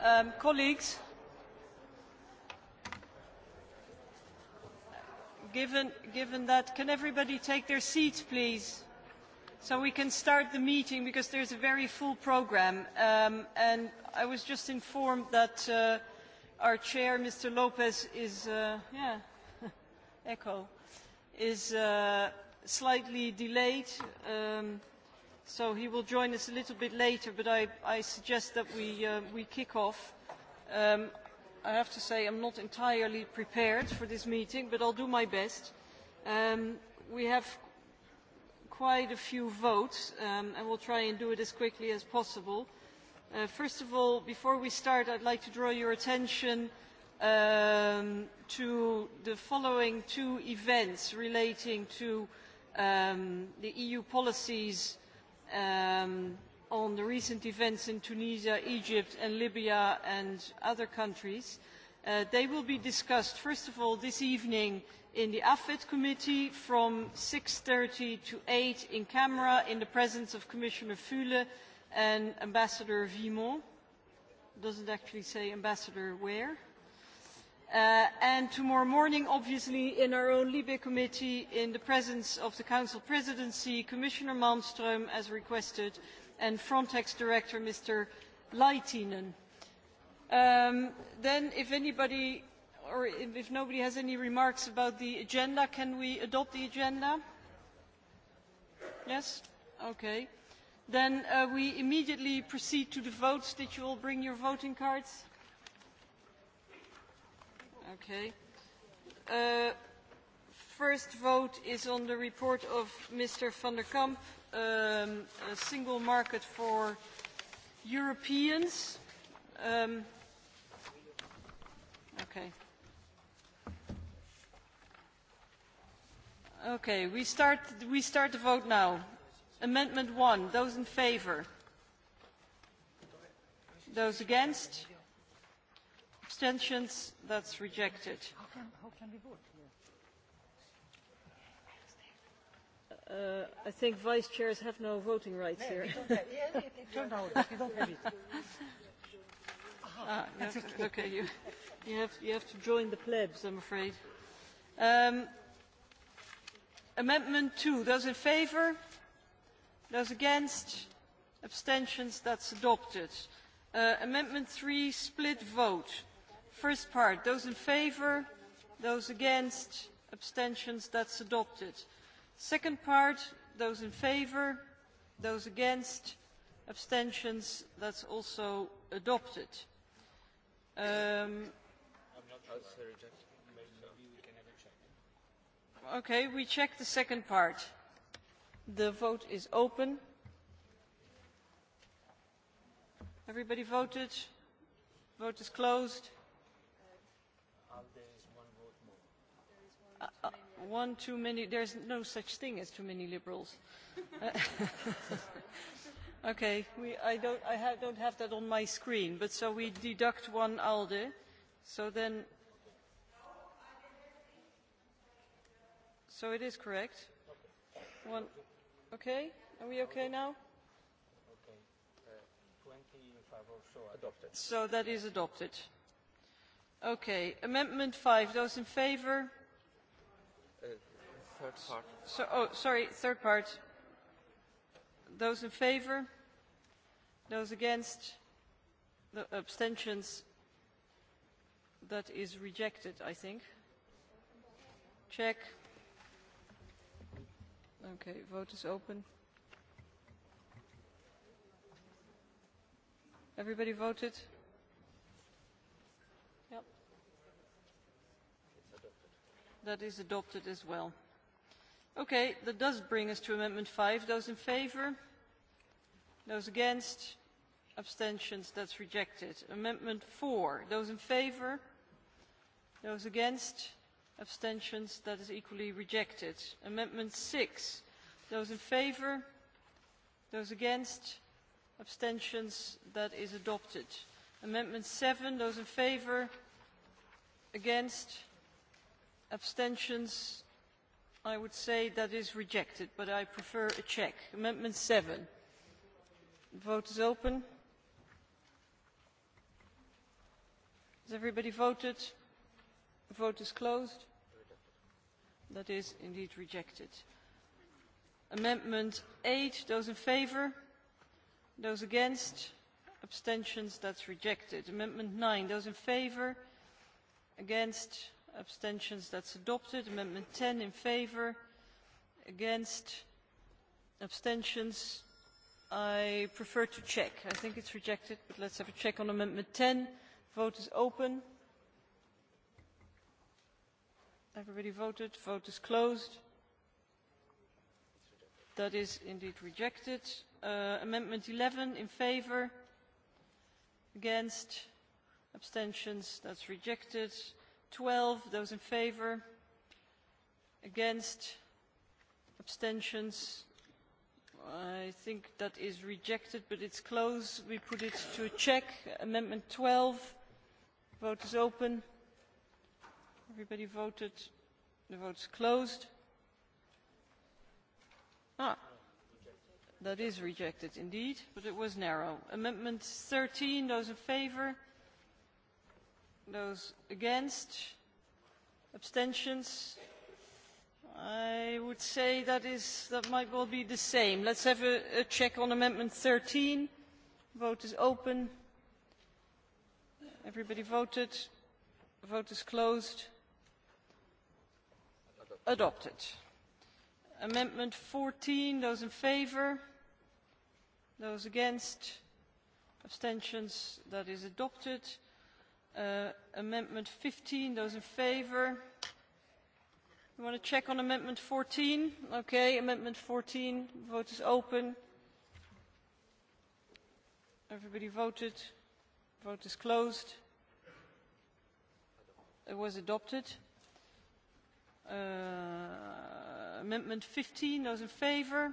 Um, colleagues, given, given that, can everybody take their seats, please? So we can start the meeting because there's a very full program. Um, and I was just informed that uh, our chair, Mr. Lopez, is, uh, yeah, echo, is uh, slightly delayed. Um, so he will join us a little bit later, but I, I suggest that we, uh, we kick off. Um, I have to say I'm not entirely prepared for this meeting, but I'll do my best. Um, we have quite a few votes, um, and we'll try and do it as quickly as possible. Uh, first of all, before we start, I'd like to draw your attention um, to the following two events relating to um, the EU policies on the recent events in Tunisia, Egypt and Libya and other countries. they will be discussed, first of all, this evening in the AFET committee from six thirty to eight in camera in the presence of Commissioner Fule and Ambassador Vimon. Doesn't actually say Ambassador where and tomorrow morning, obviously, in our own Libe committee, in the presence of the Council Presidency, Commissioner Malmstrm as requested, and Frontex Director, Mr. Leitinen. then, if anybody or if nobody has any remarks about the agenda, can we adopt the agenda? Yes? Okay. Then we immediately proceed to the votes. Did you all bring your voting cards? Okay. Uh, first vote is on the report of Mr. Van der Kamp, um, a single market for Europeans. Um, okay. Okay, we start, we start the vote now. Amendment 1, those in favour? Those against? Abstentions? That's rejected. How can, we vote here? I think vice chairs have no voting rights here. okay. okay. You, you, have, you have to join the plebs, I'm afraid. Um, amendment 2, those in favour? Those against? Abstentions? That's adopted. Uh, amendment 3, split vote First part, those in favour, those against, abstentions, that's adopted. Second part, those in favour, those against, abstentions, that's also adopted. Um, okay, we check the second part. The vote is open. Everybody voted? Vote is closed Uh one too many. There's no such thing as too many liberals. okay, we, I, don't, I ha don't have that on my screen, but so we deduct one ALDE. So then, so it is correct. One, okay, are we okay now? Okay. Uh in So adopted. So that is adopted. Okay, Amendment 5, those in favour? Third part. So, oh, sorry, third part. Those in favor? Those against? The abstentions? That is rejected, I think. Check. Okay, vote is open. Everybody voted? Yep. That is adopted as well. Okay, that does bring us to Amendment 5. Those in favour? Those against? Abstentions? That's rejected. Amendment 4. Those in favour? Those against? Abstentions? That is equally rejected. Amendment 6. Those in favour? Those against? Abstentions? That is adopted. Amendment 7. Those in favour? Against? Abstentions? I would say that is rejected, but I prefer a check. Amendment seven. The vote is open. Has everybody voted? The vote is closed. That is indeed rejected. Amendment eight, Those in favour? Those against? Abstentions? That's rejected. Amendment nine, Those in favour? Against? abstentions that's adopted amendment 10 in favor against abstentions i prefer to check i think it's rejected but let's have a check on amendment 10 vote is open everybody voted vote is closed that is indeed rejected uh, amendment 11 in favor against abstentions that's rejected 12, those in favour, against, abstentions. I think that is rejected, but it's close. We put it to a check. Amendment 12, vote is open. Everybody voted. The vote's closed. Ah, that is rejected indeed, but it was narrow. Amendment 13, those in favour, Those against? Abstentions? I would say that is that might well be the same. Let's have a, a check on Amendment 13. Vote is open. Everybody voted. Vote is closed. Adopted. Amendment 14. Those in favour? Those against? Abstentions? That is adopted. Uh, amendment 15, those in favour? You want to check on amendment 14? Okay, amendment 14, vote is open. Everybody voted. Vote is closed. It was adopted. Uh, amendment 15, those in favour?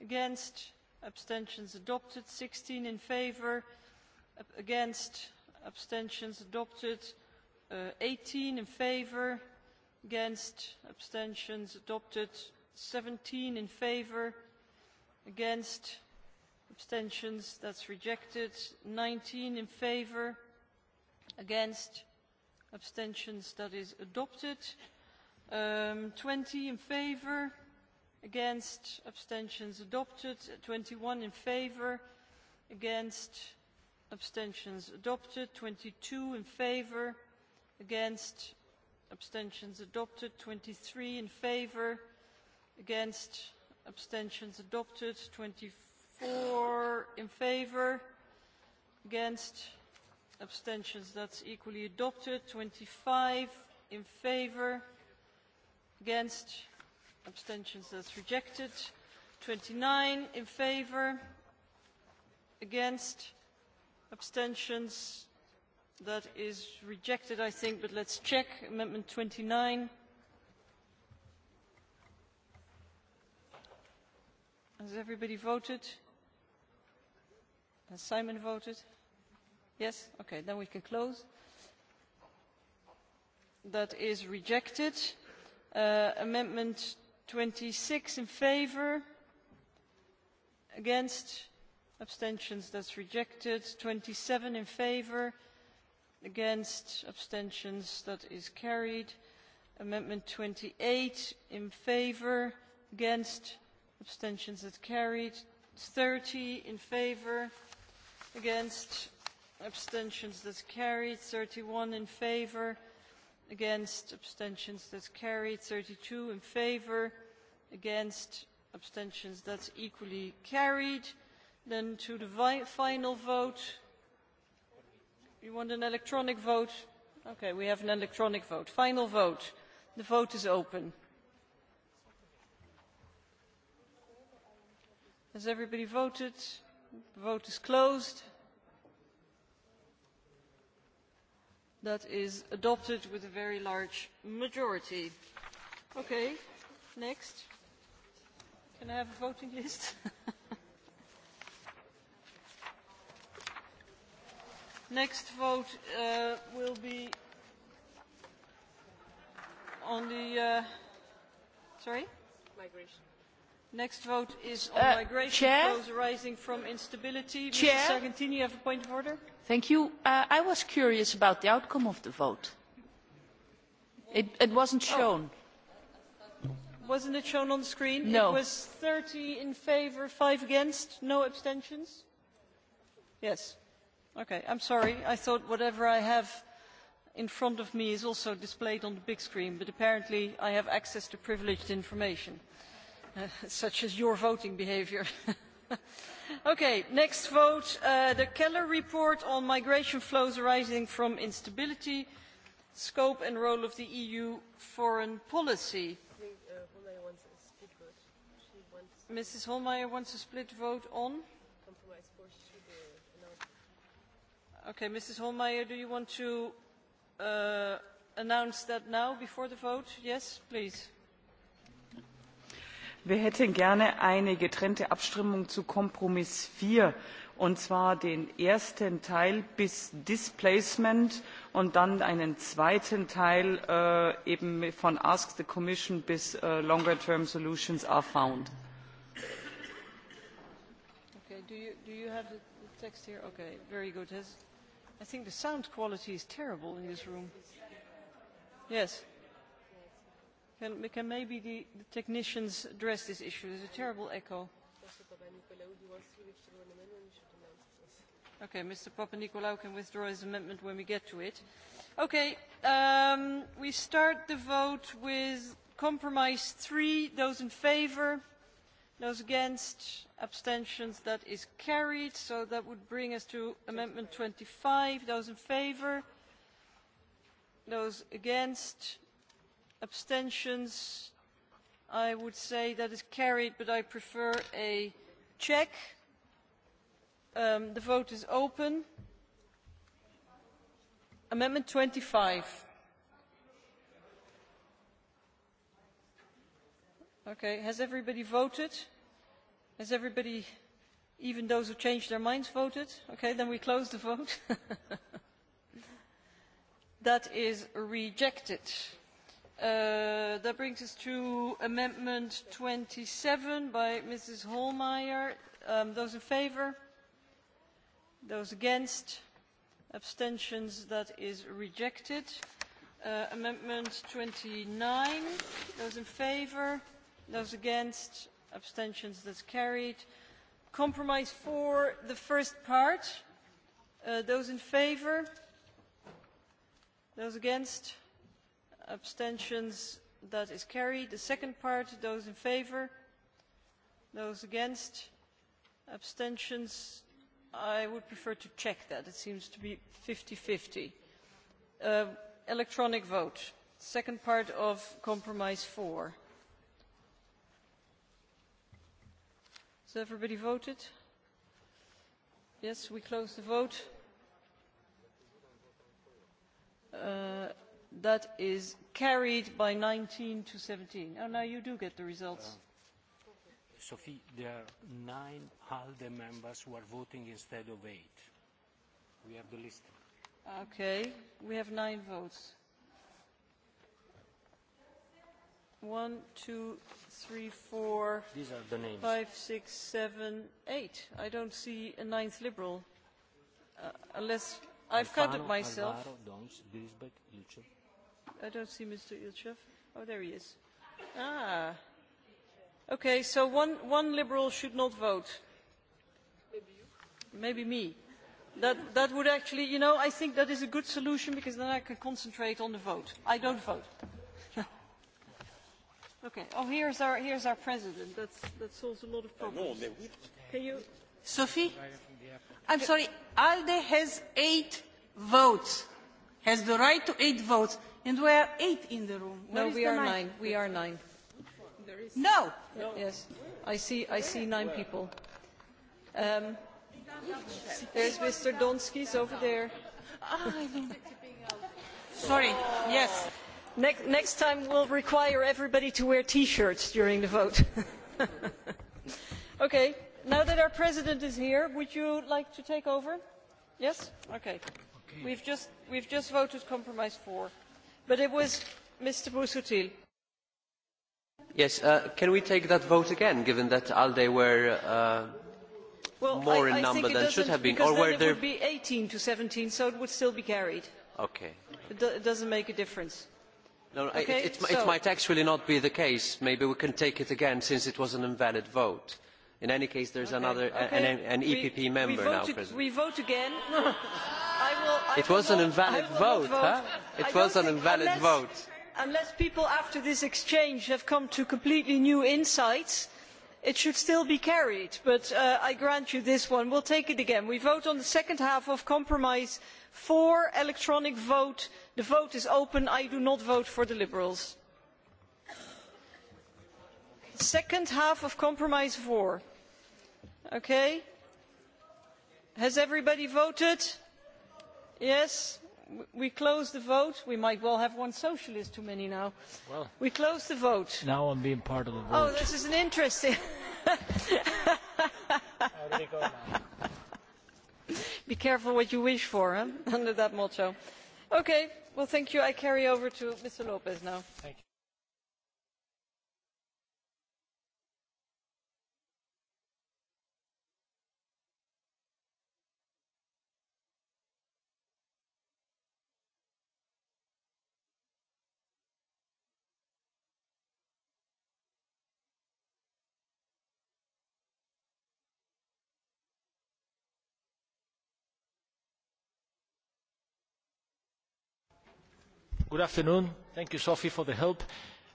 Against? Abstentions adopted. 16 in favour. Against? abstentions adopted eighteen in favour against abstentions adopted seventeen in favour against abstentions that's rejected nineteen in favour against abstentions that is adopted twenty in favour against abstentions adopted twenty one in favour against abstentions adopted twenty two in favour against abstentions adopted twenty three in favour against abstentions adopted twenty four in favour against abstentions that's equally adopted twenty five in favour against abstentions that's rejected twenty nine in favour against abstentions that is rejected i think but let's check amendment twenty nine has everybody voted has simon voted yes okay then we can close that is rejected uh, amendment twenty six in favour against abstentions that's rejected 27 in favor against abstentions that is carried amendment 28 in favor against abstentions that carried 30 in favor against abstentions that's carried 31 in favor against abstentions that's carried 32 in favor against abstentions that's equally carried Then to the vi final vote. You want an electronic vote? Okay, we have an electronic vote. Final vote. The vote is open. Has everybody voted? The vote is closed. That is adopted with a very large majority. Okay, next. Can I have a voting list? Next vote uh, will be on the. Uh, sorry? Migration. Next vote is on uh, migration those arising from instability. Chair? Mr. Sargentini, you have a point of order? Thank you. Uh, I was curious about the outcome of the vote. It, it wasn't shown. Oh. Wasn't it shown on the screen? No. It was 30 in favour, 5 against, no abstentions? Yes Okay, I'm sorry. I thought whatever I have in front of me is also displayed on the big screen, but apparently I have access to privileged information, uh such as your voting behaviour. okay, next vote, uh the Keller report on migration flows arising from instability, scope and role of the EU foreign policy. Mrs. Holmeyer wants a split vote on? Okay, Mrs. Holmeyer, do you want to uh, announce that now before the vote? Yes, please. Wir hätten gerne eine getrennte Abstimmung zu Kompromiss 4, und zwar den ersten Teil bis Displacement und dann einen zweiten Teil äh, eben von Ask the Commission bis äh, Longer Term Solutions are found. Okay, do you, do you have the text here? Okay, very good. Has, I think the sound quality is terrible in this room. Yes. Can, can maybe the, the technicians address this issue? There's a terrible echo. Okay, Mr. Papanikolaou can withdraw his amendment when we get to it. Okay, um, we start the vote with compromise three. Those in favour? Those against? Abstentions? That is carried. So that would bring us to Amendment 25. Those in favour? Those against? Abstentions? I would say that is carried, but I prefer a check. Um, the vote is open. Amendment 25. Okay, has everybody voted? Has everybody, even those who changed their minds, voted? Okay, then we close the vote. that is rejected. Uh, that brings us to Amendment 27 by Mrs. Holmeyer. Um, those in favour? Those against? Abstentions? That is rejected. Uh, amendment 29. Those in favour? Those against? Abstentions? That's carried. Compromise four, the first part. Uh, those in favour? Those against? Abstentions? That is carried. The second part, those in favour? Those against? Abstentions? I would prefer to check that. It seems to be 50-50. Uh, electronic vote. Second part of compromise four. Has everybody voted? Yes, we close the vote. Uh, that is carried by 19 to 17. Oh, now you do get the results. Sophie, there are nine ALDE members who are voting instead of eight. We have the list. Okay, we have nine votes. One, two, three, four, These are the names. five, six, seven, eight. I don't see a ninth liberal, uh, unless I've counted myself. I don't see Mr. Ilchev. Oh, there he is. Ah. Okay, so one, one liberal should not vote. Maybe you. Maybe me. That, that would actually, you know, I think that is a good solution because then I can concentrate on the vote. I don't vote. Okay. Oh, here's our here's our president. That's that solves a lot of problems. No, Can you, Sophie? I'm sorry. ALDE has eight votes. Has the right to eight votes, and we are eight in the room. Where no, we are nine? nine. We are nine. There is no. no. Yes, I see. I see nine people. Um, there's Mr. Donskis over there. Sorry. Yes next time we will require everybody to wear t shirts during the vote. now that our president is here would you like to take over? yes? okay. we have just voted compromise four but it was mr busuttil. yes can we take that vote again given that alde were more in number than should have been or were there it would be eighteen to seventeen so it would still be carried. okay. it doesn't make a difference it might actually not be the case. Maybe we can take it again since it was an invalid vote. In any case, there another an, EPP member now present. We vote again. it was an invalid vote, It was an invalid vote. Unless people after this exchange have come to completely new insights, it should still be carried. But I grant you this one. will take it again. We vote on the second half of compromise for electronic vote the vote is open i do not vote for the liberals second half of compromise four okay has everybody voted yes we close the vote we might well have one socialist too many now we close the vote now i'm being part of the vote oh this is an interesting be careful what you wish for under that motto. okay well thank you. i carry over to mr lpez now. good afternoon. Thank you, Sophie, for the help.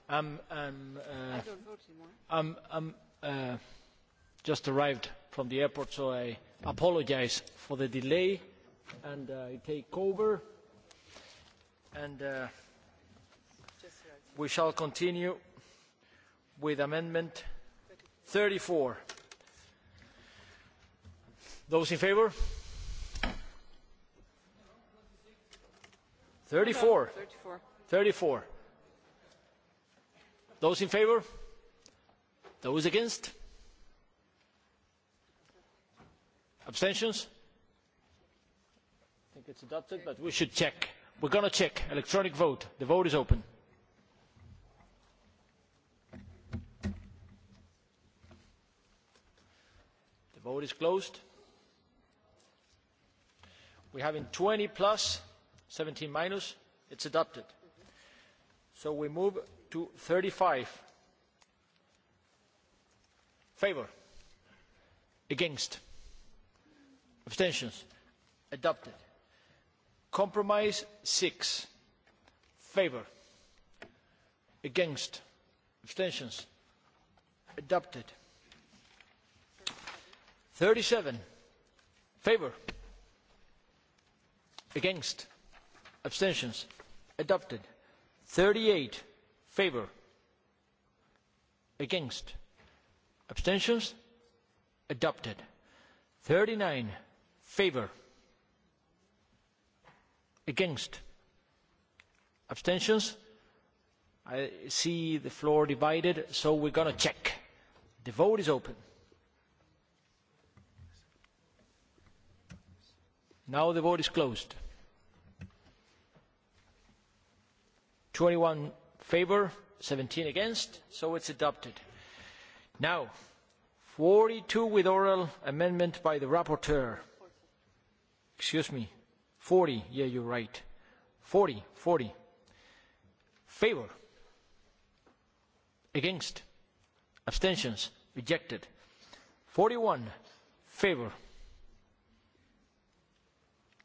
I'm, I'm, uh, I I'm, I'm uh, just arrived from the airport, so I apologize for the delay, and uh, I take over, and uh, we shall continue with Amendment 34. Those in favour? 34. 34. Those in favor? Those against? Abstentions? I think it's adopted, but we should check. We're going to check. Electronic vote. The vote is open. The vote is closed. We're having 20 plus seventeen minus it's adopted so we move to thirty five Favour? against abstentions adopted compromise six Favour. against abstentions adopted thirty seven Favour? against abstentions adopted Thirty eight favour. against abstentions adopted Thirty nine favour. against abstentions i see the floor divided so we're going to check the vote is open now the vote is closed twenty one favour seventeen against so it is adopted. now forty two with oral amendment by the rapporteur excuse me forty yeah you are right forty forty favour against abstentions rejected forty one favour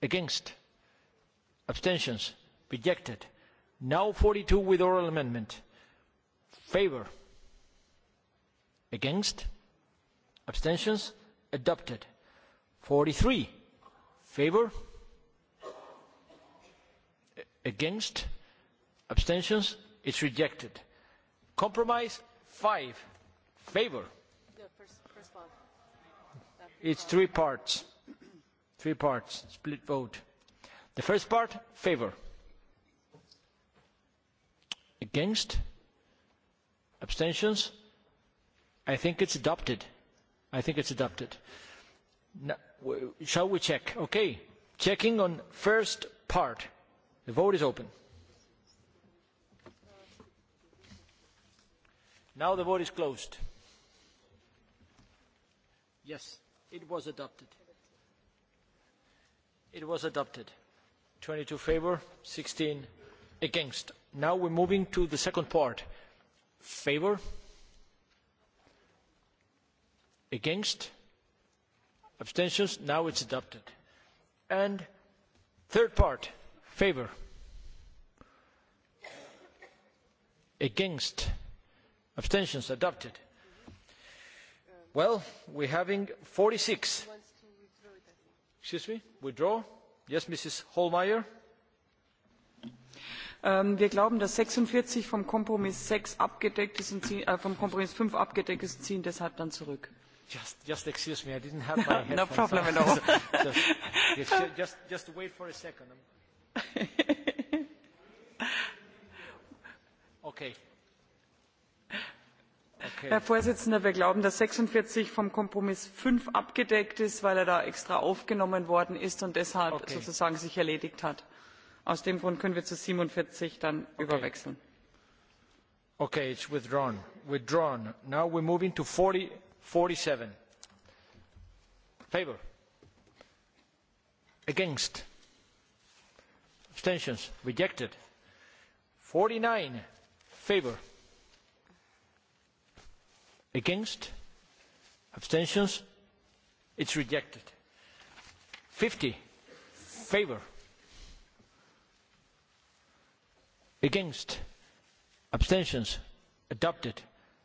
against abstentions rejected Now 42 with oral amendment. Favor. Against. Abstentions. Adopted. 43. Favor. Against. Abstentions. It's rejected. Compromise 5. Favor. It's three parts. Three parts. Split vote. The first part, favor Against? Abstentions? I think it's adopted. I think it's adopted. Now, shall we check? Okay. Checking on first part. The vote is open. Now the vote is closed. Yes, it was adopted. It was adopted. 22 favor, 16 against now we are moving to the second part favour against abstentions now it's adopted and third part favour against abstentions adopted well we're having 46 excuse me withdraw yes mrs holmeyer wir glauben dass sechsundvierzig vom kompromiss sechs abgedeckt ist und vom kompromiss fünf abgedeckt ist und ziehen deshalb dann zurück. Herr Vorsitzender, wir glauben, dass sechsundvierzig vom Kompromiss fünf abgedeckt ist, weil er da extra aufgenommen worden ist und deshalb sozusagen sich erledigt hat aus dem grund können wir zu siebenundvierzig dann überwechseln. okay it's withdrawn withdrawn now we're moving to against abstentions rejected against abstentions it's rejected against abstentions adopted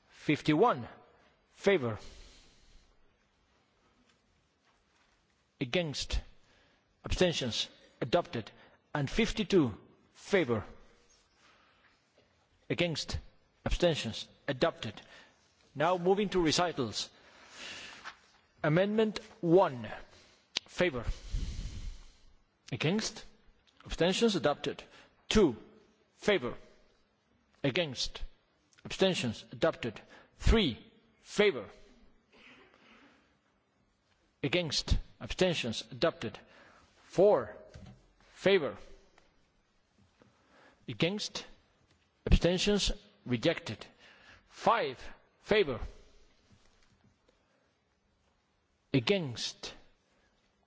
51 favor against abstentions adopted and 52 favor against abstentions adopted now moving to recitals amendment 1 favor against abstentions adopted 2 favour against abstentions adopted three favour against abstentions adopted four favour against abstentions rejected five favour against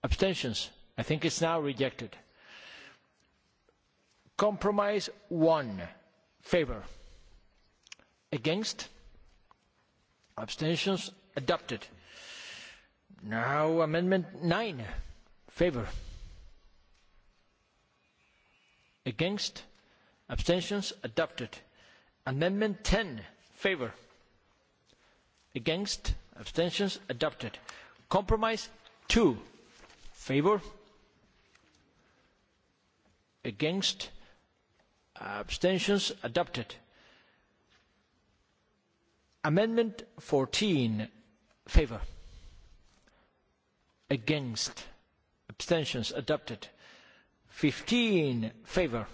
abstentions i think it's now rejected Compromise one. Favour. Against. Abstentions adopted. Now amendment nine. Favour. Against. Abstentions adopted. Amendment ten. Favour. Against. Abstentions adopted. Compromise two. Favour. Against abstentions adopted amendment fourteen favour against abstentions adopted fifteen favour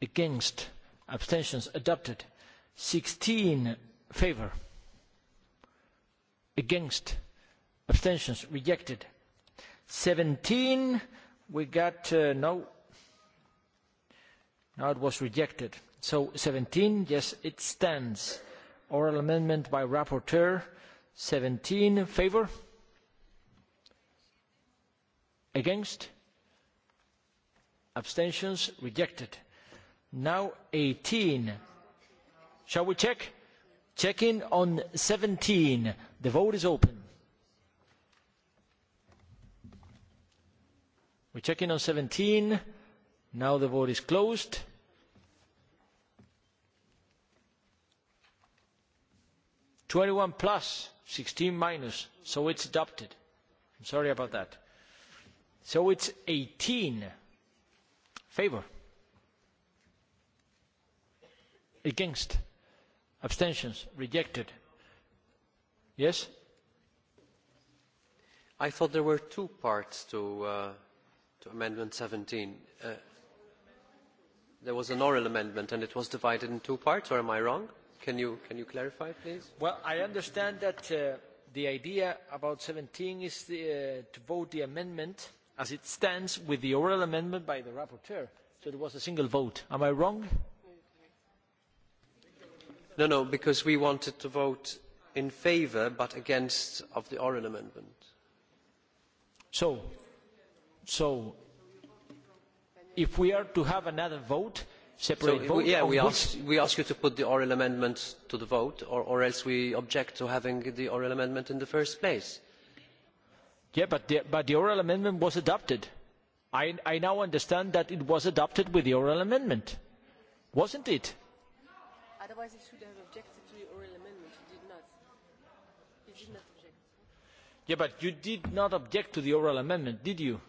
against abstentions adopted sixteen favour against abstentions rejected seventeen we got no Now it was rejected. So 17, yes, it stands. Oral amendment by rapporteur. 17, in favour? Against? Abstentions? Rejected. Now 18. Shall we check? Checking on 17. The vote is open. We're checking on 17 now the vote is closed twenty one plus sixteen minus so it's adopted i'm sorry about that so it's eighteen favor against abstentions rejected yes i thought there were two parts to amendment seventeen there was an oral amendment and it was divided in two parts, or am I wrong? Can you, can you clarify, please? Well, I understand that uh, the idea about 17 is the, uh, to vote the amendment as it stands with the oral amendment by the rapporteur. So there was a single vote. Am I wrong? No, no, because we wanted to vote in favor but against of the oral amendment. So, so if we are to have another vote, separate vote? Yeah, we ask, we ask you to put the oral amendment to the vote, or, or else we object to having the oral amendment in the first place. Yeah, but the, but the oral amendment was adopted. I, I now understand that it was adopted with the oral amendment, wasn't it? Otherwise, you should have objected to the oral amendment. You did not. You did not object. Yeah, but you did not object to the oral amendment, did you?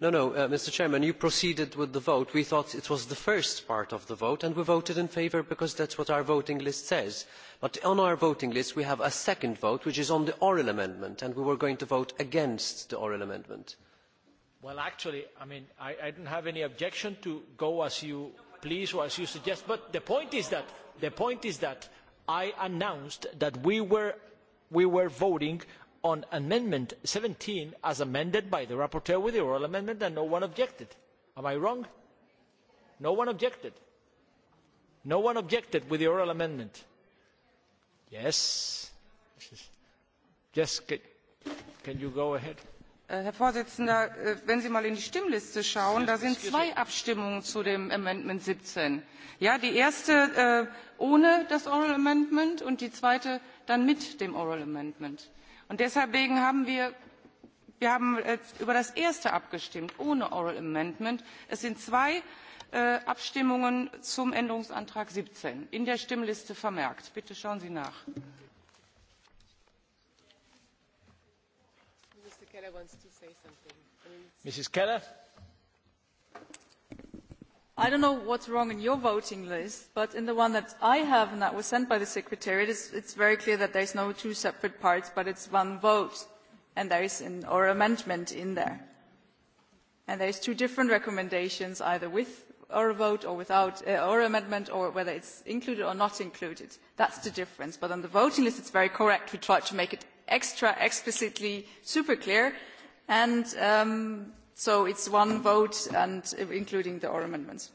No, no, Mr. Chairman, you proceeded with the vote. We thought it was the first part of the vote, and we voted in favour because that is what our voting list says. But on our voting list, we have a second vote, which is on the oral amendment, and we were going to vote against the oral amendment. Well, actually, I mean, I, have any objection to go as you please or as you suggest, but the point is that, the point is that I announced that we were, we were voting on amendment seventeen as amended by the rapporteur with the oral amendment and no one objected. am i wrong? no one objected. no one objected with the oral amendment. yes. yes can you go ahead? herr präsident! wenn sie mal in die stimmliste schauen da sind zwei abstimmungen zu dem Amendment siebzehn die erste ohne das oral amendment und die zweite dann mit dem oral amendment und deswegen haben wir wir haben über das erste abgestimmt ohne oral amendment. es sind zwei abstimmungen zum änderungsantrag siebzehn in der stimmliste vermerkt. bitte schauen sie nach. mrs keller I don't know what's wrong in your voting list, but in the one that I have and that was sent by the Secretariat, it it's very clear that there's no two separate parts, but it's one vote, and there is an or amendment in there. And there's two different recommendations, either with or a vote or without, uh, or amendment, or whether it's included or not included. That's the difference. But on the voting list, it's very correct. We tried to make it extra explicitly super clear, and um, So it's one vote, and including the oral amendments.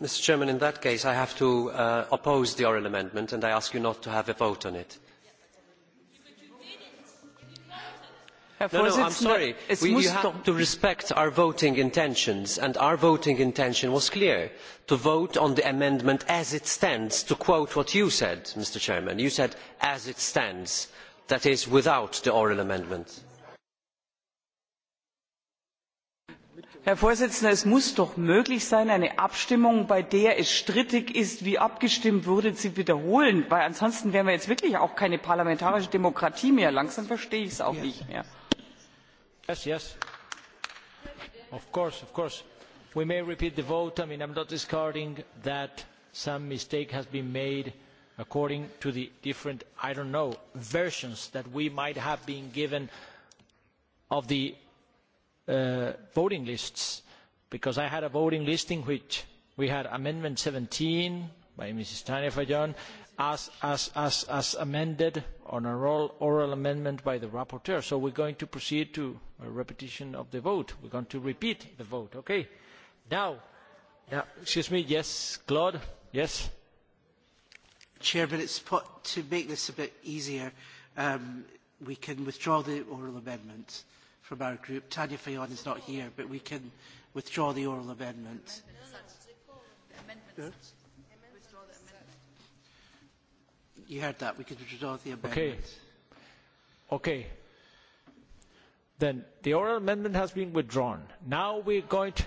Mr. Chairman, in that case, I have to uh, oppose the oral amendment, and I ask you not to have a vote on it. no, no, I'm sorry. We, you have to respect our voting intentions, and our voting intention was clear to vote on the amendment as it stands. To quote what you said, Mr. Chairman, you said "as it stands," that is, without the oral amendment. herr präsident es muss doch möglich sein eine abstimmung bei der es strittig ist wie abgestimmt wurde zu wiederholen denn ansonsten wären wir jetzt wirklich auch keine parlamentarische demokratie mehr. langsam verstehe ich es auch nicht mehr voting lists because I had a voting list in which we had Amendment 17 by Mrs. Tania Fajon as, as, as, as amended on an oral, oral amendment by the rapporteur. So we're going to proceed to a repetition of the vote. We're going to repeat the vote. Okay. Now, now excuse me, yes, Claude, yes? Chairman, it's put, to make this a bit easier, um, we can withdraw the oral amendment. Uh, from our group. Tanya Fayon is not here, but we can withdraw the oral amendment. You heard that. We could withdraw the amendment. Okay. Okay. Then the oral amendment has been withdrawn. Now we're going to,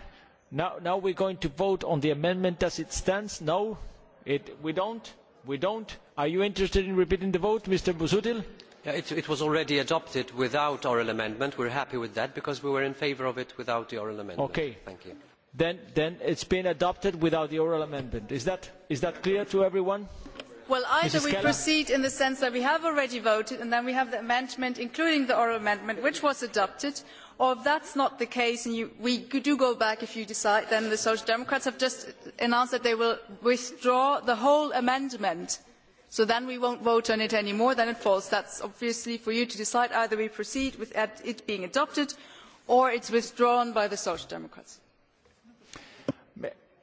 now, now we're going to vote on the amendment as it stands. No, it, we don't. We don't. Are you interested in repeating the vote, Mr. Busutil? It, was already adopted without oral amendment. We are happy with that because we were in favour of it without the oral amendment. Then, it has been adopted without the oral amendment. Is that, is that clear to everyone? Well, either we proceed in the sense that we have already voted and then we have the amendment, including the oral amendment, which was adopted, or if that is not the case and we do go back if you decide, then the Social Democrats have just announced that they will withdraw the whole amendment So then we won't vote on it anymore, then it falls. That's obviously for you to decide. Either we proceed with it being adopted or it's withdrawn by the Social Democrats.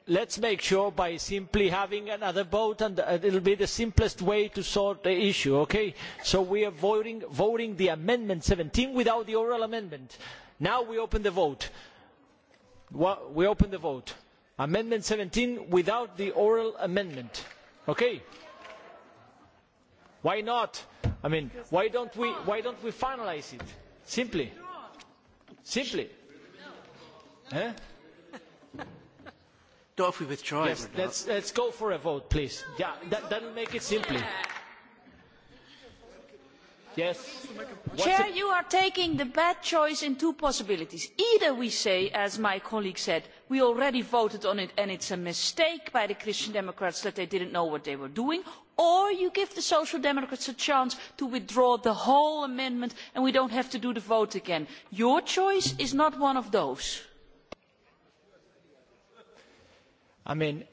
Let's make sure by simply having another vote, and it'll be the simplest way to sort the issue, okay? So we are voting, voting the Amendment seventeen without the oral amendment. Now we open the vote. We open the vote. Amendment seventeen without the oral amendment. Okay? Why not? I mean, why don't we, why don't we finalize it? Simply. Simply. Eh? Don't we withdraw yes, let's, let's go for a vote, please. Yeah, that, doesn't make it simply. Yeah. Yes. Chair, you are taking the bad choice in two possibilities. Either we say, as my colleague said, we already voted on it and it's a mistake by the Christian Democrats that they didn't know what they were doing, or you give the Social Democrats a chance to withdraw the whole amendment and we don't have to do the vote again. Your choice is not one of those. I mean,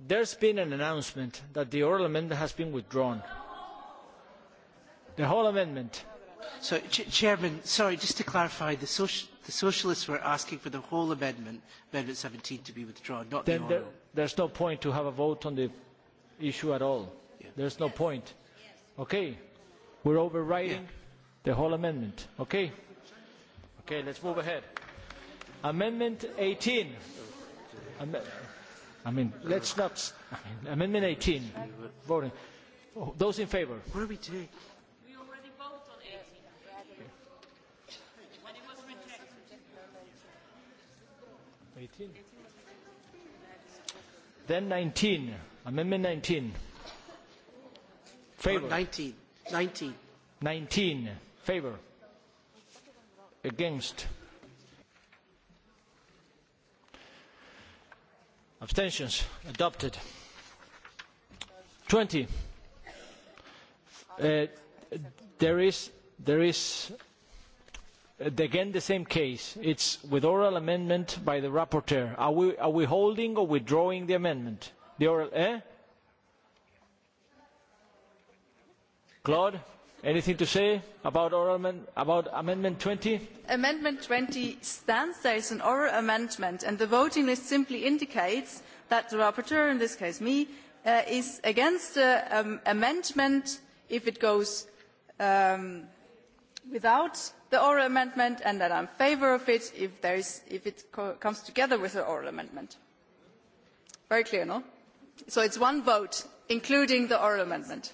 there's been an announcement that the oral amendment has been withdrawn. The whole amendment. So, Chairman, sorry, just to clarify, the, social, the Socialists were asking for the whole amendment, Amendment 17, to be withdrawn, not then the oral. There, there's no point to have a vote on the issue at all. Yeah. There's no point. Okay, we're overriding yeah. the whole amendment. Okay. Okay, let's move ahead. Amendment 18. Am I mean, let's not. I mean, amendment 18. Voting. Those in favour. What are we doing? 18? Then 19. Amendment 19. Favor. 19. 19. 19. Favor. Against. Abstentions. Adopted. 20. Uh, there is there is again the same case. It's with oral amendment by the rapporteur. Are we, are we holding or withdrawing the amendment? The oral, eh? Claude, anything to say about oral amend, about amendment 20? Amendment 20 stands. There is an oral amendment, and the voting list simply indicates that the rapporteur, in this case me, uh, is against the um, amendment if it goes um, without the oral amendment and that i am in favour of it if, it comes together with the oral amendment. Very clear, no? So it is one vote, including the oral amendment.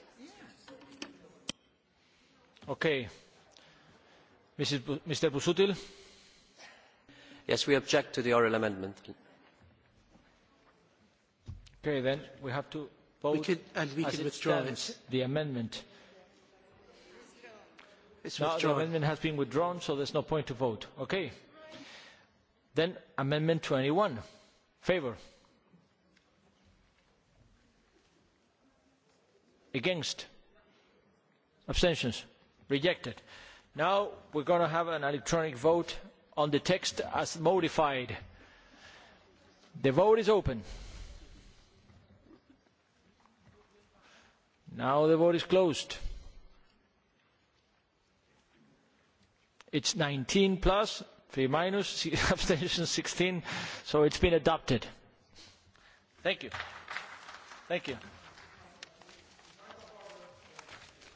Okay. Mr. Busuttil? Yes, we object to the oral amendment. Okay, then we have to vote we could, and we as can it withdraw stands, it. the amendment. No, the amendment has been withdrawn, so there's no point to vote. Okay. Then Amendment 21. Favor. Against. Abstentions. Rejected. Now we're going to have an electronic vote on the text as modified. The vote is open. Now the vote is closed. It is nineteen plus, three minus, abstention sixteen, so it has been adopted. Thank you. Thank you.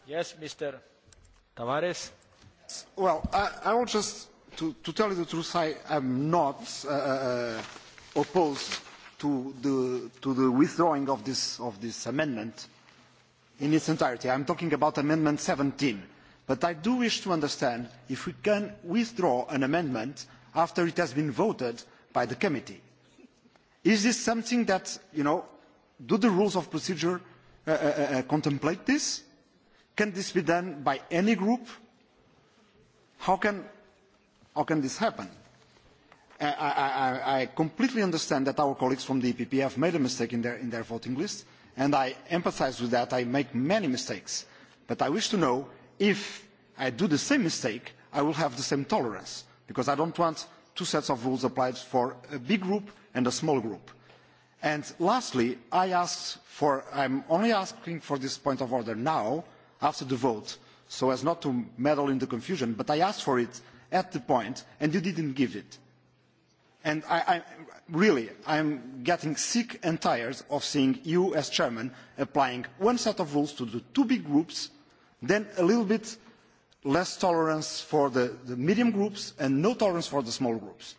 Yes, Mr. Tavares. Well, I, I want just to, to tell you the truth, I am not uh, opposed to the, to the withdrawing of this, of this amendment in its entirety. I am talking about Amendment seventeen. But I do wish to understand if we can withdraw an amendment after it has been voted by the committee. Is this something that, you know, do the rules of procedure contemplate this? Can this be done by any group? How can, how can this happen? I, I, I completely understand that our colleagues from the EPP have made a mistake in their, in their voting list, and I empathise with that. I make many mistakes. But I wish to know If I do the same mistake, I will have the same tolerance because I don't want two sets of rules applied for a big group and a small group. And lastly, I asked for, I'm only asking for this point of order now after the vote so as not to meddle in the confusion, but I asked for it at the point and you didn't give it. And I, I, really, I'm getting sick and tired of seeing you as chairman applying one set of rules to the two big groups – then a little bit less tolerance for the, the medium groups and no tolerance for the small groups.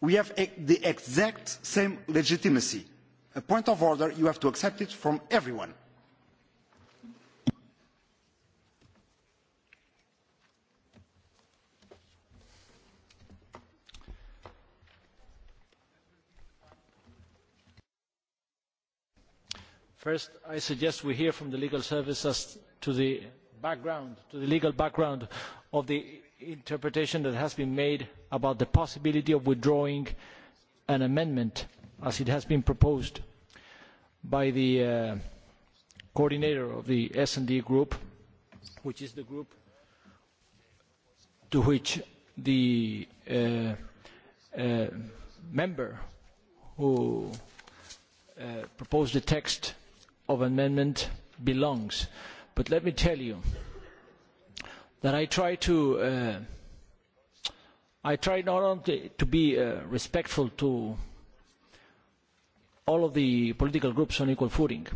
We have the exact same legitimacy. A point of order, you have to accept it from everyone First, I suggest we hear from the legal services to the background, to the legal background of the interpretation that has been made about the possibility of withdrawing an amendment as it has been proposed by the coordinator of the S&D group, which is the group to which the member who proposed the text of amendment belongs. But let me tell you that I try to I try not only to be respectful to all of the political groups on equal footing,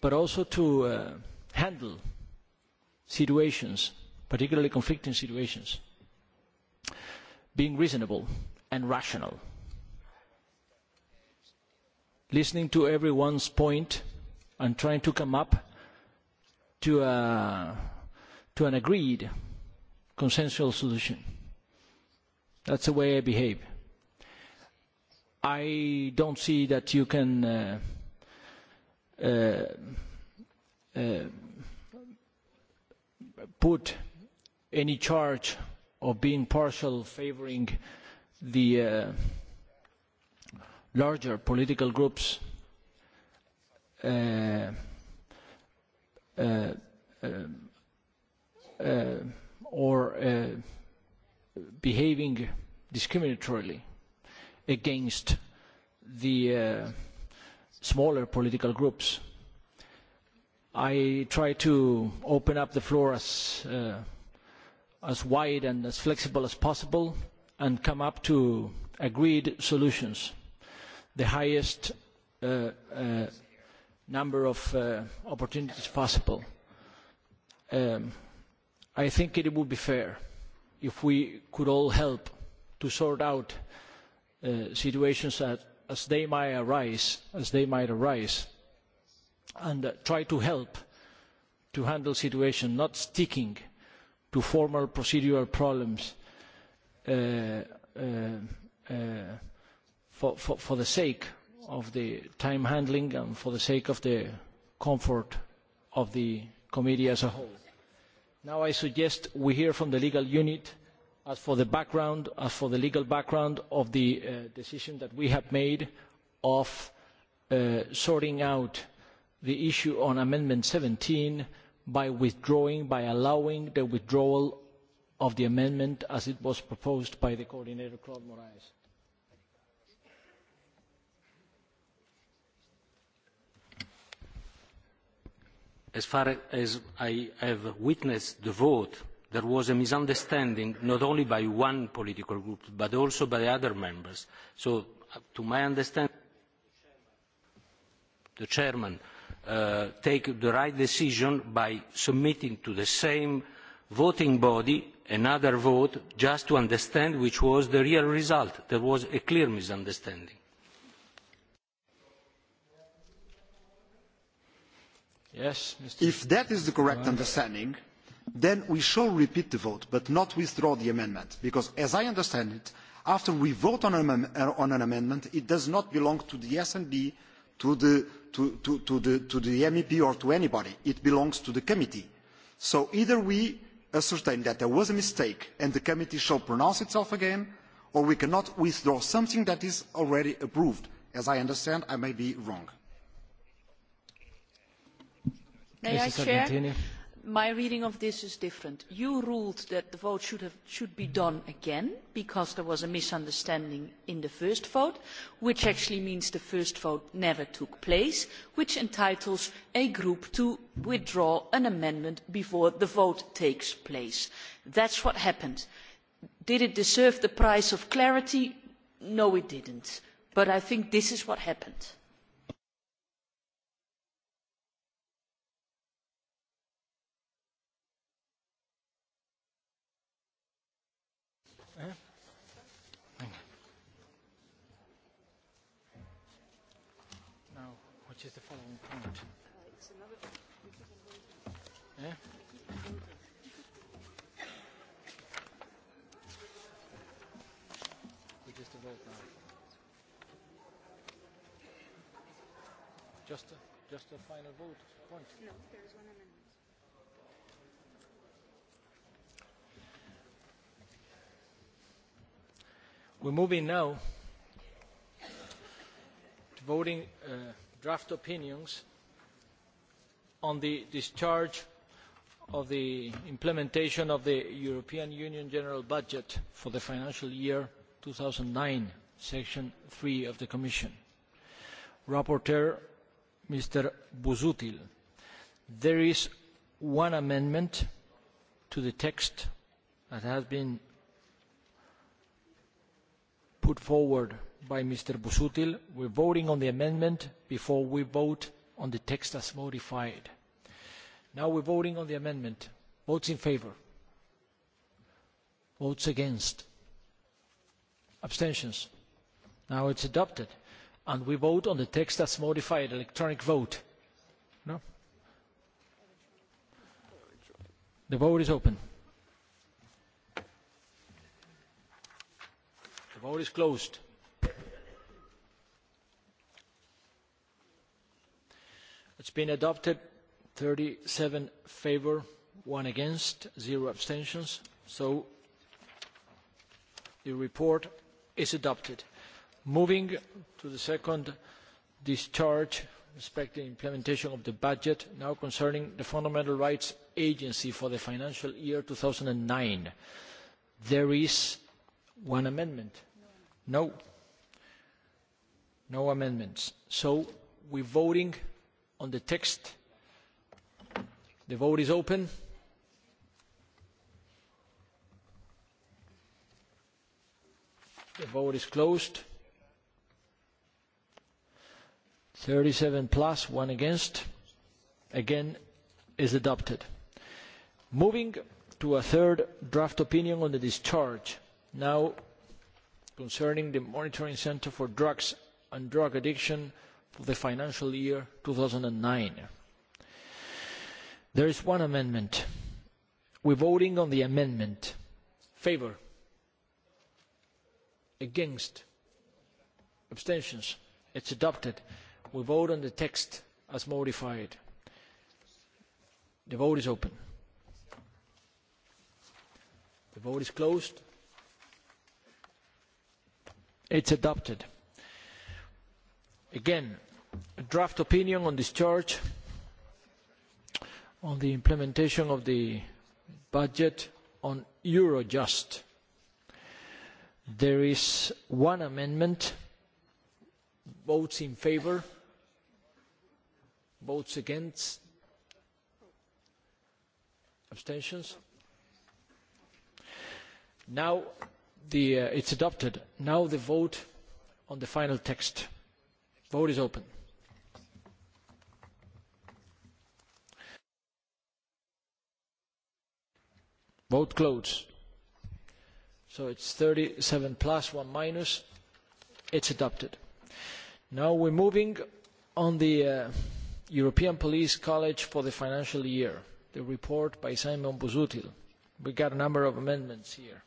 but also to handle situations, particularly conflicting situations, being reasonable and rational listening to everyone's point and trying to come up to, a, to an agreed consensual solution. That's the way I behave. I don't see that you can uh, uh, uh, put any charge of being partial favoring the uh, larger political groups uh, uh, uh, or uh, behaving discriminatorily against the uh, smaller political groups. I try to open up the floor as, uh, as wide and as flexible as possible and come up to agreed solutions the highest number of opportunities possible. I think it would be fair if we could all help to sort out situations as they might arise, as they might arise, and try to help to handle situations, not sticking to formal procedural problems for, for, for the sake of the time handling and for the sake of the comfort of the committee as a whole. Now I suggest we hear from the legal unit as for the background, as for the legal background of the uh, decision that we have made of uh, sorting out the issue on Amendment 17 by withdrawing, by allowing the withdrawal of the amendment as it was proposed by the coordinator, Claude Moraes. as far as I have witnessed the vote, there was a misunderstanding not only by one political group but also by other members. So, to my understanding, the chairman has take the right decision by submitting to the same voting body another vote just to understand which was the real result. There was a clear misunderstanding If that is the correct understanding, then we shall repeat the vote, but not withdraw the amendment, because as I understand it, after we vote on an, amendment, it does not belong to the S&D, to the, MEP or to anybody. It belongs to the committee. So either we ascertain that there was a mistake and the committee shall pronounce itself again, or we cannot withdraw something that is already approved. As I understand, I may be wrong. May I share? My reading of this is different. You ruled that the vote should, have, should be done again because there was a misunderstanding in the first vote, which actually means the first vote never took place, which entitles a group to withdraw an amendment before the vote takes place. That's what happened. Did it deserve the price of clarity? No, it didn't. But I think this is what happened. Just a, just a final vote point. No, there is one amendment. We're moving now to voting uh, draft opinions on the discharge of the implementation of the European Union General Budget for the financial year 2009, Section 3 of the Commission. Rapporteur Mr. Busuttil. There is one amendment to the text that has been put forward by Mr. Busuttil. We're voting on the amendment before we vote on the text as modified. Now we're voting on the amendment. Votes in favour. Votes against. Abstentions. Now it's adopted and we vote on the text as modified, electronic vote. No? The vote is open. The vote is closed. It's been adopted 37 favor, one against, zero abstentions. So the report is adopted. Moving to the second discharge respecting implementation of the budget, now concerning the Fundamental Rights Agency for the financial year two thousand nine. There is one amendment. No. No amendments. So we're voting on the text. The vote is open. The vote is closed. 37 plus, one against. Again, is adopted. Moving to a third draft opinion on the discharge, now concerning the Monitoring Centre for Drugs and Drug Addiction for the financial year 2009. There is one amendment. We're voting on the amendment. Favour? Against? Abstentions? It's adopted. We vote on the text as modified. The vote is open. The vote is closed. It's adopted. Again, a draft opinion on discharge on the implementation of the budget on Eurojust. There is one amendment. Votes in favour Votes against? Abstentions? Now the, uh, it's adopted. Now the vote on the final text. Vote is open. Vote closed. So it's 37 plus, one minus. It's adopted. Now we're moving on the... Uh, European Police College for the financial year, the report by Simon Busutil. We got a number of amendments here.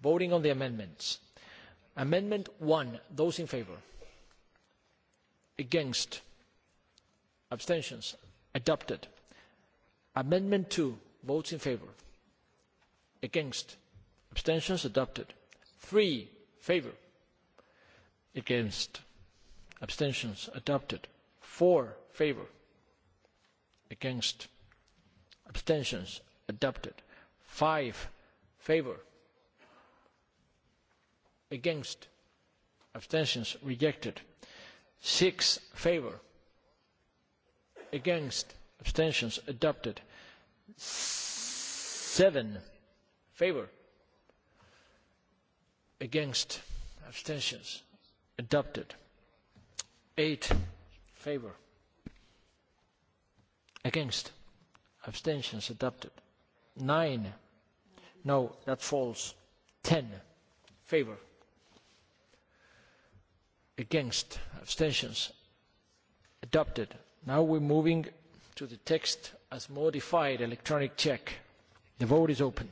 Voting on the amendments. Amendment one, those in favour. Against. Abstentions. Adopted. Amendment two, votes in favour. Against. Abstentions adopted. Three, favour. Against. Abstentions adopted four favor against abstentions adopted five favor against abstentions rejected six favor against abstentions adopted seven favor against abstentions adopted eight favor against abstentions adopted nine no that falls ten favor against abstentions adopted now we're moving to the text as modified electronic check the vote is open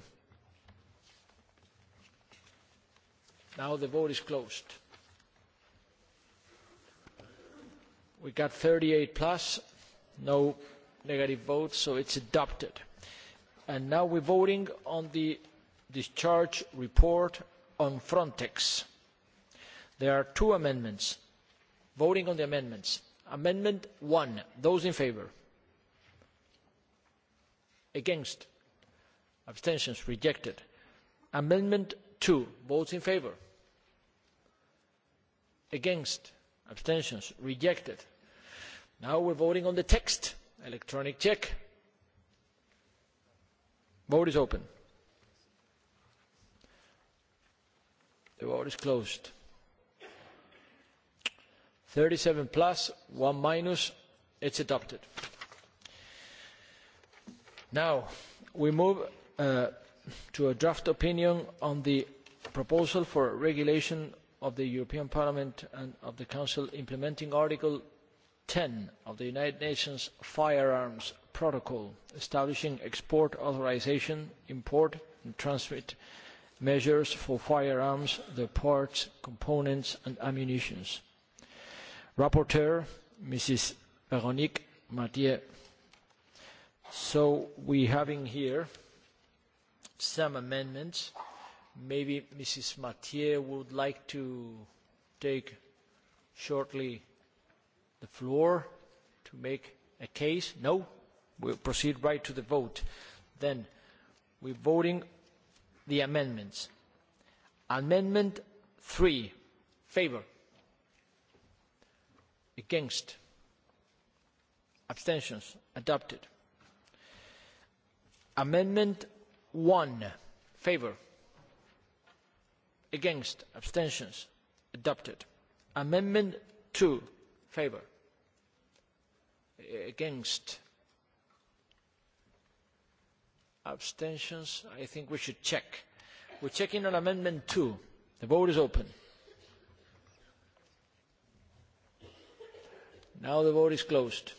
now the vote is closed we got thirty eight plus no negative votes so it is adopted and now we are voting on the discharge report on frontex there are two amendments voting on the amendments amendment one those in favour against abstentions rejected amendment two votes in favour against abstentions rejected now we're voting on the text electronic check vote is open the vote is closed 37 plus 1 minus it's adopted now we move to a draft opinion on the proposal for a regulation of the European Parliament and of the Council implementing Article ten of the United Nations Firearms Protocol establishing export authorisation, import and transmit measures for firearms, their parts, components and ammunition. Rapporteur, Mrs. Véronique Mathieu. So we have here some amendments Maybe Mrs. Mathieu would like to take shortly the floor to make a case? No? We'll proceed right to the vote. Then we're voting the amendments. Amendment 3. Favor. Against. Abstentions. Adopted. Amendment 1. Favor against abstentions adopted amendment two favour against abstentions i think we should check we're checking on amendment two the vote is open now the vote is closed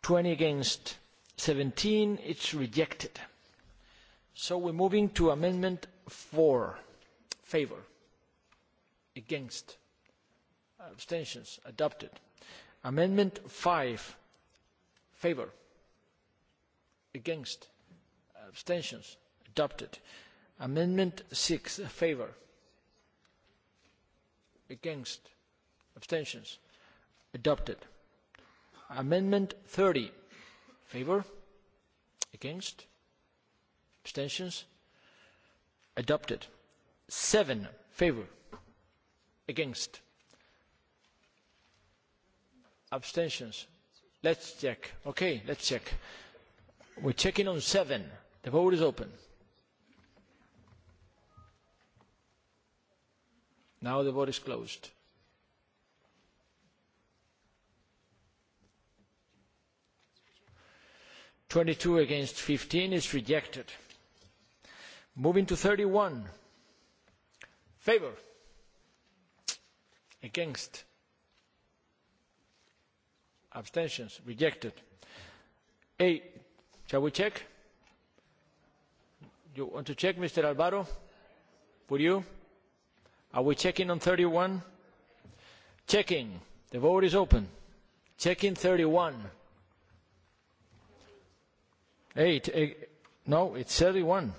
Twenty against it it's rejected So we're moving to amendment four. Favour? Against. Abstentions. Adopted. Amendment five. Favour? Against. Abstentions. Adopted. Amendment six, favour. Against. Abstentions. Adopted. Amendment thirty. Favour? Against abstentions adopted seven favour against abstentions let's check okay let's check we're checking on seven the vote is open now the vote is closed twenty two against fifteen is rejected moving to thirty one favour against abstentions rejected eight shall we check you want to check mr alvaro would you are we checking on thirty one checking the vote is open checking thirty one eight no it's thirty one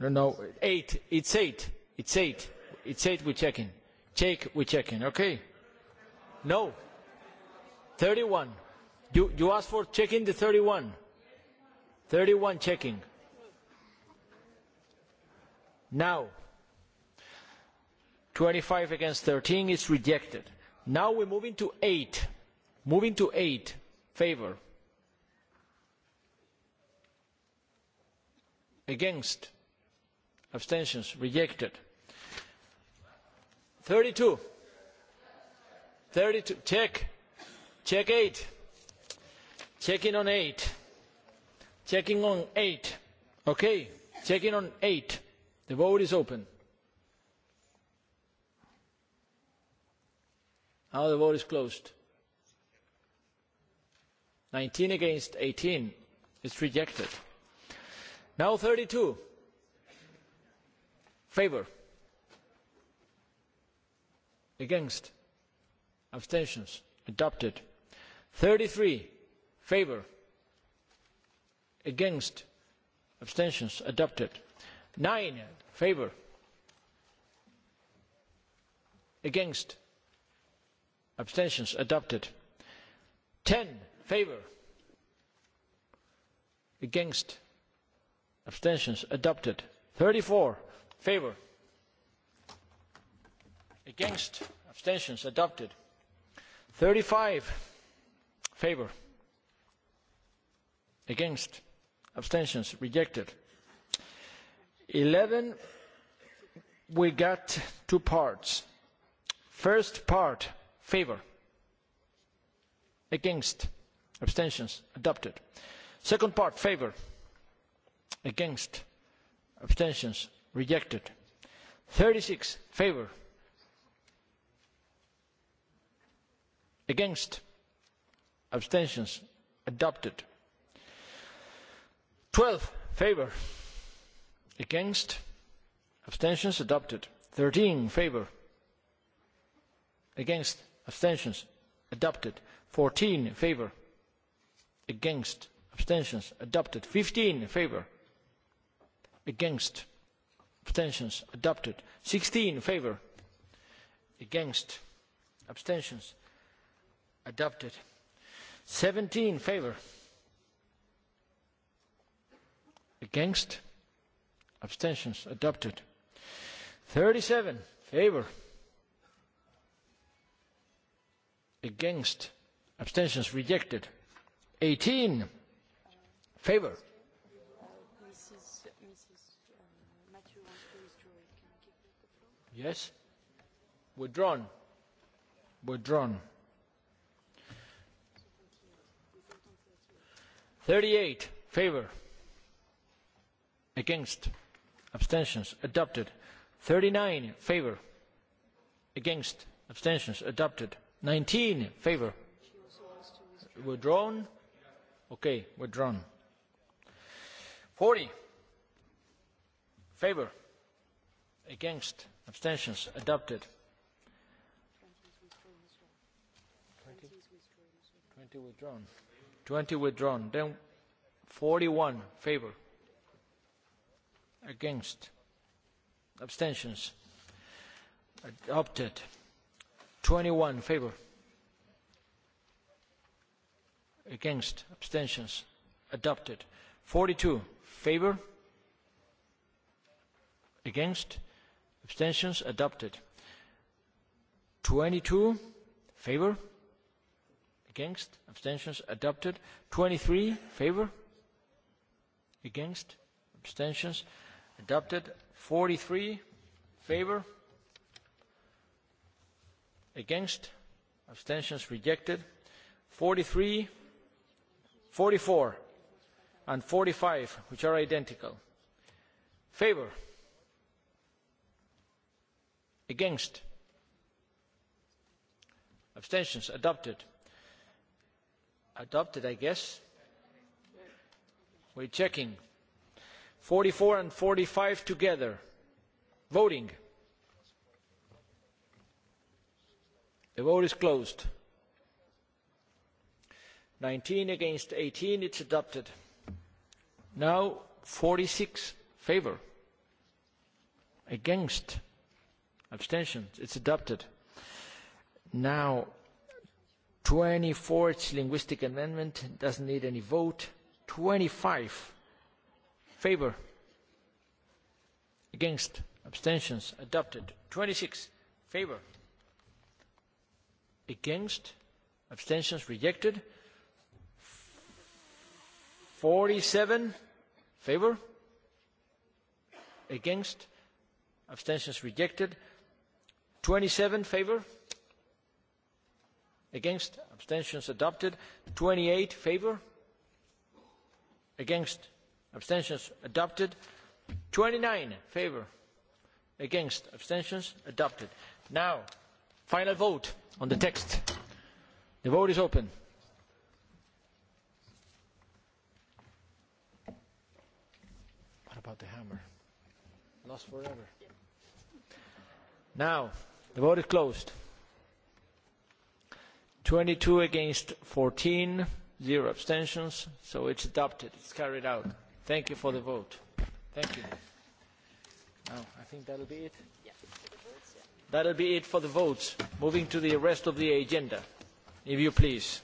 No, no, eight. It's eight. It's eight. It's eight. We're checking. Check. We're checking. Okay. No. Thirty-one. You you asked for checking the thirty-one. Thirty-one checking. Now. Twenty-five against thirteen is rejected. Now we're moving to eight. Moving to eight. Favor. Against abstentions rejected thirty two thirty two check check eight checking on eight checking on eight okay checking on eight the vote is open now the vote is closed nineteen against eighteen it's rejected now thirty two favour against abstentions adopted thirty three favour against abstentions adopted nine favour against abstentions adopted ten favour against abstentions adopted thirty four Favour? Against? Abstentions? Adopted. Thirty-five. Favour? Against? Abstentions? Rejected. Eleven. We got two parts. First part, favour. Against? Abstentions? Adopted. Second part, favour. Against? Abstentions? rejected thirty six favour against abstentions adopted twelve favour against abstentions adopted thirteen favour against abstentions adopted fourteen favour against abstentions adopted fifteen favour against abstentions adopted Sixteen in favour against abstentions adopted Seventeen in favour against abstentions adopted seven in favour. against abstentions rejected Eighteen in favour Yes? Withdrawn. Withdrawn. 38 favor against abstentions adopted 39 favor against abstentions adopted 19 favor withdrawn okay withdrawn 40 favor against Abstentions? Adopted. Twenty withdrawn. Twenty withdrawn. Then forty one favor. Against. Abstentions. Adopted. Twenty one favor. Against. Abstentions. Adopted. Forty two favor. Against abstentions adopted twenty two favour against abstentions adopted twenty three favour against abstentions adopted forty three favour against abstentions rejected forty three forty four and forty five which are identical favour against abstentions adopted adopted i guess we're checking 44 and 45 together voting the vote is closed 19 against 18 it's adopted now 46 favor against Abstentions? It's adopted. Now, 24, it's linguistic amendment, doesn't need any vote. 25, favor. Against? Abstentions? Adopted. 26, favor. Against? Abstentions? Rejected. 47, favor. Against? Abstentions? Rejected twenty seven in favour against abstentions adopted twenty eight in favour against abstentions adopted twenty nine in favour against abstentions adopted now final vote on the text the vote is open what about the hammer lost forever now The vote is closed. 22 against 14, zero abstentions, so it's adopted. It's carried out. Thank you for the vote. Thank you. Now, I think that'll be it. That'll be it for the votes. Moving to the rest of the agenda, if you please.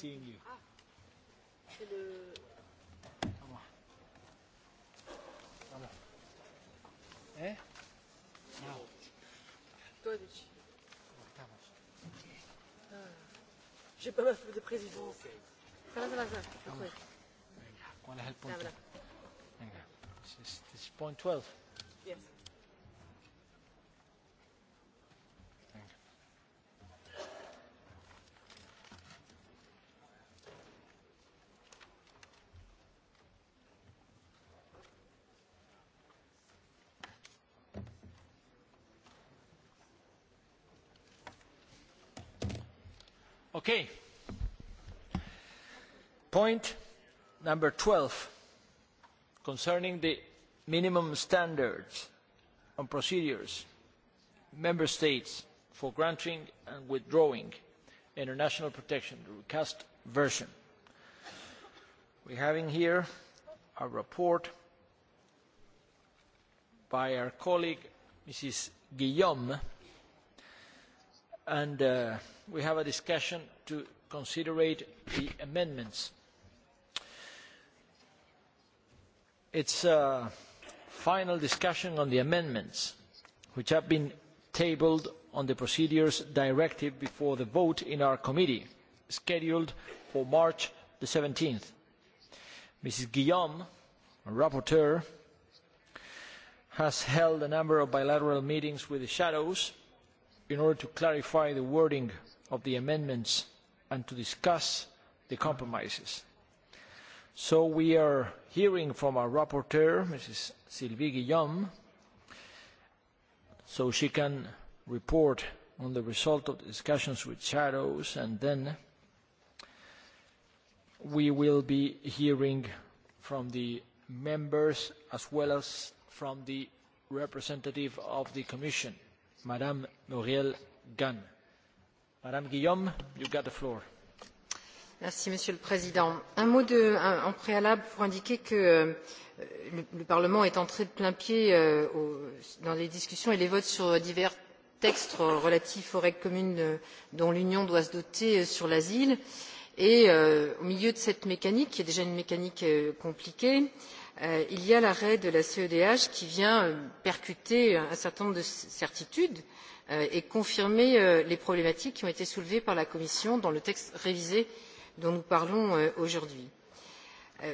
seeing you. Come on. Come on. Eh? Now. J'ai pas ma feuille de présidence. Ça va, ça va, ça va. Venga, Venga, point 12. point number twelve concerning the minimum standards and procedures member states for granting and withdrawing international protection the recast version. we have in here a report by our colleague mrs guillaume and we have a discussion to consider the amendments It's a final discussion on the amendments which have been tabled on the procedures directive before the vote in our committee scheduled for March the Ms Mrs. Guillaume, our rapporteur, has held a number of bilateral meetings with the shadows in order to clarify the wording of the amendments and to discuss the compromises. So we are hearing from our rapporteur, Mrs. Sylvie Guillaume, so she can report on the result of the discussions with shadows, and then we will be hearing from the members as well as from the representative of the Commission, Madame Muriel Gann. Madame Guillaume, you've got the floor monsieur le président un mot en préalable pour indiquer que le parlement est entré de plain-pied dans les discussions et les votes sur divers textes relatifs aux règles communes dont l'union doit se doter sur l'asile et au milieu de cette mécanique qui est déjà une mécanique compliquée il y a l'arrêt de la cedh qui vient percuter un certain nombre de certitudes et confirmer les problématiques qui ont été soulevées par la commission dans le texte révisé dont nous parlons aujourd'hui.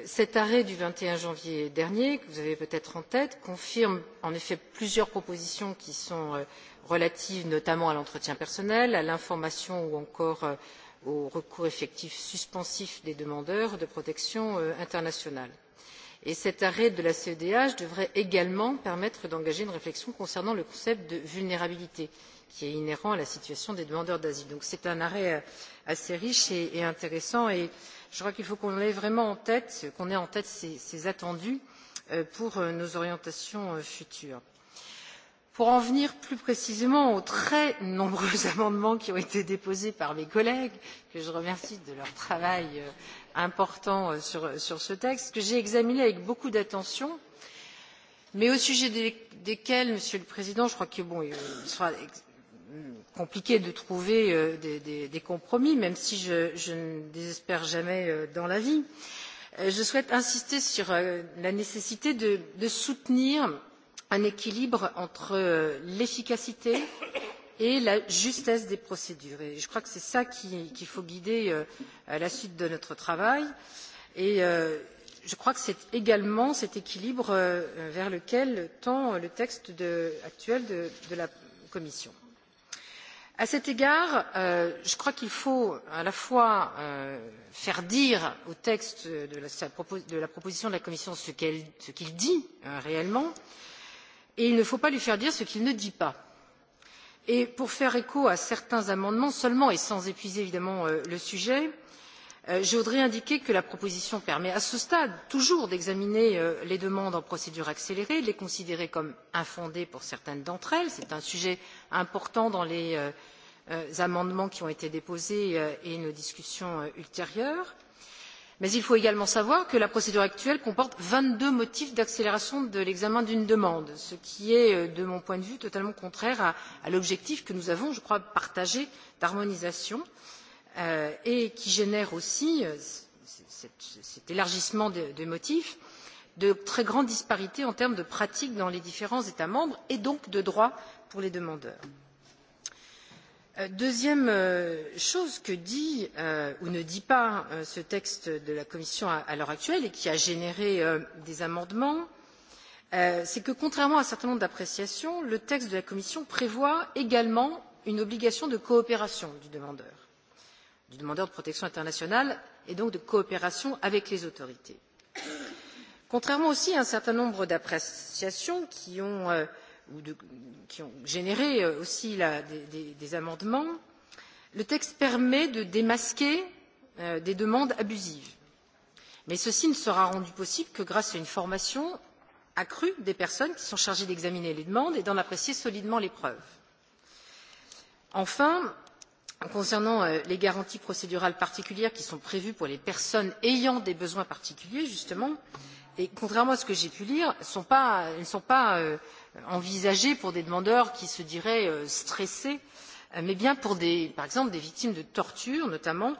Cet arrêt du vingt et un janvier dernier, que vous avez peut-être en tête, confirme en effet plusieurs propositions qui sont relatives notamment à l'entretien personnel, à l'information ou encore au recours effectif suspensif des demandeurs de protection internationale. Et cet arrêt de la cedh devrait également permettre d'engager une réflexion concernant le concept de vulnérabilité qui est inhérent à la situation des demandeurs d'asile. donc c'est un arrêt assez riche et intéressant et je crois qu'il faut qu'on ait vraiment en tête ces attendus pour nos orientations futures. pour en venir plus précisément aux très nombreux amendements qui ont été déposés par mes collègues que je remercie de leur travail important sur ce texte que j'ai examiné avec beaucoup d'attention mais au sujet desquels monsieur le président je crois qu'il sera compliqué de trouver des, compromis, même si je, ne désespère jamais dans la vie. Je souhaite insister sur la nécessité de, soutenir un équilibre entre l'efficacité et la justesse des procédures. Et je crois que c'est cela qu'il faut guider à la suite de notre travail. Et je crois que c'est également cet équilibre vers lequel tend le texte actuel de la Commission à cet égard je crois qu'il faut à la fois faire dire au texte de la proposition de la commission ce qu'il dit réellement et il ne faut pas lui faire dire ce qu'il ne dit pas. pour faire écho à certains amendements seulement et sans épuiser évidemment le sujet je voudrais indiquer que la proposition permet à ce stade toujours d'examiner les demandes en procédure accélérée de les considérer comme infondées pour certaines d'entre elles c'est un sujet important dans les amendements qui ont été déposés et nos discussions ultérieures mais il faut également savoir que la procédure actuelle comporte vingt deux motifs d'accélération de l'examen d'une demande ce qui est de mon point de vue totalement contraire à l'objectif que nous avons je crois partagé d'harmonisation et et qui génère aussi cet élargissement des motifs de très grandes disparités en termes de pratiques dans les différents états membres et donc de droits pour les demandeurs. deuxième chose que dit ou ne dit pas ce texte de la commission à l'heure actuelle et qui a généré des amendements c'est que contrairement à un certain nombre d'appréciations le texte de la commission prévoit également une obligation de coopération du demandeur du demandeur de protection internationale et donc de coopération avec les autorités. Contrairement aussi à un certain nombre d'appréciations qui ont, généré aussi des, amendements, le texte permet de démasquer des demandes abusives. Mais ceci ne sera rendu possible que grâce à une formation accrue des personnes qui sont chargées d'examiner les demandes et d'en apprécier solidement les preuves. Enfin, Concernant les garanties procédurales particulières qui sont prévues pour les personnes ayant des besoins particuliers, justement, et contrairement à ce que j'ai pu lire, ne sont pas envisagées pour des demandeurs qui se diraient stressés, mais bien pour des, par exemple des victimes de torture notamment,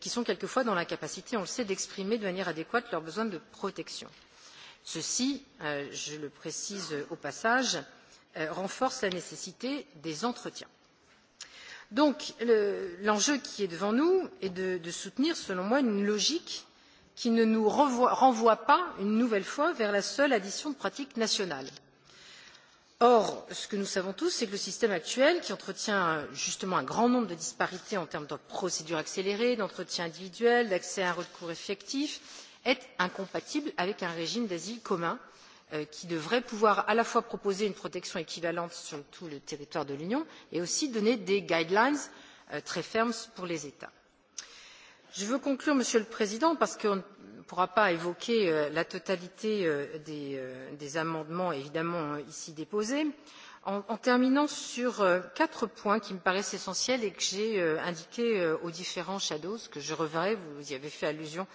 qui sont quelquefois dans l'incapacité, on le sait, d'exprimer de manière adéquate leurs besoins de protection. Ceci, je le précise au passage, renforce la nécessité des entretiens donc l'enjeu qui est devant nous est de soutenir selon moi une logique qui ne nous renvoie pas une nouvelle fois vers la seule addition de pratiques nationales. or ce que nous savons tous c'est que le système actuel qui entretient justement un grand nombre de disparités en termes de procédures accélérées, d'entretien individuel d'accès à un recours effectif est incompatible avec un régime d'asile commun qui devrait pouvoir à la fois proposer une protection équivalente sur tout le territoire de l'Union et aussi donner des guidelines très fermes pour les États. Je veux conclure, Monsieur le Président, parce qu'on ne pourra pas évoquer la totalité des, amendements évidemment ici déposés, en, terminant sur quatre points qui me paraissent essentiels et que j'ai indiqués aux différents shadows que je reverrai, vous y avez fait allusion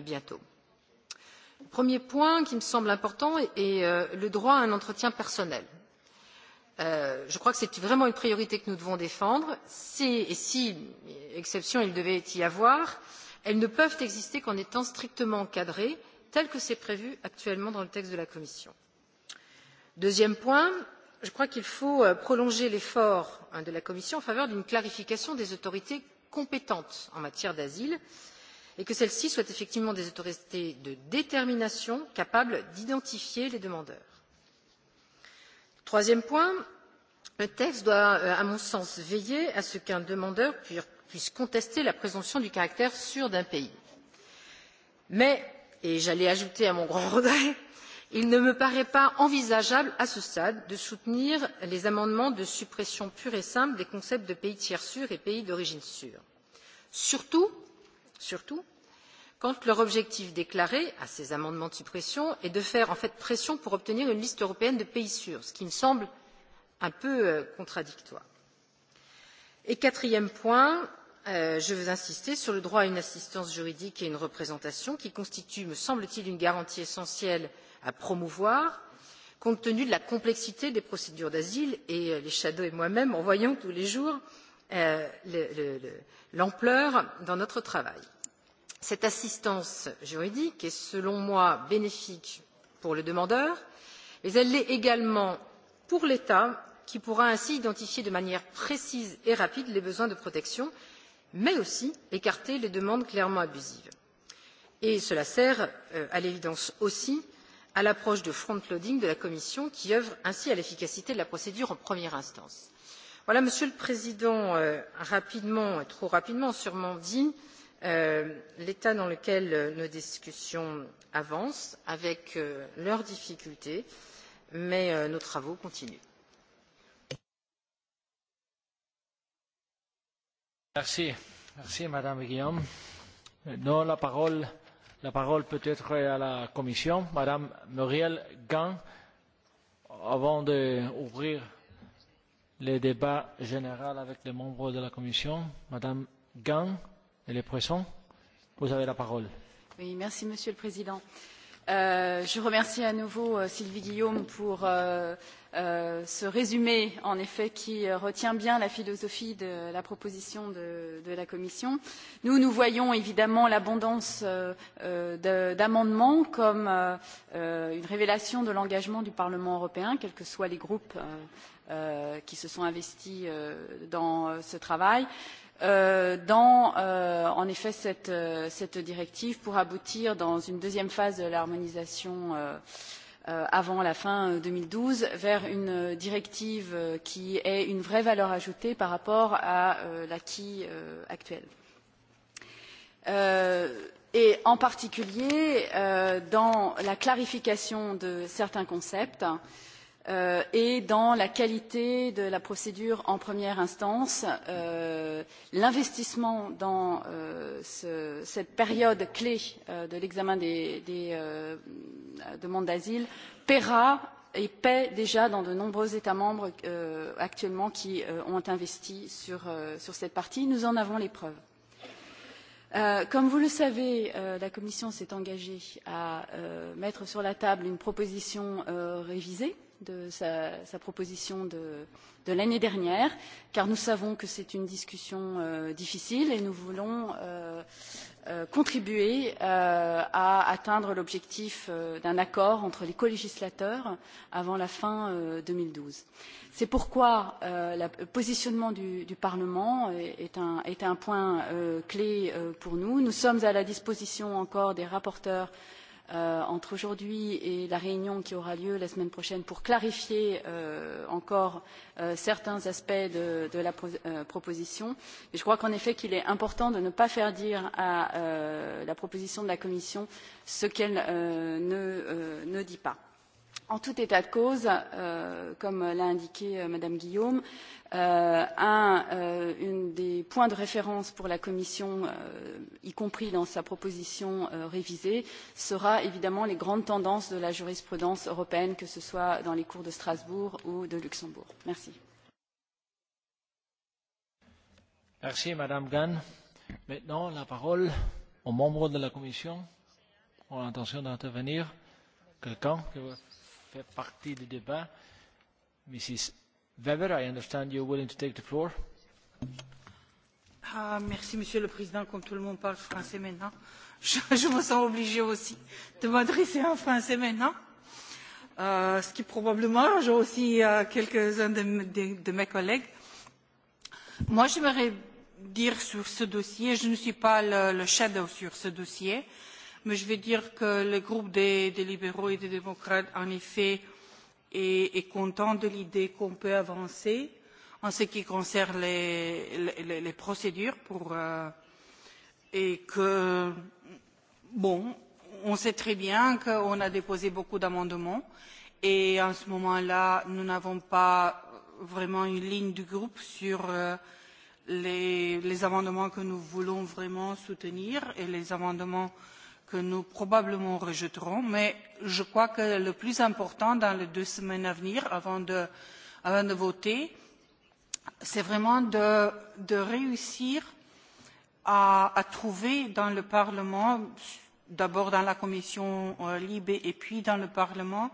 bientôt premier point qui me semble important est le droit à un entretien personnel. je crois que c'est vraiment une priorité que nous devons défendre et si exception il devait y avoir elles ne peuvent exister qu'en étant strictement encadrées tel que c'est prévu actuellement dans le texte de la commission. deuxième point je crois qu'il faut prolonger l'effort de la commission en faveur d'une clarification des autorités compétentes en matière d'asile et que celles ci soient effectivement des autorités de détermination capables d'identifier les demandeurs. troisième point le texte doit à mon sens veiller à ce qu'un demandeur puisse contester la présomption du caractère sûr d'un pays. mais et j'allais ajouter à mon grand regret il ne me paraît pas envisageable à ce stade de soutenir les amendements de suppression pure et simple des concepts de pays tiers sûr et pays d'origine sûr surtout surtout quand leur objectif déclaré à ces amendements de suppression est de faire en fait pression pour obtenir une liste européenne de pays sûrs ce qui me semble un peu contradictoire. et quatrième point je veux insister sur le droit à une assistance juridique et à une représentation qui constitue me semble t il une garantie essentielle à promouvoir compte tenu de la complexité des procédures d'asile et les shadows et moi même en voyons tous les jours l'ampleur dans notre travail. Cette assistance juridique est, selon moi, bénéfique pour le demandeur, mais elle l'est également pour l'État, qui pourra ainsi identifier de manière précise et rapide les besoins de protection, mais aussi écarter les demandes clairement abusives. Et cela sert, à l'évidence aussi, à l'approche de front loading de la Commission, qui œuvre ainsi à l'efficacité de la procédure en première instance voilà monsieur le président rapidement trop rapidement sûrement dit l'état dans lequel nos discussions avancent avec leurs difficultés mais nos travaux continuent. Merci, Madame Guillaume. la parole, peut être à la Commission, Madame Muriel Gant, avant d'ouvrir le débat général avec les membres de la Commission. Madame gncz elle est présente. Vous avez la parole. merci Monsieur le Président. je remercie à nouveau Sylvie Guillaume pour ce résumé, en effet, qui retient bien la philosophie de la proposition de, la Commission. Nous, nous voyons évidemment l'abondance d'amendements comme une révélation de l'engagement du Parlement européen, quels que soient les groupes qui se sont investis dans ce travail dans en effet cette, directive pour aboutir dans une deuxième phase de l'harmonisation avant la fin deux mille douze vers une directive qui ait une vraie valeur ajoutée par rapport à l'acquis actuel. et en particulier dans la clarification de certains concepts euh, et dans la qualité de la procédure en première instance. L'investissement dans cette période clé de l'examen des, demandes d'asile paiera et paie déjà dans de nombreux États membres actuellement qui ont investi sur, cette partie. Nous en avons les preuves. Comme vous le savez, la Commission s'est engagée à mettre sur la table une proposition révisée de sa, sa proposition de, de l'année dernière, car nous savons que c'est une discussion euh, difficile et nous voulons euh, euh, contribuer euh, à atteindre l'objectif euh, d'un accord entre les colégislateurs avant la fin euh, 2012. C'est pourquoi euh, la, le positionnement du, du Parlement est, un, est un point euh, clé euh, pour nous. Nous sommes à la disposition encore des rapporteurs entre aujourd'hui et la réunion qui aura lieu la semaine prochaine pour clarifier encore certains aspects de, la proposition. Et je crois qu'en effet qu'il est important de ne pas faire dire à la proposition de la Commission ce qu'elle ne, dit pas. En tout état de cause, comme l'a indiqué Madame Guillaume, un, des points de référence pour la Commission, y compris dans sa proposition révisée, sera évidemment les grandes tendances de la jurisprudence européenne, que ce soit dans les cours de Strasbourg ou de Luxembourg. Merci. Merci Madame Gann. Maintenant, la parole aux membres de la Commission qui ont l'intention d'intervenir. Quelqu'un qui fait partie du débat Mrs. Weber, I understand you're willing to take the floor. Monsieur le Président. Comme tout le monde parle français maintenant, je, me sens obligée aussi de m'adresser en français maintenant. ce qui probablement arrange aussi quelques-uns de, mes collègues. Moi, j'aimerais dire sur ce dossier, je ne suis pas le, shadow sur ce dossier, mais je vais dire que le groupe des, libéraux et des démocrates, en effet, et, est content de l'idée qu'on peut avancer en ce qui concerne les, les, les procédures pour, euh, et que, bon, on sait très bien qu'on a déposé beaucoup d'amendements et en ce moment-là, nous n'avons pas vraiment une ligne du groupe sur euh, les, les amendements que nous voulons vraiment soutenir et les amendements euh, que nous probablement rejetterons, mais je crois que le plus important dans les deux semaines à venir, avant de, voter, c'est vraiment de, réussir à, trouver dans le Parlement, d'abord dans la commission LIBE et puis dans le Parlement,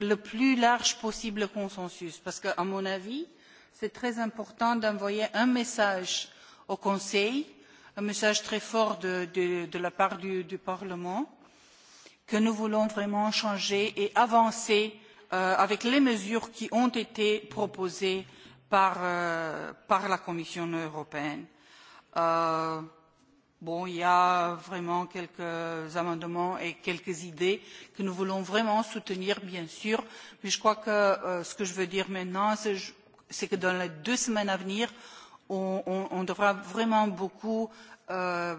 le plus large possible consensus. Parce qu'à mon avis, c'est très important d'envoyer un message au Conseil un message très fort de, de, de la part du, du Parlement que nous voulons vraiment changer et avancer euh, avec les mesures qui ont été proposées par, euh, par la Commission européenne. Euh, Bon, il y a vraiment quelques amendements et quelques idées que nous voulons vraiment soutenir, bien sûr, mais je crois que euh, ce que je veux dire maintenant, c'est que dans les deux semaines à venir, on, on, on devra vraiment beaucoup euh,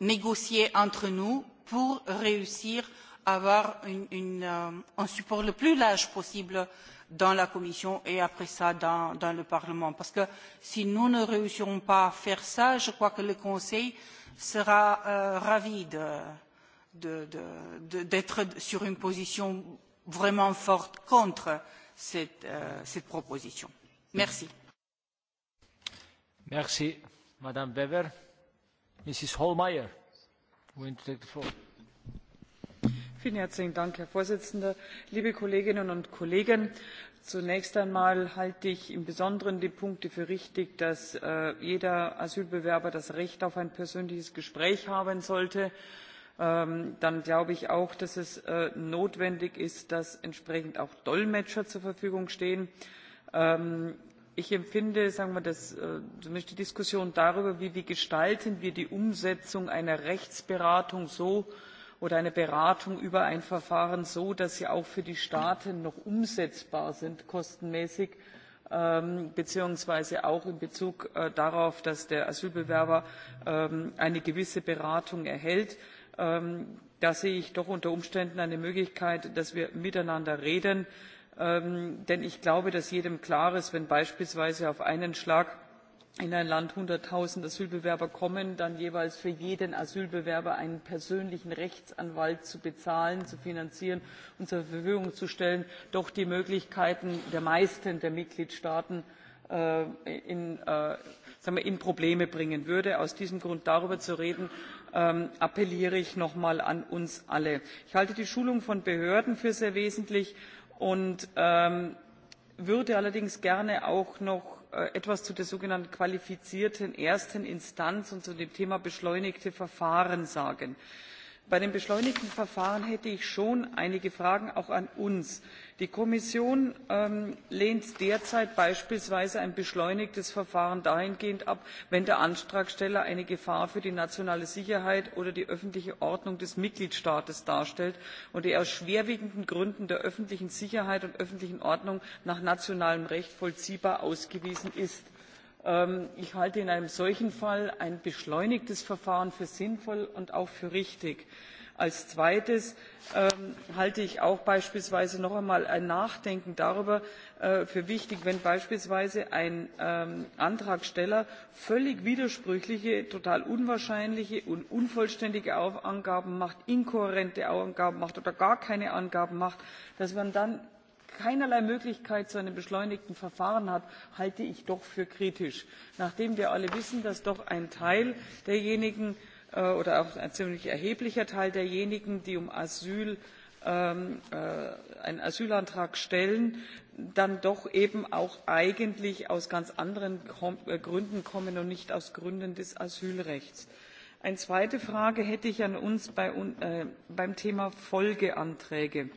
négocier entre nous pour réussir à avoir une, une, euh, un support le plus large possible dans la Commission et après ça dans, dans le Parlement. Parce que si nous ne réussirons pas à faire ça, je crois que le Conseil sera euh, ravi d'être sur une position vraiment forte contre cette, euh, cette proposition. Merci. Herr Präsident, Liebe Kolleginnen und Kollegen, zunächst einmal halte ich im besonderen die punkte für richtig dass jeder asylbewerber das recht auf ein persönliches gespräch haben sollte. dann glaube ich auch dass es notwendig ist dass entsprechend auch dolmetscher zur verfügung stehen ich empfinde zumindest die diskussion darüber wie gestalten wir die umsetzung einer rechtsberatung oder einer beratung über ein verfahren so dass sie auch für die staaten noch umsetzbar sind kostenmäßig beziehungsweise auch in bezug darauf dass der asylbewerber eine gewisse beratung erhält da sehe ich doch unter umständen eine möglichkeit dass wir miteinander reden denn ich glaube dass jedem klar ist wenn beispielsweise auf einen schlag in ein land hunderttausend asylbewerber kommen dann jeweils für jeden asylbewerber einen persönlichen rechtsanwalt zu bezahlen zu finanzieren und zur verfügung zu stellen doch die möglichkeiten der meisten der mitgliedstaaten in probleme bringen würde. aus diesem grund darüber zu reden appelliere ich noch einmal an uns alle. ich halte die schulung von behörden für sehr wesentlich und würde allerdings gerne auch noch etwas zu der sogenannten qualifizierten ersten instanz und zu dem thema beschleunigte verfahren sagen bei dem beschleunigten verfahren hätte ich schon einige fragen auch an uns. die kommission lehnt derzeit beispielsweise ein beschleunigtes verfahren dahingehend ab wenn der antragsteller eine gefahr für die nationale sicherheit oder die öffentliche ordnung des mitgliedstaates darstellt und er aus schwerwiegenden gründen der öffentlichen sicherheit und öffentlichen ordnung nach nationalem recht vollziehbar ausgewiesen ist ich halte in einem solchen fall ein beschleunigtes verfahren für sinnvoll und auch für richtig. als zweites halte ich auch beispielsweise noch einmal ein nachdenken darüber für wichtig wenn beispielsweise ein antragsteller völlig widersprüchliche total unwahrscheinliche und unvollständige angaben macht inkohärente angaben macht oder gar keine angaben macht dass man dann keinerlei möglichkeit zu einem beschleunigten verfahren hat halte ich doch für kritisch nachdem wir alle wissen dass doch ein teil derjenigen oder auch ein ziemlich erheblicher teil derjenigen die einen asylantrag stellen dann doch eben auch eigentlich aus ganz anderen gründen kommen und nicht aus gründen des asylrechts. eine zweite frage hätte ich an uns beim thema folgeanträge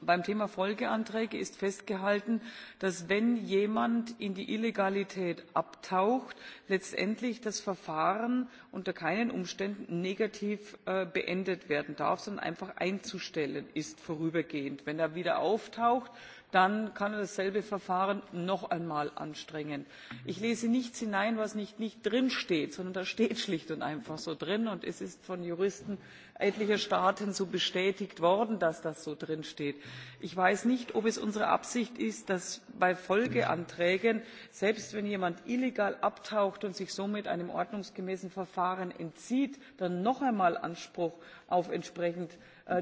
beim thema folgeanträge ist festgehalten dass wenn jemand in die illegalität abtaucht letztendlich das verfahren unter keinen umständen negativ beendet werden darf sondern einfach einzustellen ist vorübergehend wenn er wieder auftaucht dann kann er dasselbe verfahren noch einmal anstrengen. ich lese nichts hinein was nicht drinsteht sondern das steht schlicht und einfach so drin und es ist von juristen etlicher staaten so bestätigt worden dass das so drinsteht. ich weiß nicht ob es unsere absicht ist dass bei folgeanträgen selbst wenn jemand illegal abtaucht und sich somit einem ordnungsgemäßen verfahren entzieht dann noch einmal anspruch auf entsprechend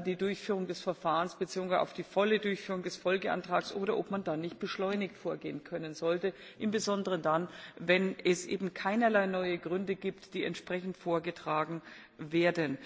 die durchführung des verfahrens beziehungsweise auf die volle durchführung des folgeantrags oder ob man da nicht beschleunigt vorgehen können sollte insbesondere dann wenn es eben keinerlei neue gründe gibt die entsprechend vorgetragen werden.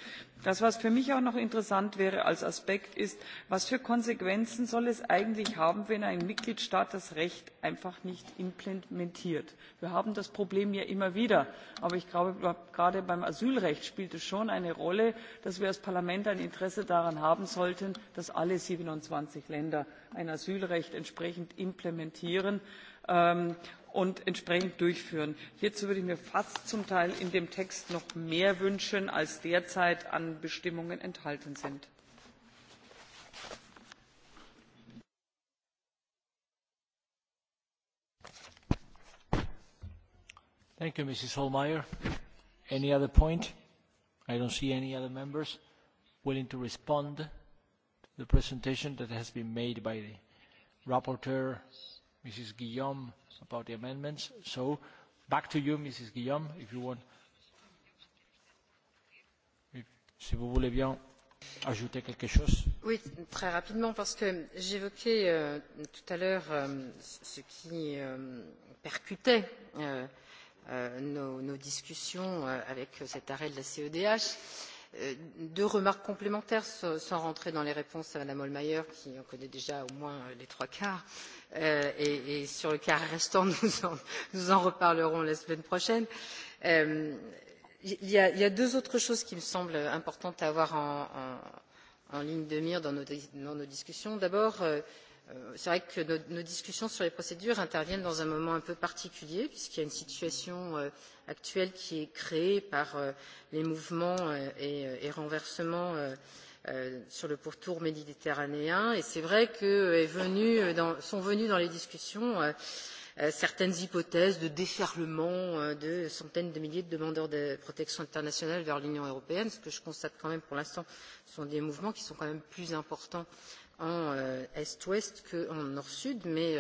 das was für mich auch noch interessant wäre als aspekt ist was für konsequenzen soll es eigentlich haben wenn ein mitgliedstaat das recht einfach nicht implementiert? wir haben das problem ja immer wieder aber ich glaube gerade beim asylrecht spielt es schon eine rolle dass wir als parlament ein interesse daran haben sollten dass alle siebenundzwanzig länder ein asylrecht entsprechend implementieren und entsprechend durchführen. hierzu würde ich mir fast zum teil in dem text noch mehr wünschen als derzeit an bestimmungen enthalten sind. Thank you, Mrs. Holmeyer. Any other point? I don't see any other members willing to respond to the presentation that has been made by the rapporteur, Mrs. Guillaume about the amendments. So back to you, Mrs. Guillaume, if you want. Si vous voulez bien ajouter quelque chose. Oui, très rapidement, parce que j'évoquais euh, tout à l'heure euh, ce qui euh, percutait euh, euh, nos, nos discussions euh, avec cet arrêt de la CEDH. Euh, deux remarques complémentaires sans rentrer dans les réponses à mme hohlmeier qui en connaît déjà au moins les trois quarts et sur le quart restant nous en reparlerons la semaine prochaine. il y a deux autres choses qui me semblent importantes à avoir en ligne de mire dans nos discussions. d'abord C'est vrai que nos, discussions sur les procédures interviennent dans un moment un peu particulier, puisqu'il y a une situation actuelle qui est créée par les mouvements et, renversements sur le pourtour méditerranéen. Et c'est vrai que sont venues dans les discussions certaines hypothèses de déferlement de centaines de milliers de demandeurs de protection internationale vers l'Union européenne. Ce que je constate quand même pour l'instant, ce sont des mouvements qui sont quand même plus importants en est-ouest qu'en nord-sud, mais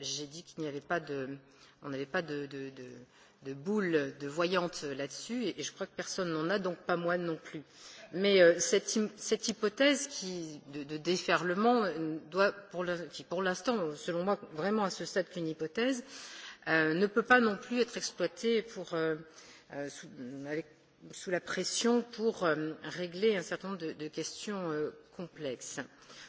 j'ai dit qu'il n'y avait pas de, on n'avait pas de, de, de, de boule de voyante là-dessus, et je crois que personne n'en a, donc pas moi non plus. Mais cette, cette hypothèse qui, de, de déferlement doit, pour le, qui pour l'instant, selon moi, vraiment à ce stade qu'une hypothèse, ne peut pas non plus être exploitée pour, avec sous la pression pour régler un certain nombre de, questions complexes.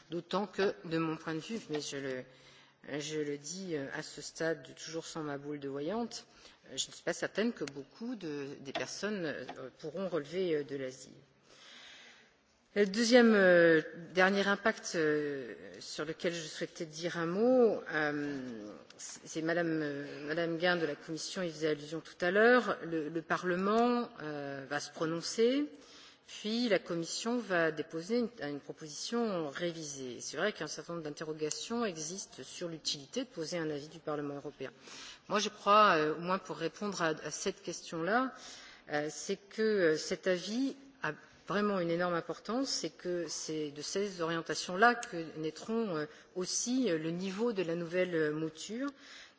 D'autant que, de mon point de vue, mais je le, dis à ce stade toujours sans ma boule de voyante, je ne suis pas certaine que beaucoup de, des personnes pourront relever de l'asile le deuxième dernier impact sur lequel je souhaitais dire un mot c'est mme guin de la commission y faisait allusion tout à l'heure le parlement va se prononcer puis la commission va déposer une proposition révisée. c'est vrai qu'un certain nombre d'interrogations existent sur l'utilité de poser un avis du parlement européen. moi je crois au moins pour répondre à cette question là c'est que cet avis a vraiment une énorme importance, et que c'est de ces orientations-là que naîtront aussi le niveau de la nouvelle mouture.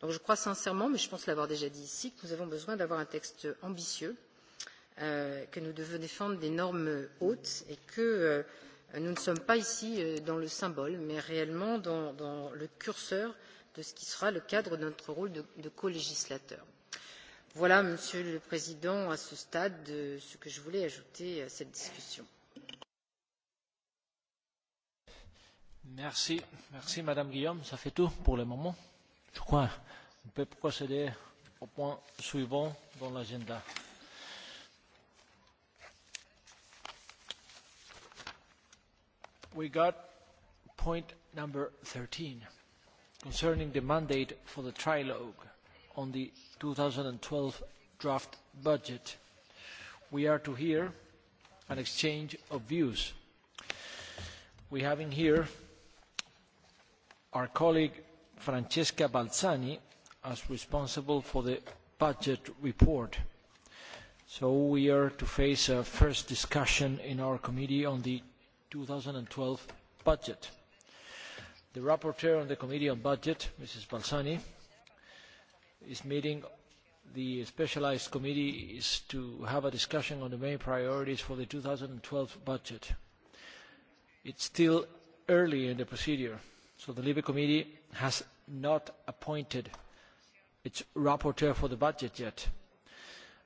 Donc je crois sincèrement, mais je pense l'avoir déjà dit ici, que nous avons besoin d'avoir un texte ambitieux, que nous devons défendre des normes hautes et que nous ne sommes pas ici dans le symbole, mais réellement dans, le curseur de ce qui sera le cadre de notre rôle de, de co-législateur voilà monsieur le président à ce stade ce que je voulais ajouter à cette discussion. Merci, Madame Guillaume, ça fait tout pour le moment. Je crois qu'on peut procéder au point suivant dans l'agenda. We le point treize concernant le mandat pour le trilogue on the 2012 draft budget. We are to hear an exchange of views. We have in here our colleague Francesca Balzani as responsible for the budget report. So we are to face a first discussion in our committee on the 2012 budget. The rapporteur on the Committee on Budget, Mrs. Balzani, is meeting, the specialized committee is to have a discussion on the main priorities for the 2012 budget. It's still early in the procedure, so the LIBE committee has not appointed its rapporteur for the budget yet.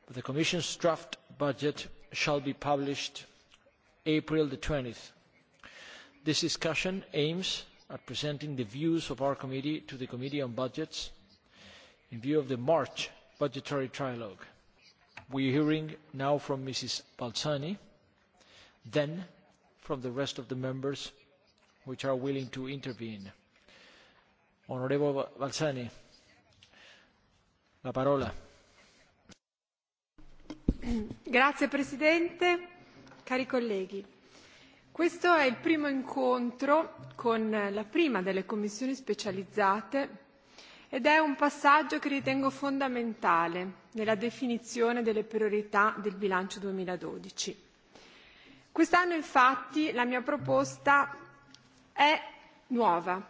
But the Commission's draft budget shall be published April the 20th. This discussion aims at presenting the views of our committee to the Committee on Budgets in view of the March budgetary trilogue. We are hearing now from Mrs. Balzani, then from the rest of the members which are willing to intervene. Onorevole Balzani, la parola. Grazie Presidente, cari colleghi. Questo è il primo incontro con la prima delle commissioni specializzate ed è un passaggio che ritengo fondamentale nella definizione delle priorità del bilancio 2012. Quest'anno infatti la mia proposta è nuova.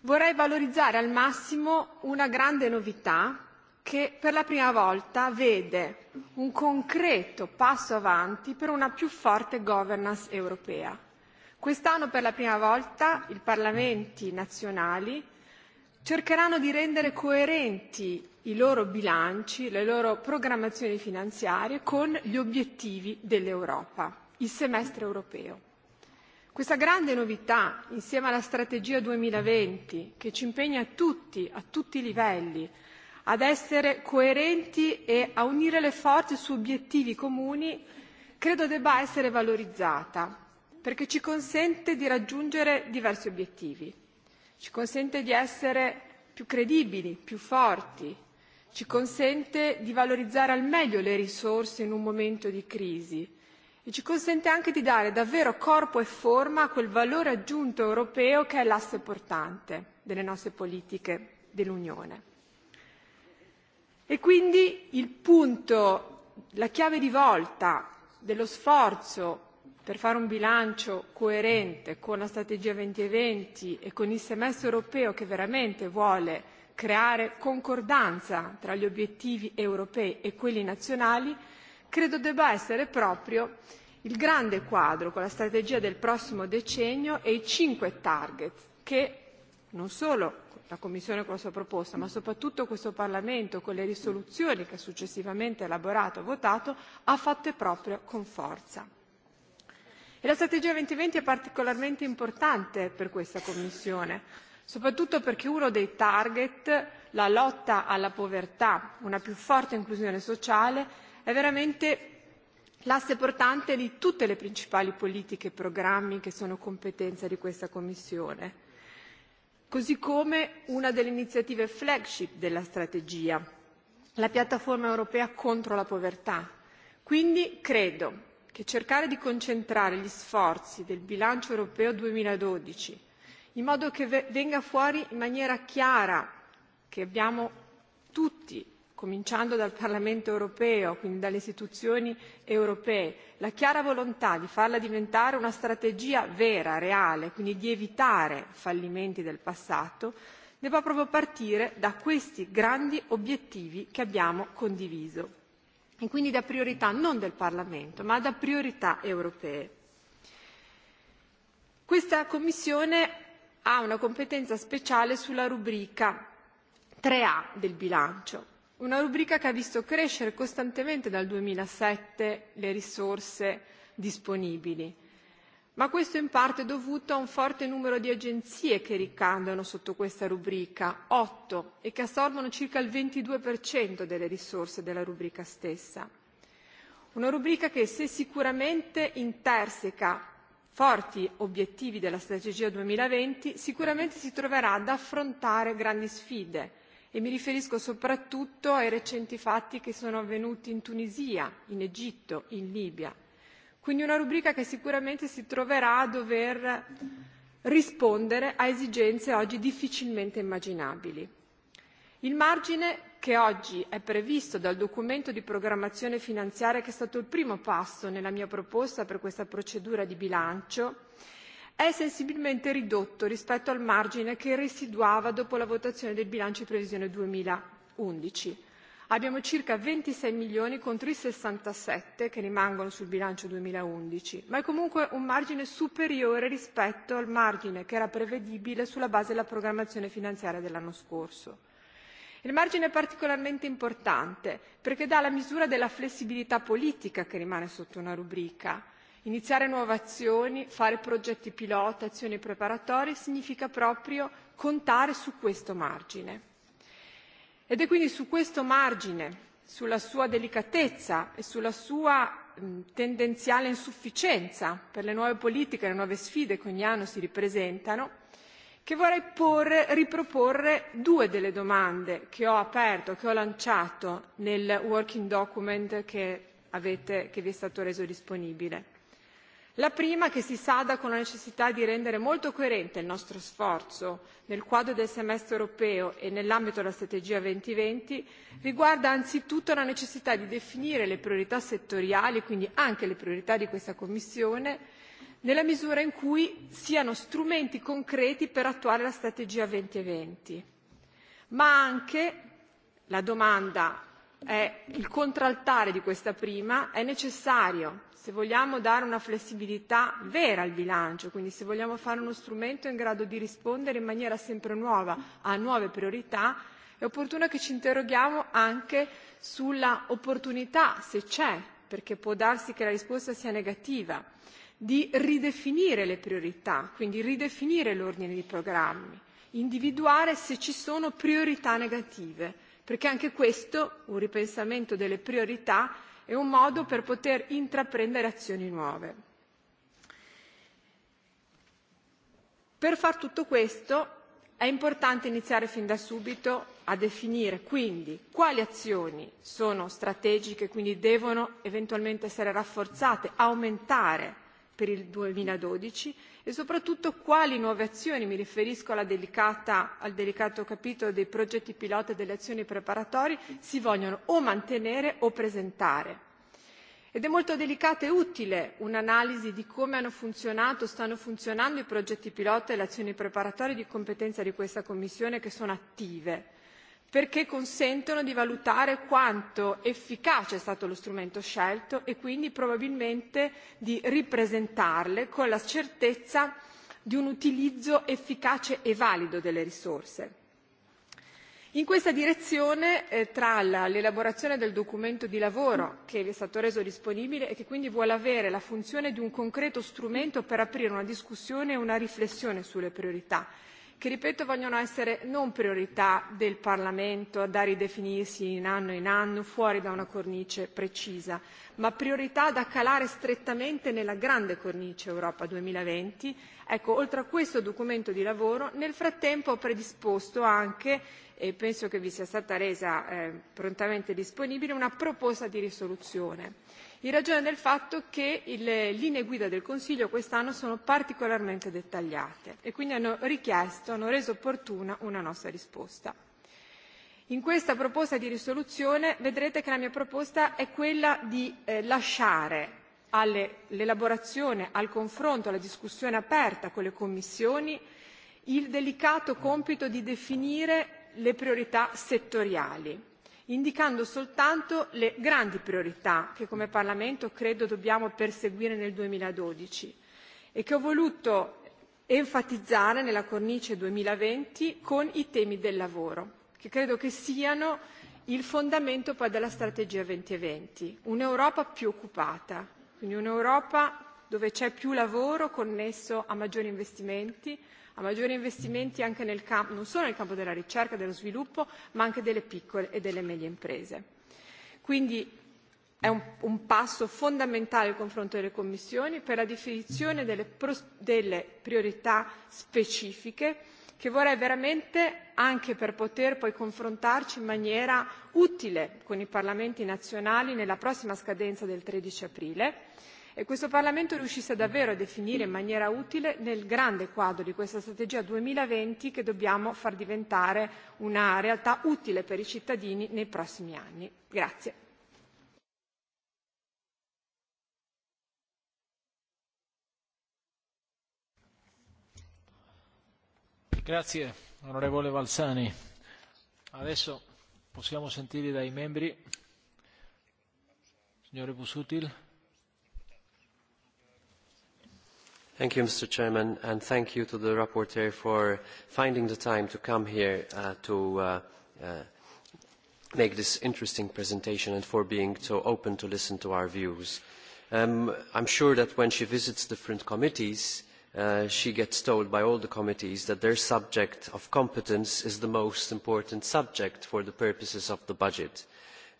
Vorrei valorizzare al massimo una grande novità che per la prima volta vede un concreto passo avanti per una più forte governance europea. Quest'anno per la prima volta i Parlamenti nazionali cercheranno di rendere coerenti i loro bilanci, le loro programmazioni finanziarie con gli obiettivi dell'Europa, il semestre europeo. Questa grande novità, insieme alla strategia duemilaventi, che ci impegna tutti, a tutti i livelli, ad essere coerenti e a unire le forze su obiettivi comuni, credo debba essere valorizzata, perché ci consente di raggiungere diversi obiettivi ci consente di essere più credibili, più forti, ci consente di valorizzare al meglio le risorse in un momento di crisi e ci consente anche di dare davvero corpo e forma a quel valore aggiunto europeo che è l'asse portante delle nostre politiche dell'Unione. E quindi il punto, la chiave di volta dello sforzo per fare un bilancio coerente con la strategia duemilaventi e con il semestre europeo che veramente vuole creare concordanza tra gli obiettivi europei e quelli nazionali, credo debba essere proprio il grande quadro con la strategia del prossimo decennio e i cinque target che non solo la Commissione con la sua proposta, ma soprattutto questo Parlamento con le risoluzioni che ha successivamente elaborato e votato, ha fatto proprio con forza. E la strategia duemilaventi è particolarmente importante per questa Commissione, soprattutto perché uno dei target, la lotta alla povertà, una più forte inclusione sociale, è veramente l'asse portante di tutte le principali politiche e programmi che sono competenza di questa Commissione, così come una delle iniziative flagship della strategia, la piattaforma europea contro la povertà. Quindi credo che cercare di concentrare gli sforzi del bilancio europeo duemiladodici in modo che venga fuori in maniera chiara che abbiamo tutti cominciando dal Parlamento europeo, quindi dalle istituzioni europee, la chiara volontà di farla diventare una strategia vera, reale, quindi di evitare fallimenti del passato, debba proprio partire da questi grandi obiettivi che abbiamo condiviso e quindi da priorità non del Parlamento ma da priorità europee. Questa Commissione ha una competenza speciale sulla rubrica 3A del bilancio, una rubrica che ha visto crescere costantemente dal duemilasette le risorse disponibili ma questo è in parte dovuto a un forte numero di agenzie che ricadono sotto questa rubrica, otto, e che assorbono circa il 22% delle risorse della rubrica stessa. Una rubrica che, se sicuramente interseca forti obiettivi della strategia 2020, sicuramente si troverà ad affrontare grandi sfide e mi riferisco soprattutto ai recenti fatti che sono avvenuti in Tunisia, in Egitto, in Libia Quindi una rubrica che sicuramente si troverà a dover rispondere a esigenze oggi difficilmente immaginabili. Il margine che oggi è previsto dal documento di programmazione finanziaria, che è stato il primo passo nella mia proposta per questa procedura di bilancio, è sensibilmente ridotto rispetto al margine che residuava dopo la votazione del bilancio di previsione duemilaundici abbiamo circa ventisei milioni contro i sessantasette che rimangono sul bilancio duemilaundici ma è comunque un margine superiore rispetto al margine che era prevedibile sulla base della programmazione finanziaria dell'anno scorso. Il margine è particolarmente importante perché dà la misura della flessibilità politica che rimane sotto una rubrica. Iniziare nuove azioni, fare progetti pilota, azioni preparatorie significa proprio contare su questo margine. Ed è quindi su questo margine, sulla sua delicatezza e sulla sua tendenziale insufficienza per le nuove politiche, le nuove sfide che ogni anno si ripresentano, che vorrei porre, riproporre due delle domande che ho aperto, che ho lanciato nel working document che, avete, che vi è stato reso disponibile la prima che si sada con la necessità di rendere molto coerente il nostro sforzo nel quadro del semestre europeo e nell'ambito della strategia duemilaventi riguarda anzitutto la necessità di definire le priorità settoriali quindi anche le priorità di questa commissione nella misura in cui siano strumenti concreti per attuare la strategia duemilaventi ma anche la domanda è il contraltare di questa prima è necessario se vogliamo dare una flessibilità vera al bilancio, quindi se vogliamo fare uno strumento in grado di rispondere in maniera sempre nuova a nuove priorità, è opportuno che ci interroghiamo anche sulla opportunità, se c'è, perché può darsi che la risposta sia negativa, di ridefinire le priorità, quindi ridefinire l'ordine dei programmi, individuare se ci sono priorità negative, perché anche questo, un ripensamento delle priorità, è un modo per poter intraprendere azioni nuove. Per far tutto questo è importante iniziare fin da subito a definire quindi quali azioni sono strategiche e quindi devono eventualmente essere rafforzate, aumentare per il duemiladodici e soprattutto quali nuove azioni, mi riferisco alla delicata, al delicato capitolo dei progetti pilota e delle azioni preparatorie, si vogliono o mantenere o presentare. Ed è molto delicata e utile un'analisi di come hanno funzionato o stanno funzionando i progetti pilota e le azioni preparatorie di competenza di questa Commissione che sono attive perché consentono di valutare quanto efficace è stato lo strumento scelto e quindi probabilmente di ripresentarle con la certezza di un utilizzo efficace e valido delle risorse. In questa direzione, tra l'elaborazione del documento di lavoro che vi è stato reso disponibile e che quindi vuole avere la funzione di un concreto strumento per aprire una discussione e una riflessione sulle priorità che ripeto vogliono essere non priorità del Parlamento da ridefinirsi in anno in anno fuori da una cornice precisa, ma priorità da calare strettamente nella grande cornice Europa duemilaventi. Ecco, oltre a questo documento di lavoro, nel frattempo ho predisposto anche, e penso che vi sia stata resa prontamente disponibile, una proposta di risoluzione in ragione del fatto che le linee guida del Consiglio quest'anno sono particolarmente dettagliate e quindi hanno richiesto, hanno reso opportuna una nostra risposta. In questa proposta di risoluzione vedrete che la mia proposta è quella di lasciare all'elaborazione, al confronto, alla discussione aperta con le commissioni il delicato compito di definire le priorità settoriali indicando soltanto le grandi priorità che come Parlamento credo dobbiamo perseguire nel duemiladodici e che ho voluto enfatizzare nella cornice duemilaventi con i temi del lavoro, che credo che siano il fondamento poi della strategia duemilaventi, un'Europa più occupata, quindi un'Europa dove c'è più lavoro connesso a maggiori investimenti, a maggiori investimenti anche nel campo, non solo nel campo della ricerca, e dello sviluppo, ma anche delle piccole e delle medie imprese. Quindi è un, un passo fondamentale il confronto delle commissioni per la definizione delle, delle priorità specifiche che vorrei veramente anche per poter poi confrontarci in maniera utile con i parlamenti nazionali nella prossima scadenza del tredici aprile e questo Parlamento riuscisse davvero a definire in maniera utile nel grande quadro di questa strategia duemilaventi che dobbiamo far diventare una realtà utile per i cittadini nei prossimi anni. Grazie onorevole Valsani. Adesso possiamo sentire dai membri. Signore Busutil. Thank you, Mr. Chairman, and thank you to the rapporteur for finding the time to come here to make this interesting presentation and for being so open to listen to our views. i I'm sure that when she visits different committees, she gets told by all the committees that their subject of competence is the most important subject for the purposes of the budget.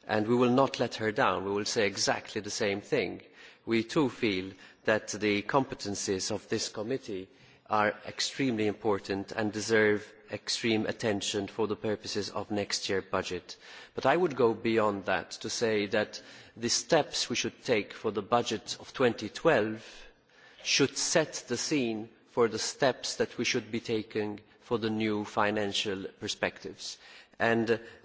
And we will not let her down. We will say exactly the same thing. We too feel that the competences of this committee are extremely important and deserve extreme attention for the purposes of next year's budget. But I would go beyond that to say that the steps we should take for the budget of twelve should set the scene for the steps that we should be taking for the new financial perspectives.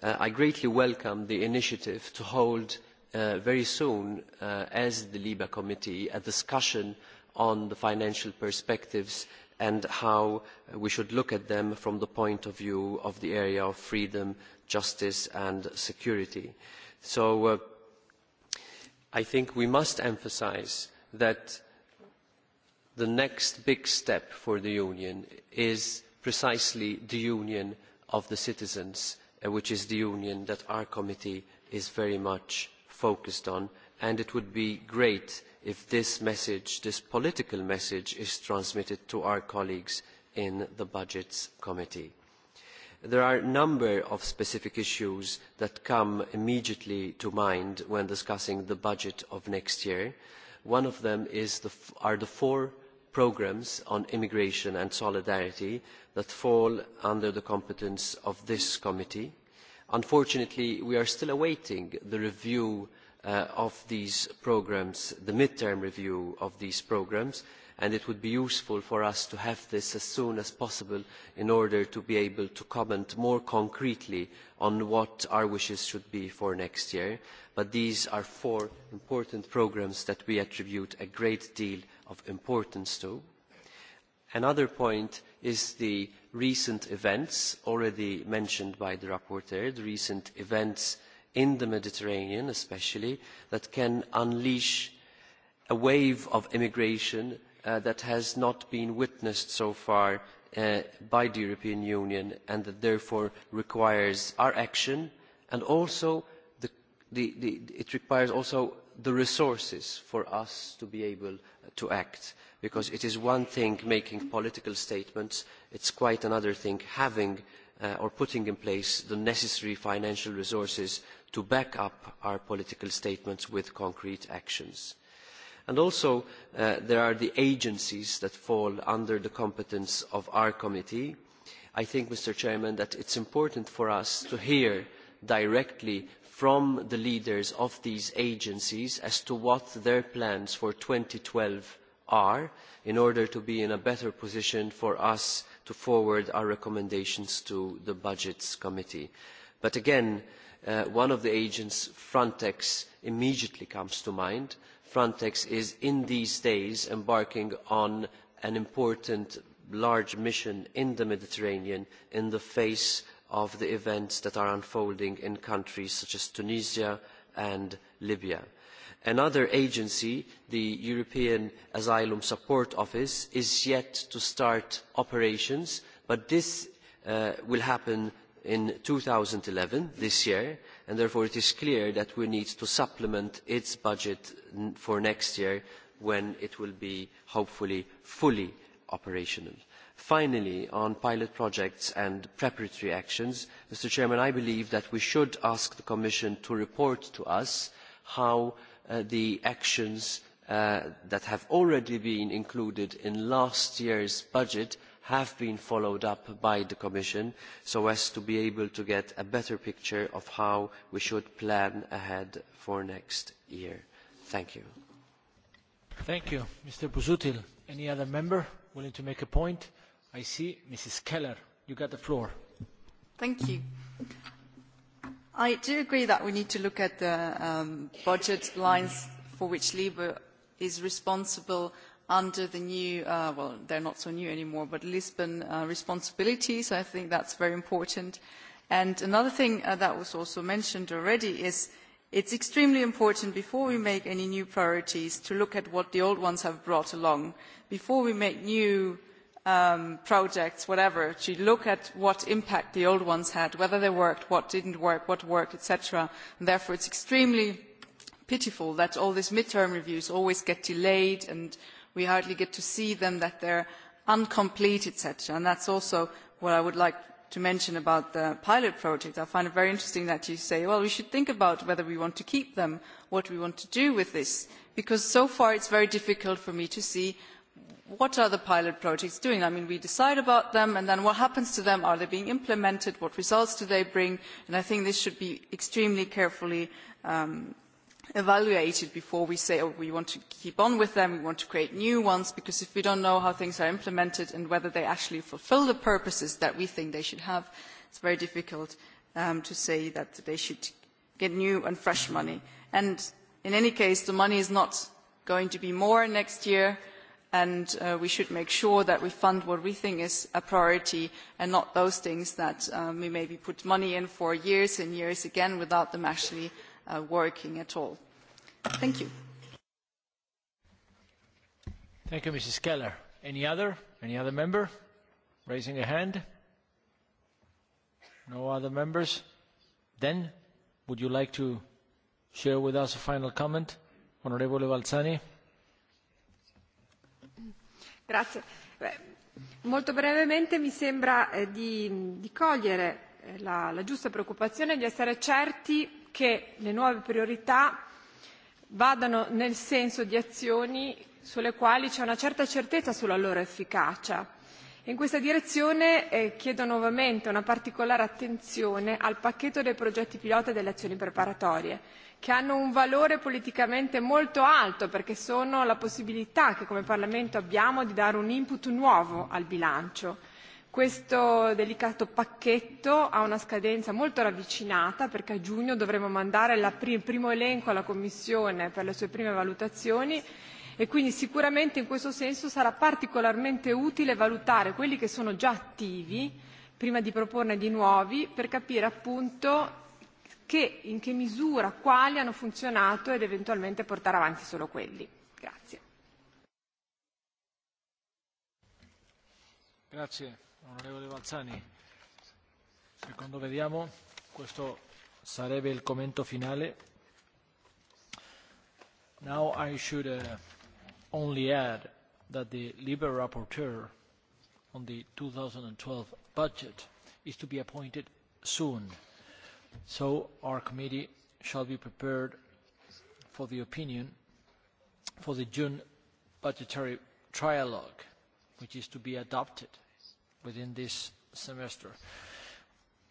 I greatly welcome the initiative to hold very soon as the LIBA committee a discussion on the financial perspectives and how we should look at them from the point of view of the area of freedom, justice and security. So I think we must emphasise that the next big step for the Union is precisely the union of the citizens, which is the union that our committee is very much focused on, and it would be great if this message, this political message, is transmitted to our colleagues in the Budgets Committee. There are a number of specific issues that come immediately to mind when discussing the budget of next year. One of them are the four programmes on immigration and solidarity that fall under the competence of this committee unfortunately we are still awaiting the review of these programmes the mid term review of these programmes and it would be useful for us to have this as soon as possible in order to be able to comment more concretely on what our wishes should be for next year but these are four important programmes that we attribute a great deal of importance to. another point is the recent events already mentioned by the rapporteur, the recent events in the Mediterranean especially, that can unleash a wave of immigration that has not been witnessed so far by the European Union and that therefore requires our action and also it requires also the resources for us to be able to act because it is one thing making political statements it is quite another thing having or putting in place the necessary financial resources to back up our political statements with concrete actions. also there are the agencies that fall under the competence of our committee. i think that it is important for us to hear directly from the leaders of these agencies as to what their plans for twelve are in order to be in a better position for us to forward our recommendations to the Budgets Committee. But again, one of the agents, Frontex, immediately comes to mind. Frontex is in these days embarking on an important large mission in the Mediterranean in the face of the events that are unfolding in countries such as Tunisia and Libya. Another agency, the European Asylum Support Office, is yet to start operations, but this will happen in eleven this year, and therefore it is clear that we need to supplement its budget for next year when it will be hopefully fully operational. Finally, on pilot projects and preparatory actions, I believe that we should ask the Commission to report to us how the actions that have already been included in last year's budget have been followed up by the Commission so as to be able to get a better picture of how we should plan ahead for next year. Thank you. Thank you. Mr. any other member willing to make a point? I see Keller, you got the floor. I do agree that we need to look at the um, budget lines for which Libre is responsible under the new, uh, well, they're not so new anymore, but Lisbon uh, responsibilities. I think that's very important. And another thing uh, that was also mentioned already is it's extremely important before we make any new priorities to look at what the old ones have brought along. Before we make new um, projects, whatever, to look at what impact the old ones had, whether they worked, what didn't work, what worked, etc. And therefore, it's extremely pitiful that all these midterm reviews always get delayed and we hardly get to see them, that they're incomplete, etc. And that's also what I would like to mention about the pilot project. I find it very interesting that you say, well, we should think about whether we want to keep them, what we want to do with this, because so far it's very difficult for me to see what are the pilot projects doing? I mean, we decide about them, and then what happens to them? Are they being implemented? What results do they bring? And I think this should be extremely carefully evaluated before we say, oh, we want to keep on with them, we want to create new ones, because if we don't know how things are implemented and whether they actually fulfil the purposes that we think they should have, it's very difficult to say that they should get new and fresh money. And in any case, the money is not going to be more next year and we should make sure that we fund what we think is a priority and not those things that we maybe put money in for years and years again without them actually working at all. Thank you. Thank you, Mrs. Keller. Any other? Any other member? Raising a hand? No other members? Then, would you like to share with us a final comment, Honorable Balzani? molto brevemente mi sembra di cogliere la giusta preoccupazione di essere certi che le nuove priorità vadano nel senso di azioni sulle quali c'è una certa certezza sulla loro efficacia. In questa direzione chiedo nuovamente una particolare attenzione al pacchetto dei progetti pilota e delle azioni preparatorie che hanno un valore politicamente molto alto perché sono la possibilità che come Parlamento abbiamo di dare un input nuovo al bilancio. Questo delicato pacchetto ha una scadenza molto ravvicinata perché a giugno dovremo mandare il primo elenco alla Commissione per le sue prime valutazioni e quindi sicuramente in questo senso sarà particolarmente utile valutare quelli che sono già attivi prima di proporne di nuovi per capire appunto che, in che misura, quali hanno funzionato ed eventualmente portare avanti solo quelli. Grazie. Grazie, onorevole Balzani. Secondo vediamo, questo sarebbe il commento finale. Now I should uh, only add that the Liberal Rapporteur on the 2012 budget is to be appointed soon So our committee shall be prepared for the opinion for the June budgetary trialogue, which is to be adopted within this semester,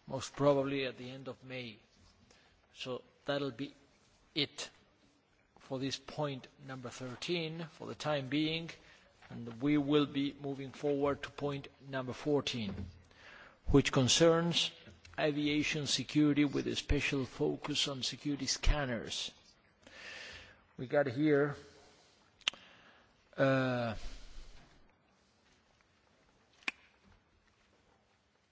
most probably at the end of May. So that'll be it for this point number 13 for the time being, and we will be moving forward to point number 14, which concerns aviation security with a special focus on security scanners. We got here uh,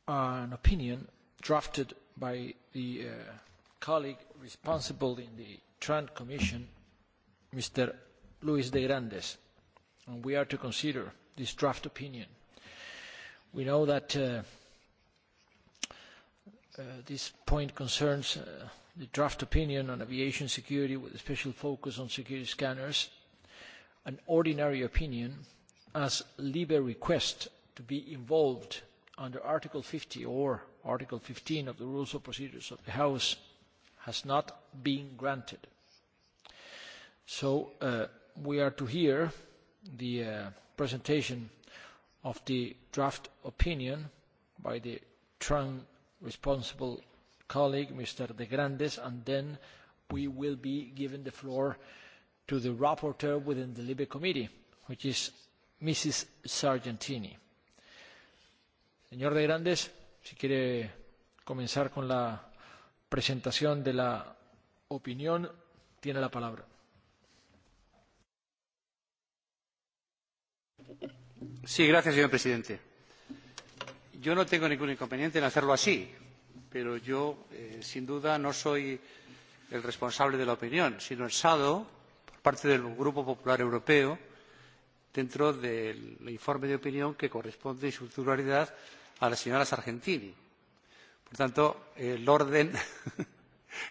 an opinion drafted by the uh, colleague responsible in the Trant Commission, Mr. Luis de Grandes, and we are to consider this draft opinion. We know that uh, this point concerns the draft opinion on aviation security with a special focus on security scanners, an ordinary opinion, as LIBE request to be involved under Article 50 or Article 15 of the Rules of Procedures of the House has not been granted. So uh, we are to hear the uh, presentation of the draft opinion by the Trump responsible colleague, Mr. De Grandes, and then we will be giving the floor to the rapporteur within the Libe Committee, which is Mrs. Sargentini. Señor De Grandes, si quiere comenzar con la presentación de la opinión, tiene la palabra. Sí, gracias, señor presidente yo no tengo ningún inconveniente en hacerlo así, pero yo, sin duda, no soy el responsable de la opinión, sino el SADO, por parte del Grupo Popular Europeo, dentro del informe de opinión que corresponde en su titularidad a la señora Sargentini. Por tanto, el orden,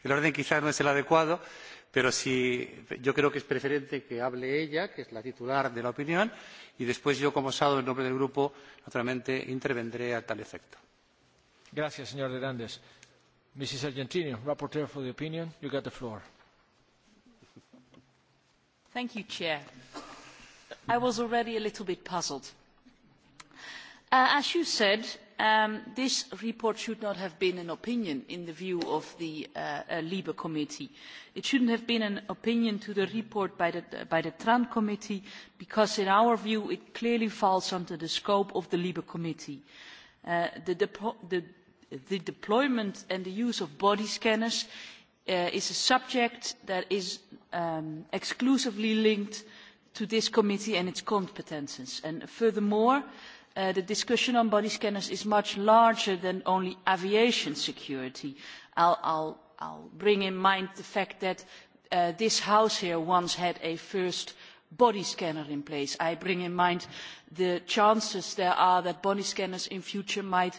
el orden quizás no es el adecuado, pero si yo creo que es preferente que hable ella, que es la titular de la opinión, y después yo, como Sado, en nombre del grupo, naturalmente intervendré a tal efecto. Gracias, señor Hernández. Mrs. rapporteur for the opinion, you got the floor. Thank you, Chair. I was already a little bit puzzled. Uh, as you said, this report should not have been an opinion in the view of the libe committee. it should not have been an opinion to the report by the tran committee because in our view it clearly falls under the scope of the libe committee. the deployment and the use of body scanners is a subject that is exclusively linked to this committee and its competences. furthermore the discussion on body scanners is much larger than only aviation security. I will bring in mind the fact that this house here once had a first body scanner in place. I bring in mind the chances there are that body scanners in future might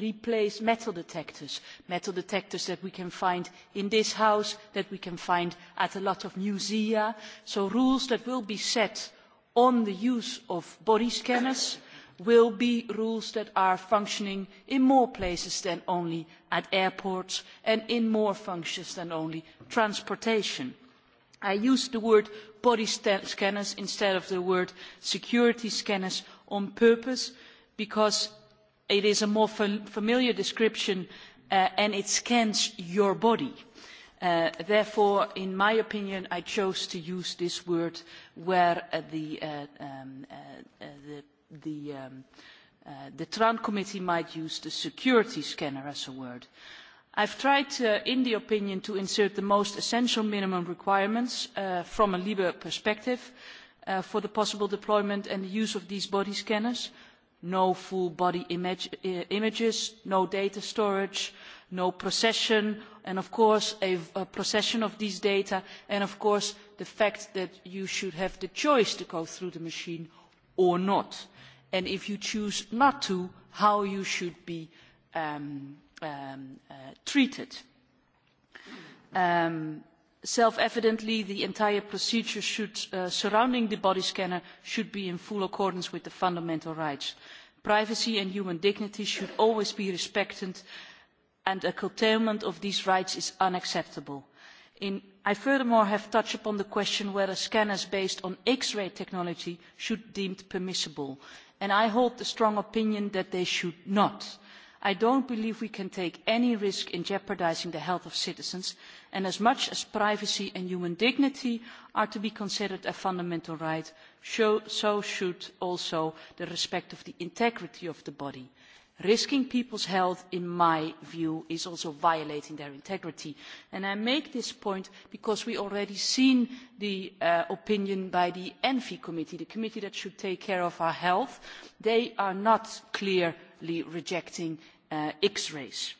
replace metal detectors, metal detectors that we can find in this house, that we can find at a lot of museums. So rules that will be set on the use of body scanners will be rules that are functioning in more places than only at airports and in more functions than only transportation. I used the word body scanners instead of the word security scanners on purpose because it is a more familiar description and it scans your body therefore, in my opinion, I chose to use this word where the, the Tran Committee might use the security scanner as a word. I have tried in the opinion to insert the most essential minimum requirements from a LIBE perspective for the possible deployment and use of these body scanners. No full body images, no data storage, uh, no procession, and of course a, procession of these data, and of course the fact that you should have the choice to go through the machine or not. And if you choose not to, how you should be treated. Self-evidently, the entire procedure surrounding the body scanner should be in full accordance with the fundamental rights. Privacy and human dignity should always be respected and a curtailment of these rights is unacceptable. I furthermore have touched upon the question whether scanners based on X-ray technology should be deemed permissible, and I hold the strong opinion that they should not. I don't believe we can take any risk in jeopardising the health of citizens, and as much as privacy and human dignity are to be considered a fundamental right, so should also the respect of the integrity of the body risking people's health in my view is also violating their integrity and i make this point because we have already seen the opinion by the envi committee the committee that should take care of our health they are not clearly rejecting x rays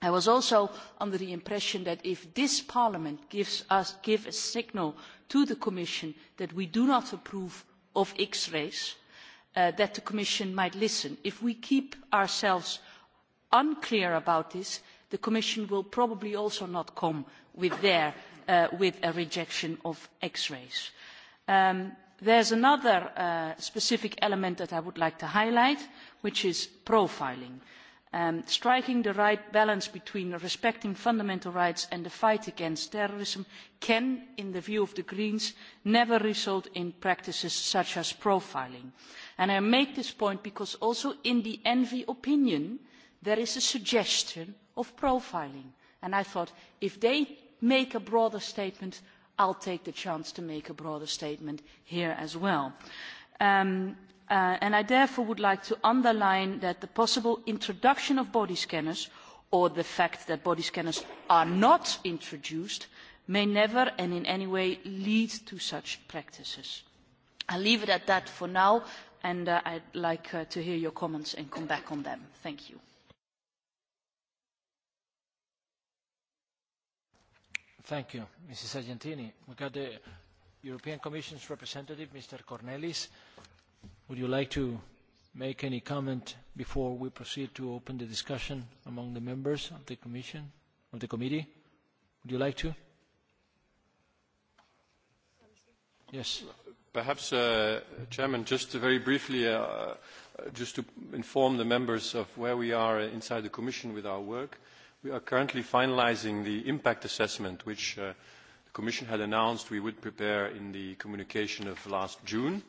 i was also under the impression that if this parliament gives us a signal to the commission that we do not approve of x rays that the commission might listen. if we keep ourselves unclear about this the commission will probably also not come with a rejection of x rays. there is another specific element that i would like to highlight which is profiling striking the right balance between respecting fundamental rights and the fight against terrorism can in the view of the greens never result in practices such as profiling. i make this point because also in the envi opinion there is a suggestion of profiling and i thought if they make a broader statement i will take the chance to make a broader statement here as well and I therefore would like to underline that the possible introduction of body scanners or the fact that body scanners are not introduced may never and in any way lead to such practices. will leave it at that for now and i I'd like to hear your comments and come back on them. Thank you. Thank you, Mrs. Argentini. We've got the European Commission's representative, Mr. Cornelis. Would you like to make any comment before we proceed to open the discussion among the members of the commission, of the committee? Would you like to? Yes. Perhaps, uh, Chairman, just very briefly, uh, just to inform the members of where we are inside the Commission with our work. We are currently finalizing the impact assessment, which uh, the Commission had announced we would prepare in the communication of last June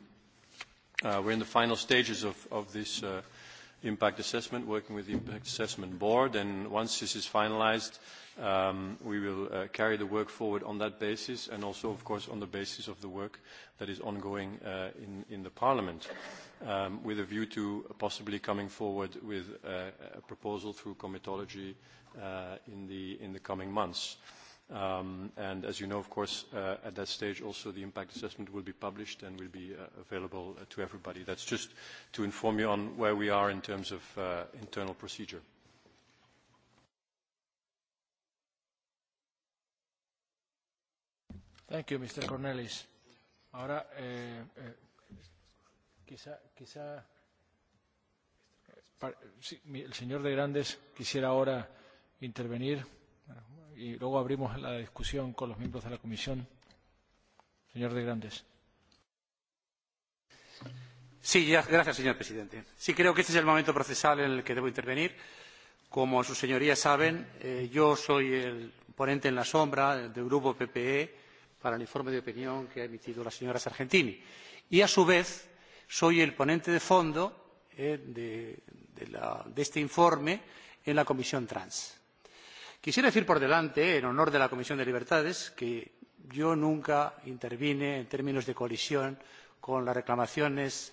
we're in the final stages of, of this uh, impact assessment, working with the Impact Assessment Board, and once this is finalized, um, we will uh, carry the work forward on that basis and also, of course, on the basis of the work that is ongoing uh, in, in the Parliament um, with a view to possibly coming forward with a proposal through comitology uh, in, the, in the coming months. And as you know, of course, at that stage, also the impact assessment will be published and will be available to everybody. That's just to inform you on where we are in terms of internal procedure. Thank you, Mr. Cornelis. Ahora, quizá, quizá sí, el señor de Grandes quisiera ahora intervenir y luego abrimos la discusión con los miembros de la comisión. Señor de Grandes. Sí, gracias, señor presidente. Sí, creo que este es el momento procesal en el que debo intervenir. Como sus señorías saben, yo soy el ponente en la sombra del Grupo PPE para el informe de opinión que ha emitido la señora Sargentini. Y, a su vez, soy el ponente de fondo de, este informe en la Comisión Trans quisiera decir por delante en honor de la comisión de libertades que yo nunca intervine en términos de colisión con las reclamaciones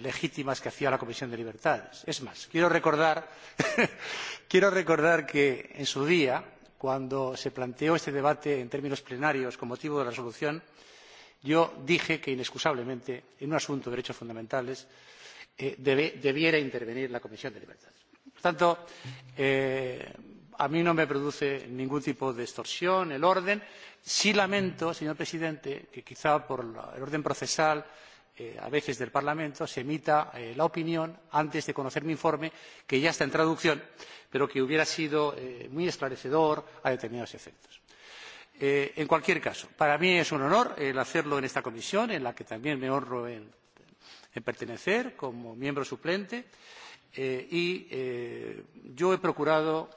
legítimas que hacía la comisión de libertades. es más quiero recordar que en su día cuando se planteó este debate en términos plenarios con motivo de la resolución yo dije que inexcusablemente en un asunto de derechos fundamentales debiera intervenir la comisión de libertades civiles. por tanto a mí no me produce ningún tipo de distorsión el orden. sí lamento señor presidente que quizá por el orden procesal a veces del parlamento se emita la opinión antes de conocer mi informe que ya está en traducción pero que hubiera sido muy esclarecedor a determinados efectos. en cualquier caso para mí es un honor hacerlo en esta comisión a la que también me honro en pertenecer como miembro suplente y yo he procurado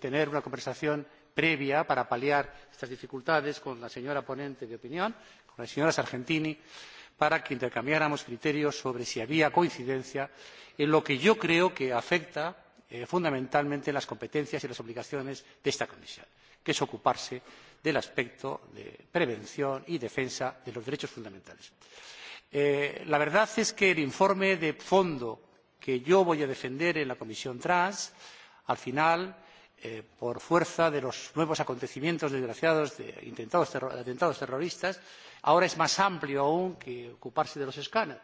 tener una conversación previa para paliar estas dificultades con la señora ponente de opinión con la señora sargentini para que intercambiáramos criterios sobre si había coincidencia en lo que yo creo que afecta fundamentalmente a las competencias y las obligaciones de esta comisión que es ocuparse del aspecto de prevención y defensa de los derechos fundamentales. la verdad es que el informe de fondo que yo voy a defender en la comisión tran al final por fuerza de los nuevos acontecimientos desgraciados de intentados atentados terroristas, ahora es más amplio aún que ocuparse de los escáneres.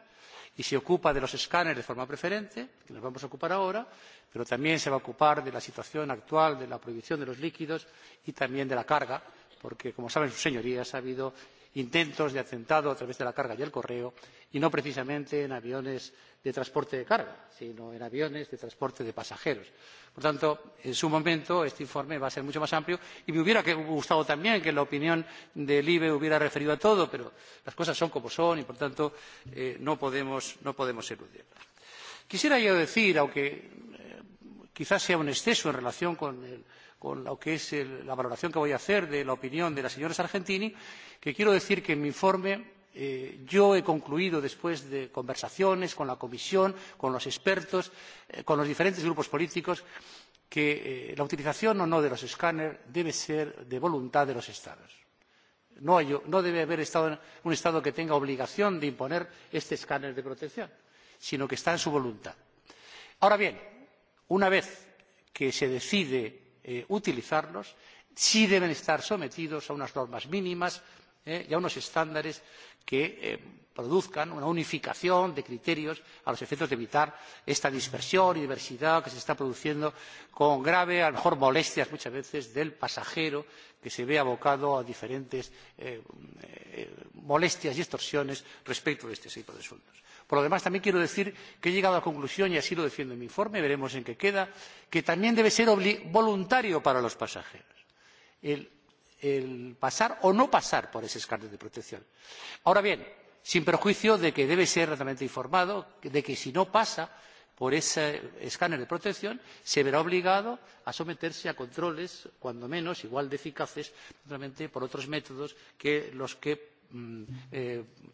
Y se ocupa de los escáneres de forma preferente, que nos vamos a ocupar ahora, pero también se va a ocupar de la situación actual de la prohibición de los líquidos y también de la carga, porque, como saben sus señorías, ha habido intentos de atentado a través de la carga y el correo y no precisamente en aviones de transporte de carga sino en aviones de transporte de pasajeros. por tanto en su momento este informe va a ser mucho más amplio y me hubiera gustado también que la opinión de la libe hubiera referido a todo pero las cosas son como son y por tanto no podemos eludirlas. quisiera yo decir aunque quizás sea un exceso en relación con con lo que es la valoración que voy a hacer de la opinión de la señora Sargentini, que quiero decir que en mi informe yo he concluido después de conversaciones con la comisión con los expertos con los diferentes grupos políticos que la utilización o no de los escáneres debe ser de voluntad de los estados. no debe haber un estado que tenga obligación de imponer este escáner de protección sino que está en su voluntad. ahora bien una vez que se decide utilizarlos, sí deben estar sometidos a unas normas mínimas y a unos estándares que produzcan una unificación de criterios a los efectos de evitar esta dispersión y diversidad que se está produciendo con grave a lo mejor molestias muchas veces del pasajero que se ve abocado a diferentes molestias y extorsiones respecto de este tipo de asuntos por lo demás también quiero decir que he llegado a la conclusión y así lo defiendo en mi informe veremos en qué queda que también debe ser voluntario para los pasajeros el pasar o no pasar por ese escáner de protección. ahora bien sin perjuicio de que debe ser realmente informado de que si no pasa por ese escáner de protección se verá obligado a someterse a controles cuando menos igual de eficaces por otros métodos que los que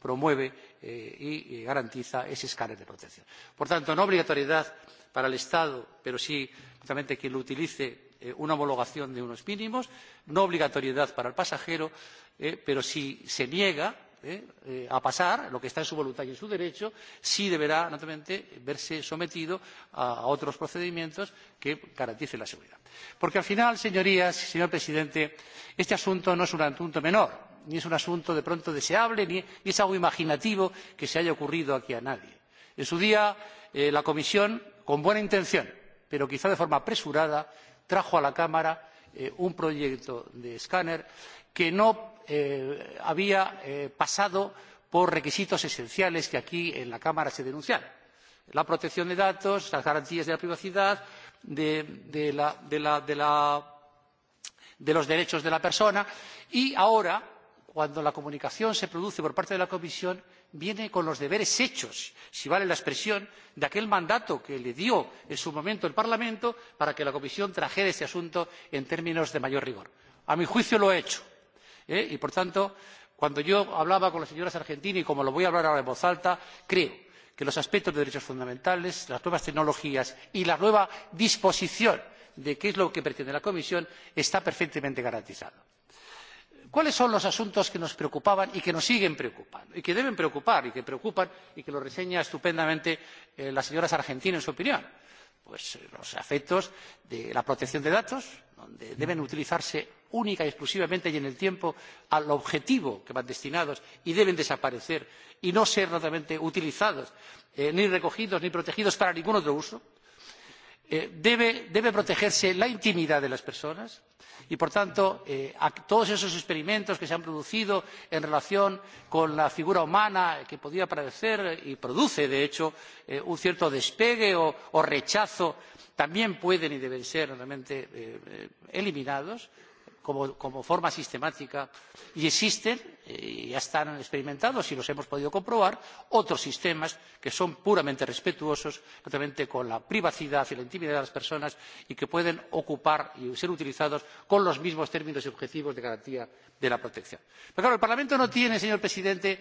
promueve y garantiza ese escáner de protección. Por tanto, no obligatoriedad para el Estado, pero sí justamente quien lo utilice una homologación de unos mínimos, no obligatoriedad para el pasajero, pero si se niega a pasar lo que está en su voluntad y en su derecho, sí deberá naturalmente verse sometido a otros procedimientos que garanticen la seguridad. Porque al final, señorías, señor presidente, este asunto no es un asunto menor ni es un asunto de pronto deseable ni es algo imaginativo que se haya ocurrido aquí a nadie. en su día la comisión con buena intención pero quizá de forma apresurada trajo a la cámara un proyecto de escáner que no había pasado por requisitos esenciales que aquí en la cámara se denunciaron la protección de datos las garantías de la privacidad de los derechos de la persona y ahora cuando la comunicación se produce por parte de la Comisión, viene con los deberes hechos, si vale la expresión, de aquel mandato que le dio en su momento el Parlamento para que la Comisión trajera este asunto en términos de mayor rigor. A mi juicio lo ha hecho. Y, por tanto, cuando yo hablaba con la señora Sargentini, como lo voy a hablar ahora en voz alta, creo que los aspectos de derechos fundamentales, las nuevas tecnologías y la nueva disposición de qué es lo que pretende la Comisión está perfectamente garantizado ¿Cuáles son los asuntos que nos preocupaban y que nos siguen preocupando y que deben preocupar y que preocupan y que lo reseña estupendamente la señora Sargentini en su opinión? Pues los efectos de la protección de datos, donde deben utilizarse única y exclusivamente y en el tiempo al objetivo que van destinados y deben desaparecer y no ser realmente utilizados, ni recogidos ni protegidos para ningún otro uso debe protegerse la intimidad de las personas y por tanto a todos esos experimentos que se han producido en relación con la figura humana que podía parecer y produce de hecho un cierto despegue o rechazo también pueden y deben ser realmente eliminados como, forma sistemática y existen, y ya están experimentados y los hemos podido comprobar, otros sistemas que son puramente respetuosos justamente con la privacidad y la intimidad de las personas y que pueden ocupar y ser utilizados con los mismos términos y objetivos de garantía de la protección. Pero claro, el Parlamento no tiene, señor presidente,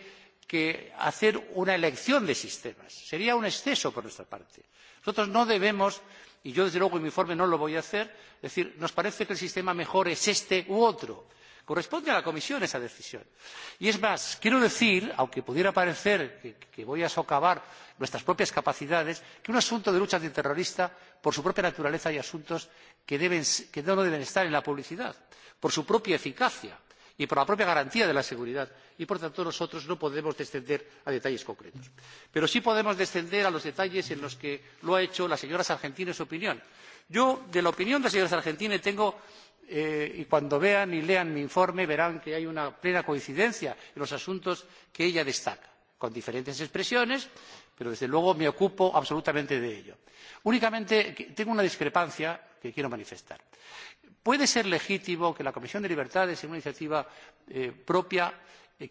que hacer una elección de sistemas. Sería un exceso por nuestra parte. Nosotros no debemos, y yo desde luego en mi informe no lo voy a hacer, decir, nos parece que el sistema mejor es este u otro. Corresponde a la Comisión esa decisión. Y es más, quiero decir, aunque pudiera parecer que, que voy a socavar nuestras propias capacidades, que un asunto de lucha antiterrorista, por su propia naturaleza, hay asuntos que, deben, que no deben estar en la publicidad, por su propia eficacia y por la propia garantía de la seguridad y por tanto nosotros no podemos descender a detalles concretos. pero sí podemos descender a los detalles en los que lo ha hecho la señora sargentini en su opinión. yo de la opinión de la señora sargentini tengo y cuando vean y lean mi informe verán que hay una plena coincidencia en los asuntos que ella destaca con diferentes expresiones pero desde luego me ocupo absolutamente de ello. únicamente tengo una discrepancia que quiero manifestar puede ser legítimo que la Comisión de Libertades, en una iniciativa propia,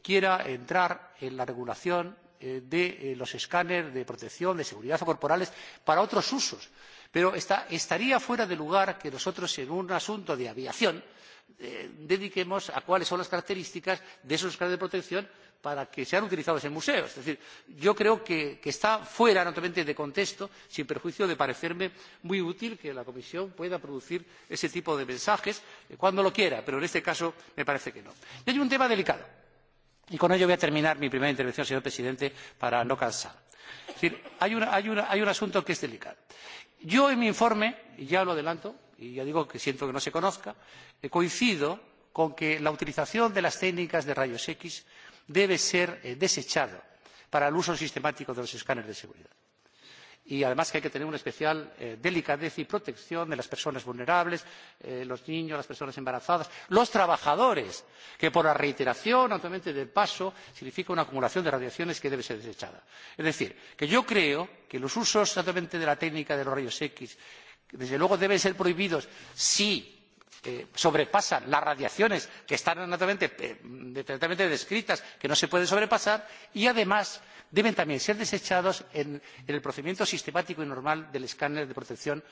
quiera entrar en la regulación de los escáneres de protección, de seguridad corporales para otros usos. Pero estaría fuera de lugar que nosotros, en un asunto de aviación, dediquemos a cuáles son las características de esos escáneres de protección para que sean utilizados en museos. Es decir, yo creo que, está fuera naturalmente de contexto, sin perjuicio de parecerme muy útil que la Comisión pueda producir ese tipo de mensajes cuando lo quiera, pero en este caso me parece que no. Y hay un tema delicado, y con ello voy a terminar mi primera intervención, señor presidente, para no cansar. Es decir, hay, un asunto que es delicado. Yo en mi informe, y ya lo adelanto, y ya digo que siento que no se conozca, coincido con que la utilización de las técnicas de rayos X debe ser desechado para el uso sistemático de los escáneres de seguridad. Y además hay que tener una especial delicadeza y protección de las personas vulnerables, los niños, las personas embarazadas, los trabajadores, que por la reiteración, naturalmente, del paso, significa una acumulación de radiaciones que debe ser desechada. Es decir, que yo creo que los usos, de la técnica de los rayos X, desde luego deben ser prohibidos si sobrepasan las radiaciones que están detalladamente descritas que no se pueden sobrepasar y además deben también ser desechados en el procedimiento sistemático y normal del escáner de protección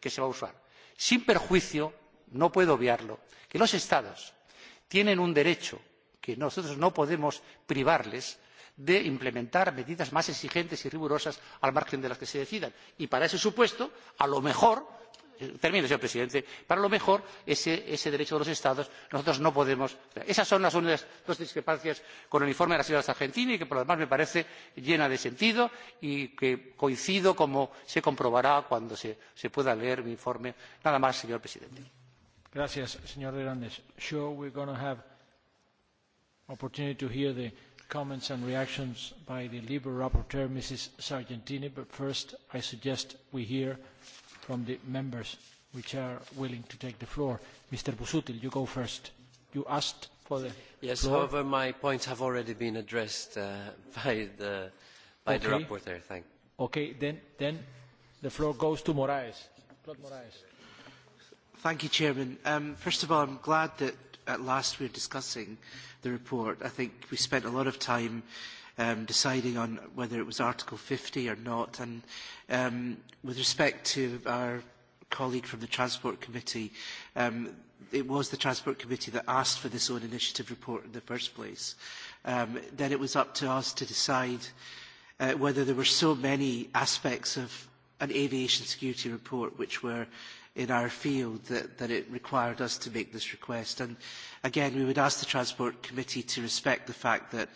que se va a usar sin perjuicio no puedo obviarlo de que los estados tienen un derecho que nosotros no podemos privarles de implementar medidas más exigentes y rigurosas al margen de las que se decidan y para ese supuesto a lo mejor termino señor presidente para lo mejor ese derecho de los estados nosotros no podemos esas son las únicas dos discrepancias con el informe de la señora sargentini que por lo demás me parece llena de sentido y que coincido como se comprobará cuando se pueda leer mi informe. nada más señor presidente. gracias señor sure we're going to have opportunity to hear the comments and reactions by the rapporteur mrs sargentini but first i suggest we hear from the members which are willing to take the floor. Mr. Busuttil, you go first. You asked for the Yes, floor. however, my points have already been addressed uh, by the by okay. the rapporteur. Thank. you. Okay, then then the floor goes to Moraes. Claude Moraes. Thank you, Chairman. Um, first of all, I'm glad that at last we're discussing the report. I think we spent a lot of time um, deciding on whether it was Article 50 or not. And um, with respect to our colleague from the Transport Committee, um, it was the Transport Committee that asked for this own initiative report in the first place. Um, then it was up to us to decide uh, whether there were so many aspects of an aviation security report which were in our field that, that it required us to make this request. And again, we would ask the Transport Committee to respect the fact that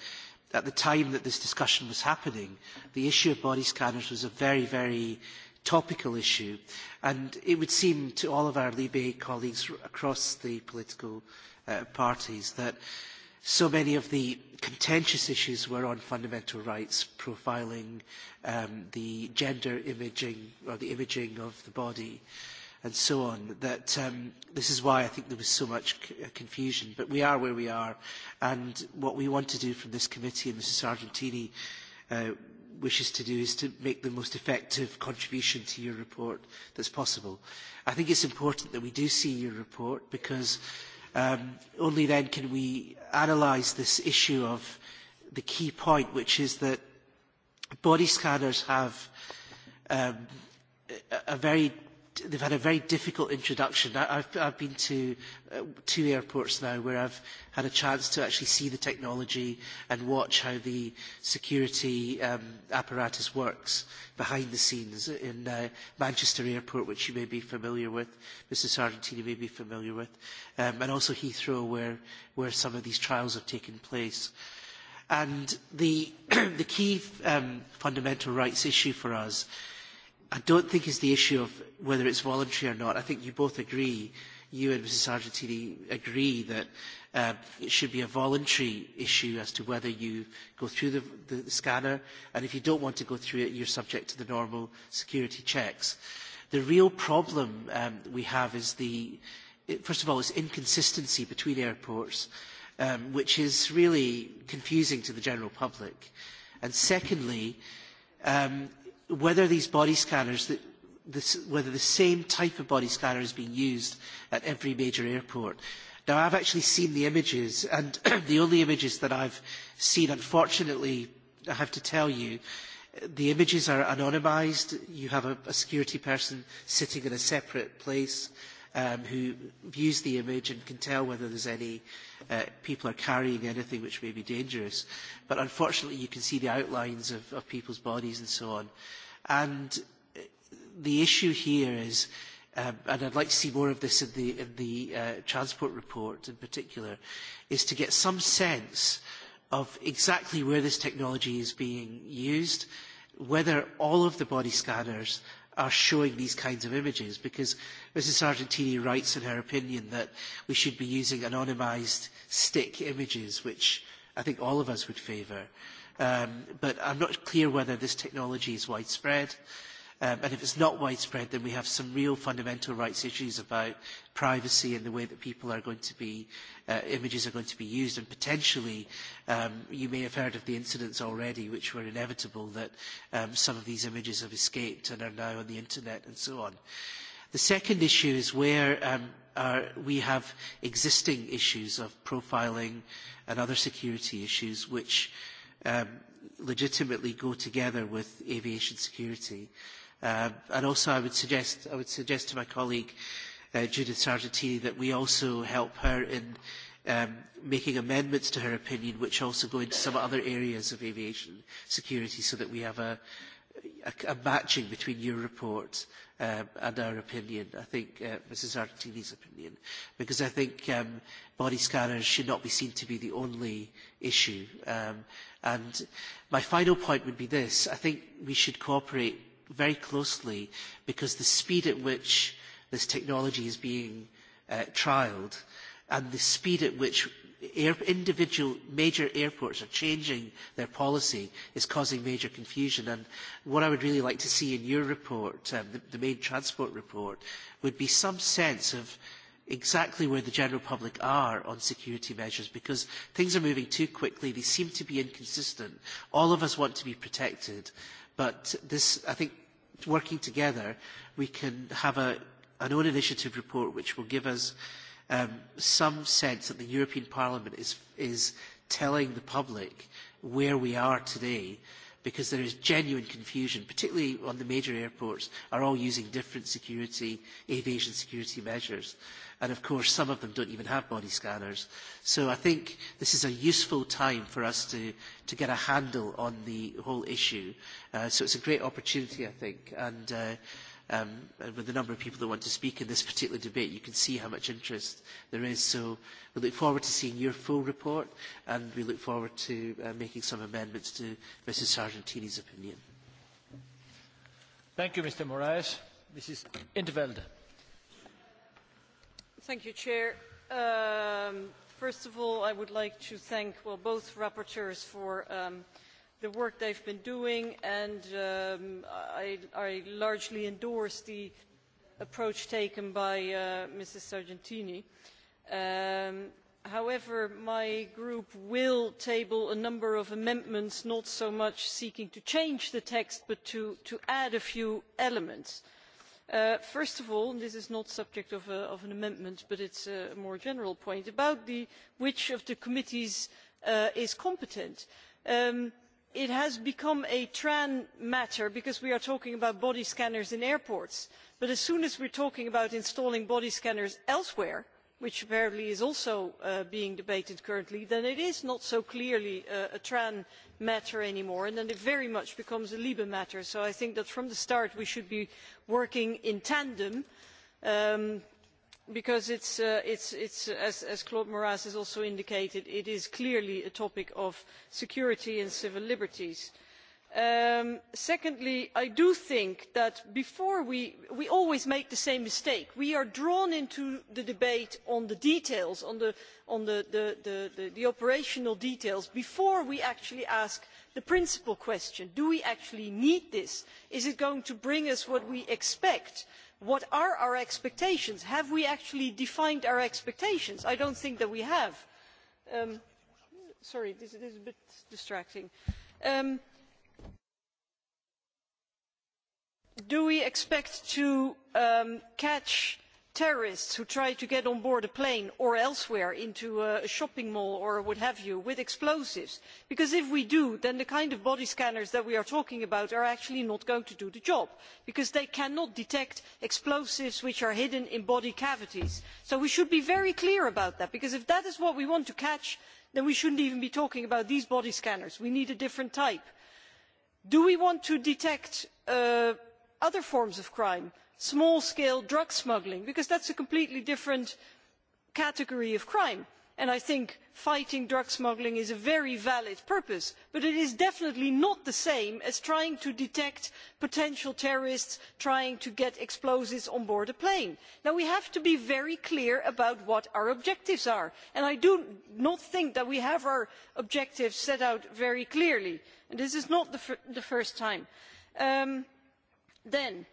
at the time that this discussion was happening, the issue of body scanners was a very, very topical issue. And it would seem to all of our Libe colleagues across the political uh, parties that so many of the contentious issues were on fundamental rights, profiling um, the gender imaging or the imaging of the body. Uh, and so on, that um, this is why I think there was so much confusion. But we are where we are, and what we want to do from this committee, and Mrs Sargentini uh, wishes to do, is to make the most effective contribution to your report that's possible. I think it's important that we do see your report, because um, only then can we analyse this issue of the key point, which is that body scanners have um, a very they've had a very difficult introduction. I, I've, I've been to uh, two airports now where I've had a chance to actually see the technology and watch how the security um, apparatus works behind the scenes in uh, Manchester Airport, which you may be familiar with, Mrs. Sargentini may be familiar with, um, and also Heathrow, where, where some of these trials have taken place. And the, the key um, fundamental rights issue for us I don't think is the issue of whether it's voluntary or not. I think you both agree, you and Mrs. Sargentini agree that uh, it should be a voluntary issue as to whether you go through the, the, the scanner, and if you don't want to go through it, you're subject to the normal security checks. The real problem um, we have is the, first of all, is inconsistency between airports, um, which is really confusing to the general public. And secondly, um, whether these body scanners, that this, whether the same type of body scanner is being used at every major airport. Now, I've actually seen the images, and the only images that I've seen, unfortunately, I have to tell you, the images are anonymised. You have a, a security person sitting in a separate place um, who views the image and can tell whether there's any uh, people are carrying anything which may be dangerous. But unfortunately, you can see the outlines of, of people's bodies and so on. And the issue here is, um, and I'd like to see more of this in the, in the uh, transport report in particular, is to get some sense of exactly where this technology is being used, whether all of the body scanners are showing these kinds of images because Mrs. Sargentini writes in her opinion that we should be using anonymised stick images, which I think all of us would favour. Um, but I'm not clear whether this technology is widespread. Um, and if it's not widespread, then we have some real fundamental rights issues about privacy and the way that people are going to be, uh, images are going to be used. And potentially, um, you may have heard of the incidents already, which were inevitable, that um, some of these images have escaped and are now on the internet and so on. The second issue is where um, are, we have existing issues of profiling and other security issues which um, legitimately go together with aviation security. Uh, Uh, and also I would suggest, I would suggest to my colleague uh, Judith Sargentini that we also help her in um, making amendments to her opinion which also go into some other areas of aviation security so that we have a, a, a matching between your report um, and our opinion, I think uh, Mrs Artini's opinion, because I think um, body scanners should not be seen to be the only issue. Um, and my final point would be this. I think we should cooperate very closely because the speed at which this technology is being uh, trialled and the speed at which air, individual major airports are changing their policy is causing major confusion. And what I would really like to see in your report, um, the, the main transport report, would be some sense of exactly where the general public are on security measures because things are moving too quickly. They seem to be inconsistent. All of us want to be protected But this, I think, working together, we can have a, an own initiative report which will give us um, some sense that the European Parliament is, is telling the public where we are today because there is genuine confusion, particularly on the major airports, are all using different security, aviation security measures. And of course, some of them don't even have body scanners. So I think this is a useful time for us to, to get a handle on the whole issue. Uh, so it's a great opportunity, I think. And uh, um, and with the number of people that want to speak in this particular debate, you can see how much interest there is. So we look forward to seeing your full report, and we look forward to uh, making some amendments to Mrs. Sargentini's opinion. Thank you, Mr. Moraes. Mrs. Interveld. Thank you, Chair. Um, first of all, I would like to thank well, both rapporteurs for um, – the work they have been doing, and I, largely endorse the approach taken by Mrs. Sargentini. however, my group will table a number of amendments, not so much seeking to change the text, but to, add a few elements. first of all, and this is not subject of, an amendment, but it is a more general point, about which of the committees is competent it has become a tran matter because we are talking about body scanners in airports but as soon as we are talking about installing body scanners elsewhere which apparently is also being debated currently then it is not so clearly a tran matter anymore and then it very much becomes a libe matter so i think that from the start we should be working in tandem because as claude moraes has also indicated it is clearly a topic of security and civil liberties. secondly i do think that before we always make the same mistake we are drawn into the debate on the details on the operational details before we actually ask the principal question do we actually need this? is it going to bring us what we expect? what are our expectations? have we actually defined our expectations? i do not think that we have. sorry this is a bit distracting. do we expect to catch terrorists who try to get on board a plane or elsewhere into a shopping mall or what have you with explosives because if we do then the kind of body scanners that we are talking about are actually not going to do the job because they cannot detect explosives which are hidden in body cavities. so we should be very clear about that because if that is what we want to catch then we should not even be talking about these body scanners we need a different type. do we want to detect other forms of crime? small scale drug smuggling because that is a completely different category of crime and i think fighting drug smuggling is a very valid purpose but it is definitely not the same as trying to detect potential terrorists trying to get explosives on board a plane. we have to be very clear about what our objectives are and i do not think that we have our objectives set out very clearly and this is not the first time. then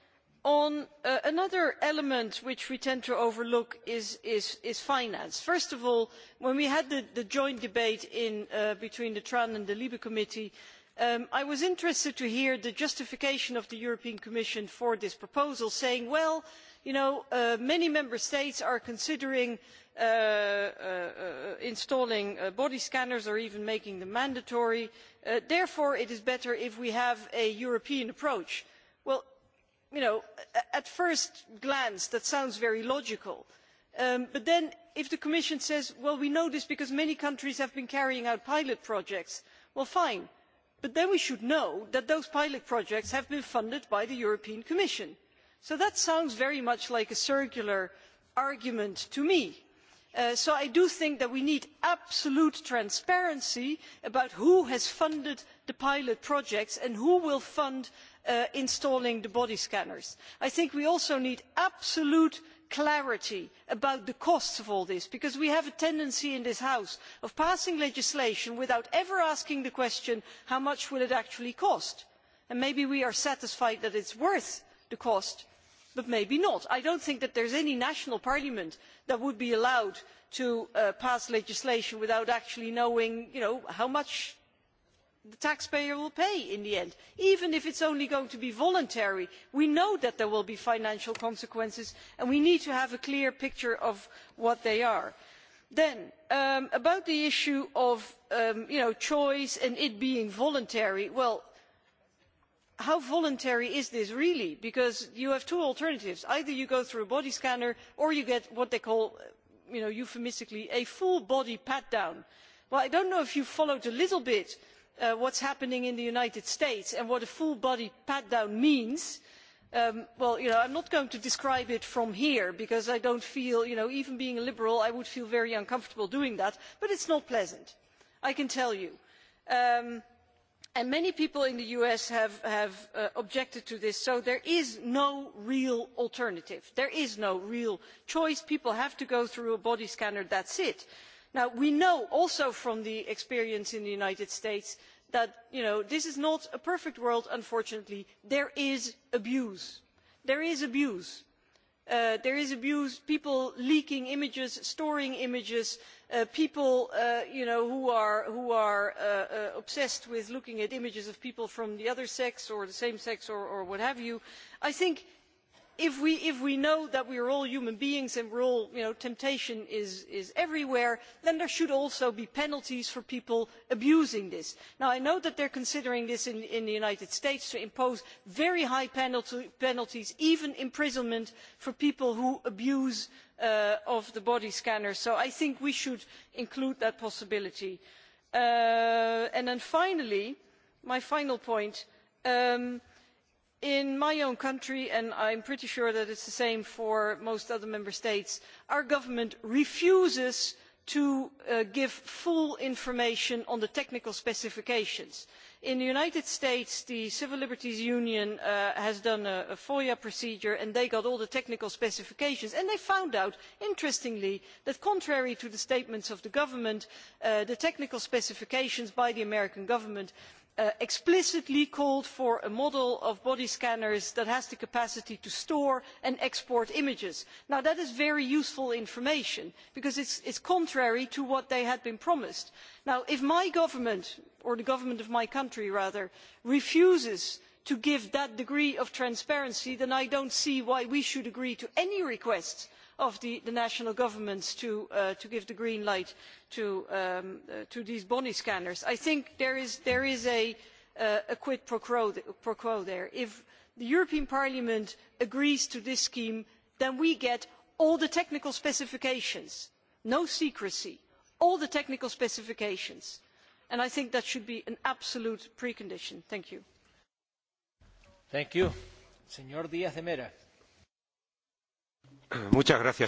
On another element which we tend to overlook is finance. first of all when we had the joint debate between the tran and the libe committee i was interested to hear the justification of the european commission for this proposal saying well you know many member states are considering installing body scanners or even making them mandatory therefore it is better if we have a european approach'. well at first glance that sounds very logical but then if the commission says well we know this because many countries have been carrying out pilot projects' well fine but then we should know that those pilot projects have been funded by the european commission. so that sounds very much like a circular argument to me. so i do think that we need absolute transparency about who has funded the pilot projects and who will fund installing the body scanners. i think we also need absolute clarity about the costs of all this because we have a tendency in this house of passing legislation without ever asking the question how much will it actually cost? maybe we are satisfied that it is worth the cost but maybe not. i do not think that there is any national parliament that would be allowed to pass legislation without actually knowing how much the taxpayer will pay in the end even if it is only going to be voluntary. we know that there will be financial consequences and we need to have a clear picture of what they are. then about the issue of choice and it being voluntary well how voluntary is this really? because you have two alternatives either you go through a body scanner or you get what they call euphemistically a full body pat down'. well i do not know if you followed a little bit what is happening in the united states and what a full body pat down means well i am not going to describe it from here because i do not feel even being a liberal i would feel very uncomfortable doing that but it is not pleasant i can tell you. many people in the us have objected to this so there is no real alternative there is no real choice people have to go through a body scanner that is it we know also from the experience in the united states that this is not a perfect world unfortunately. there is abuse. there is abuse There is abuse people leaking images storing images people who are obsessed with looking at images of people from the other sex or the same sex or what have you. i think if we know that we are all human beings and temptation is everywhere then there should also be penalties for people abusing this. i know that they are considering this in the united states to impose very high penalties even imprisonment for people who abuse the body scanner so i think we should include that possibility. finally my final point in my own country and i am pretty sure that it is the same for most other member states our government refuses to give full information on the technical specifications. in the united states the civil liberties union has done a foia procedure and they got all the technical specifications and they found out interestingly that contrary to the statements of the government the technical specifications by the american government explicitly called for a model of body scanners that has the capacity to store and export images. that is very useful information because it is contrary to what they had been promised. if my government or the government of my country rather refuses to give that degree of transparency then i do not see why we should agree to any requests of the national governments to give the green light to these body scanners. i think there is a quid pro quo there. if the european parliament agrees to this scheme then we get all the technical specifications no secrecy all the technical specifications and i think that should be an absolute precondition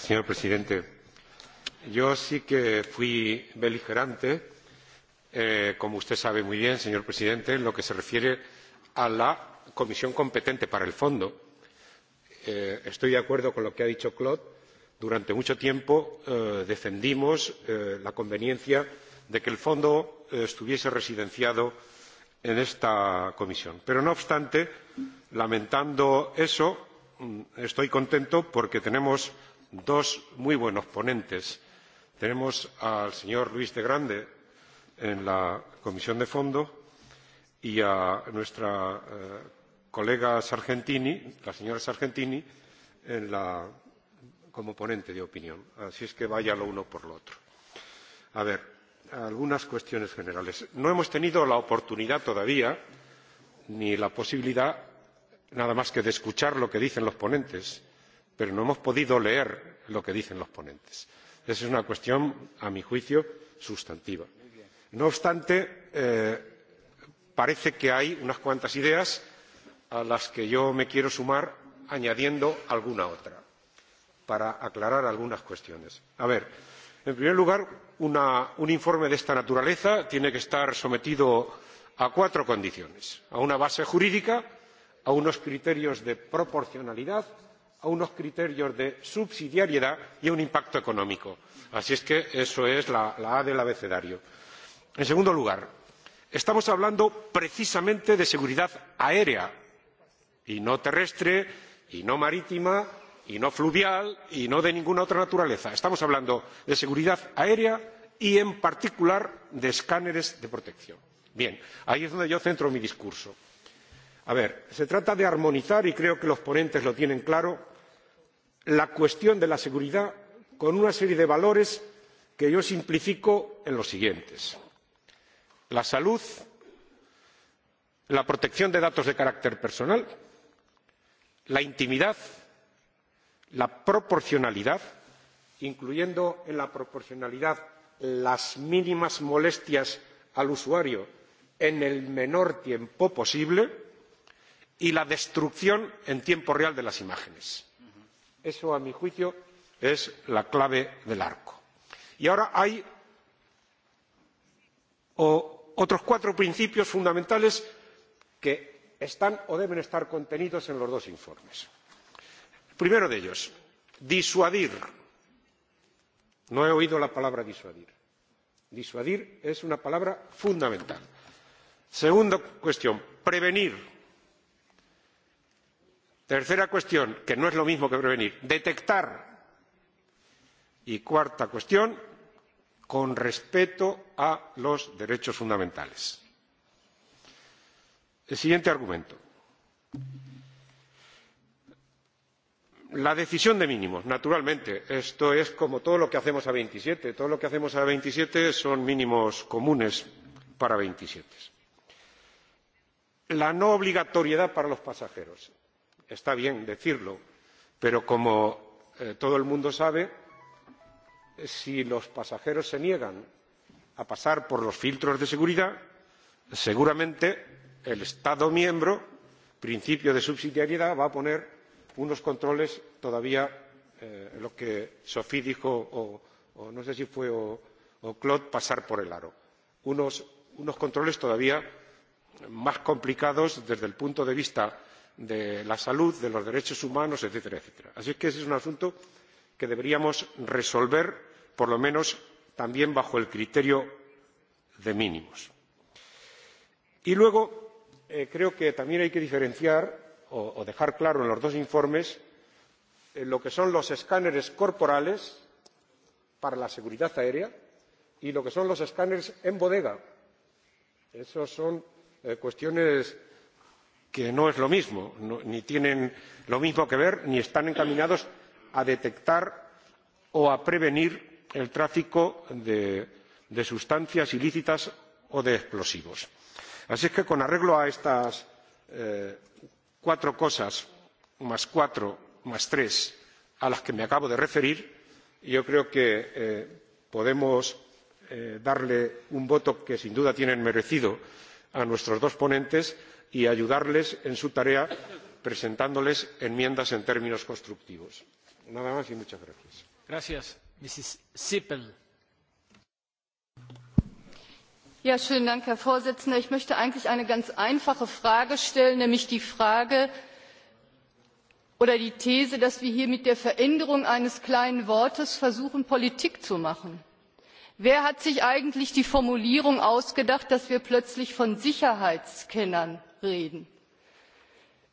señor presidente yo sí que fui beligerante como usted sabe muy bien señor presidente en lo que se refiere a la comisión competente para el fondo. estoy de acuerdo con lo que ha dicho claude durante mucho tiempo defendimos la conveniencia de que el fondo estuviese residenciado en esta comisión pero no obstante lamentando eso estoy contento porque tenemos dos muy buenos ponentes. Tenemos al señor Luis de Grande en la Comisión de Fondo y a nuestra colega Sargentini, la señora Sargentini, como ponente de opinión. Así es que vaya lo uno por lo otro. A ver, algunas cuestiones generales. No hemos tenido la oportunidad todavía ni la posibilidad nada más que de escuchar lo que dicen los ponentes pero no hemos podido leer lo que dicen los ponentes. esa es una cuestión a mi juicio sustantiva. no obstante parece que hay unas cuantas ideas a las que yo me quiero sumar añadiendo alguna otra para aclarar algunas cuestiones. en primer lugar un informe de esta naturaleza tiene que estar sometido a cuatro condiciones a una base jurídica a unos criterios de proporcionalidad a unos criterios de subsidiariedad y a un impacto económico. así es que eso es la a del abecedario. en segundo lugar estamos hablando precisamente de seguridad aérea y no terrestre y no marítima y no fluvial y no de ninguna otra naturaleza. estamos hablando de seguridad aérea y en particular de escáneres de protección. bien ahí es donde yo centro mi discurso se trata de armonizar y creo que los ponentes lo tienen claro la cuestión de la seguridad con una serie de valores que yo simplifico en los siguientes la salud la protección de datos de carácter personal la intimidad la proporcionalidad incluyendo en la proporcionalidad las mínimas molestias al usuario en el menor tiempo posible y la destrucción en tiempo real de las imágenes. eso a mi juicio es la clave del arco. y ahora hay otros cuatro principios fundamentales que están o deben estar contenidos en los dos informes. el primero de ellos disuadir. no he oído la palabra disuadir. disuadir es una palabra fundamental. segunda cuestión prevenir Tercera cuestión, que no es lo mismo que prevenir, detectar. Y cuarta cuestión, con respeto a los derechos fundamentales. El siguiente argumento. La decisión de mínimos, naturalmente. Esto es como todo lo que hacemos a veintisiete. Todo lo que hacemos a veintisiete son mínimos comunes para veintisiete. La no obligatoriedad para los pasajeros está bien decirlo pero como todo el mundo sabe si los pasajeros se niegan a pasar por los filtros de seguridad seguramente el estado miembro principio de subsidiariedad va a poner unos controles todavía lo que sophie dijo o no sé si fue claude pasar por el aro unos controles todavía más complicados desde el punto de vista de la salud, de los derechos humanos, etcétera, etcétera. Así que ese es un asunto que deberíamos resolver, por lo menos también bajo el criterio de mínimos. Y luego, creo que también hay que diferenciar o dejar claro en los dos informes lo que son los escáneres corporales para la seguridad aérea y lo que son los escáneres en bodega. Esas son cuestiones que no es lo mismo ni tienen lo mismo que ver ni están encaminados a detectar o a prevenir el tráfico de sustancias ilícitas o de explosivos. así es que con arreglo a estas cuatro cosas más cuatro más tres a las que me acabo de referir yo creo que podemos darle un voto que sin duda tienen merecido a nuestros dos ponentes y ayudarles en su tarea presentándoles enmiendas en términos constructivos. nada más y muchas gracias. herr präsident! ich möchte eigentlich eine ganz einfache frage stellen nämlich die frage oder die these dass wir hier mit der veränderung eines kleinen wortes versuchen politik zu machen. wer hat sich eigentlich die formulierung ausgedacht dass wir plötzlich von sicherheitskennern reden.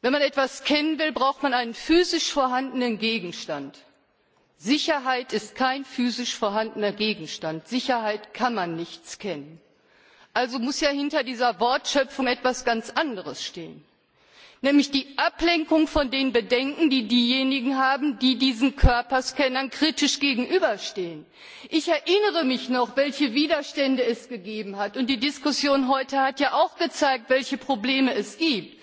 wenn man etwas kennen will braucht man einen physisch vorhandenen gegenstand. sicherheit ist kein physisch vorhandener gegenstand. sicherheit kann man nicht scannen. also muss ja hinter dieser wortschöpfung etwas ganz anderes stehen nämlich die ablenkung von den bedenken die diejenigen haben die diesen körperscannern kritisch gegenüberstehen. ich erinnere mich noch welche widerstände es gegeben hat und die diskussion heute hat ja auch gezeigt welche probleme es gibt.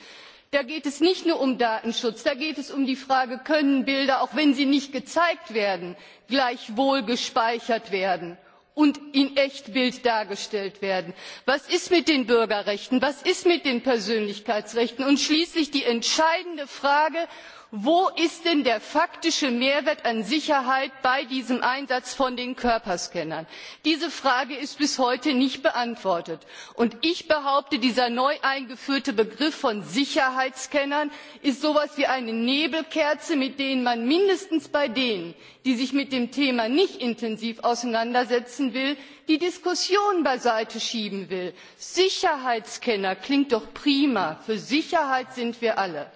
da geht es nicht nur um datenschutz da geht es um die frage können bilder auch wenn sie nicht gezeigt werden gleichwohl gespeichert werden? und in echtbild dargestellt werden. was ist mit den bürgerrechten was ist mit den persönlichkeitsrechten? und schließlich die entscheidende frage wo ist denn der faktische mehrwert an sicherheit bei diesem einsatz von körperscannern? diese frage ist bis heute nicht beantwortet. und ich behaupte dieser neu eingeführte begriff von sicherheitsscannern ist so etwas wie eine nebelkerze mit der man mindestens bei denen die sich mit dem thema nicht intensiv auseinandersetzen wollen die diskussion beiseite schieben will. sicherheitsscanner klingt doch prima für sicherheit sind wir alle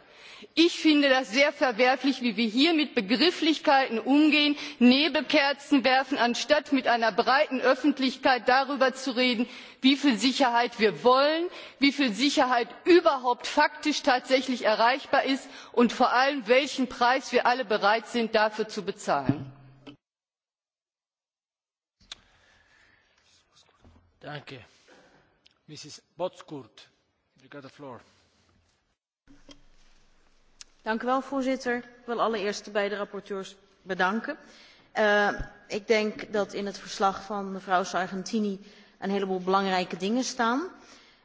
ich finde das sehr verwerflich wie wir hier mit begrifflichkeiten umgehen nebelkerzen werfen anstatt mit einer breiten öffentlichkeit darüber zu reden wie viel sicherheit wir wollen wie viel sicherheit überhaupt faktisch tatsächlich erreichbar ist und vor allem welchen preis wir alle bereit sind dafür zu bezahlen voorzitter ik wil allereerst de beide rapporteurs bedanken. ik denk dat in het verslag van mevrouw sargentini een heleboel belangrijke dingen staan.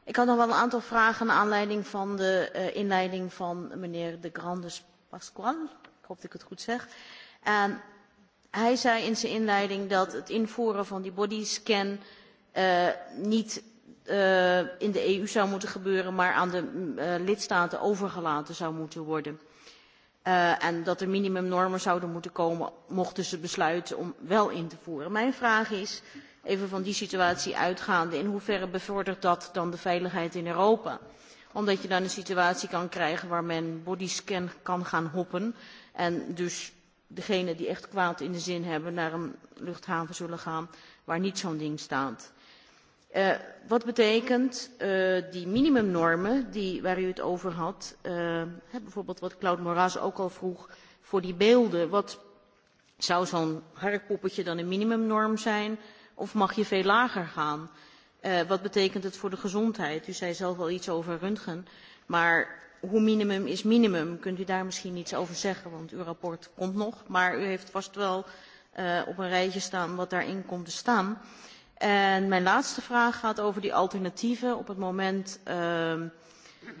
ik had nog wel een aantal vragen naar aanleiding van de inleiding van mijnheer de grandes pascual ik hoop dat ik het goed zeg. hij zei in zijn inleiding dat het invoeren van die bodyscan niet in de eu zou moeten gebeuren maar aan de lidstaten overgelaten zou moeten worden en dat er minimumnormen zouden moeten komen mochten ze besluiten om wel in te voeren. Mijn vraag is, even van die situatie uitgaande, in hoeverre bevordert dat dan de veiligheid in Europa? Omdat je dan een situatie kan krijgen waar men bodyscan kan gaan hoppen en dus degenen die echt kwaad in de zin hebben naar een luchthaven zullen gaan waar niet zo'n ding staat wat betekent die minimumnormen waar u het over had, bijvoorbeeld wat Claude Moras ook al vroeg voor die beelden. Wat zou zo'n harkpoppetje dan een minimumnorm zijn of mag je veel lager gaan? wat betekent het voor de gezondheid? U zei zelf al iets over röntgen, maar hoe minimum is minimum? Kunt u daar misschien iets over zeggen? Want uw rapport komt nog, maar u heeft vast wel op een rijtje staan wat daarin komt te staan. Uh, En mijn laatste vraag gaat over die alternatieven op het moment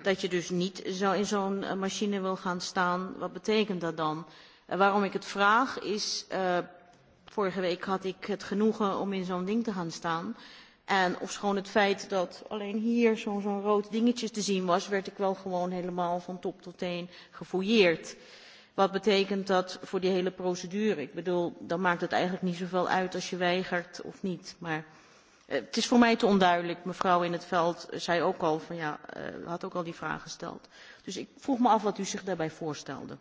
dat je dus niet zo in zo'n machine wil gaan staan. Wat betekent dat dan? waarom ik het vraag is, vorige week had ik het genoegen om in zo'n ding te gaan staan. En ofschoon het feit dat alleen hier zo'n rood dingetje te zien was, werd ik wel gewoon helemaal van top tot teen gefouilleerd. Wat betekent dat voor die hele procedure? Ik bedoel, dan maakt het eigenlijk niet zoveel uit als je weigert of niet. Maar het is voor mij te onduidelijk. Mevrouw in het veld zei ook al van ja, had ook al die vraag gesteld. Dus ik vroeg me af wat u zich daarbij voorstelde.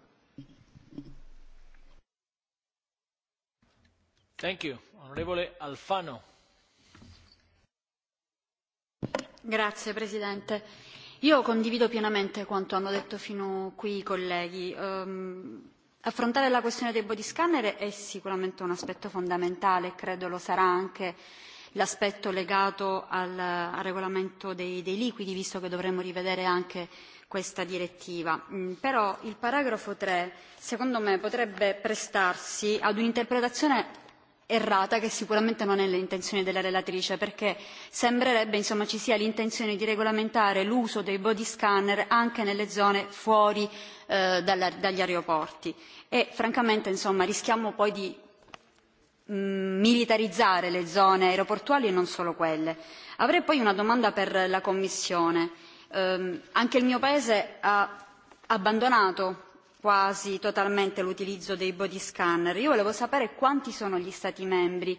Thank you. Onorevole Alfano. Grazie Presidente Io condivido pienamente quanto hanno detto fino qui i colleghi. affrontare la questione dei body scanner è sicuramente un aspetto fondamentale e credo lo sarà anche l'aspetto legato al, regolamento dei, liquidi, visto che dovremo rivedere anche questa direttiva. Però il paragrafo tre, secondo me, potrebbe prestarsi ad un'interpretazione errata che sicuramente non è l'intenzione della relatrice perché sembrerebbe insomma ci sia l'intenzione di regolamentare l'uso dei body scanner anche nelle zone fuori dagli aeroporti e francamente insomma rischiamo poi di militarizzare le zone aeroportuali e non solo quelle. Avrei poi una domanda per la Commissione. anche il mio Paese ha abbandonato quasi totalmente l'utilizzo dei body scanner. Io volevo sapere quanti sono gli Stati membri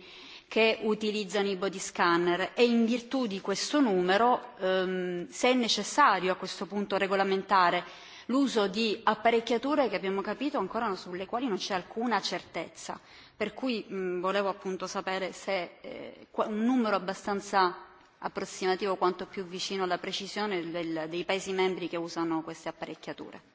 che utilizzano i body scanner e in virtù di questo numero se è necessario a questo punto regolamentare l'uso di apparecchiature che abbiamo capito ancora sulle quali non c'è alcuna certezza. Per cui volevo appunto sapere se un numero abbastanza approssimativo quanto più vicino alla precisione dei Paesi membri che usano queste apparecchiature.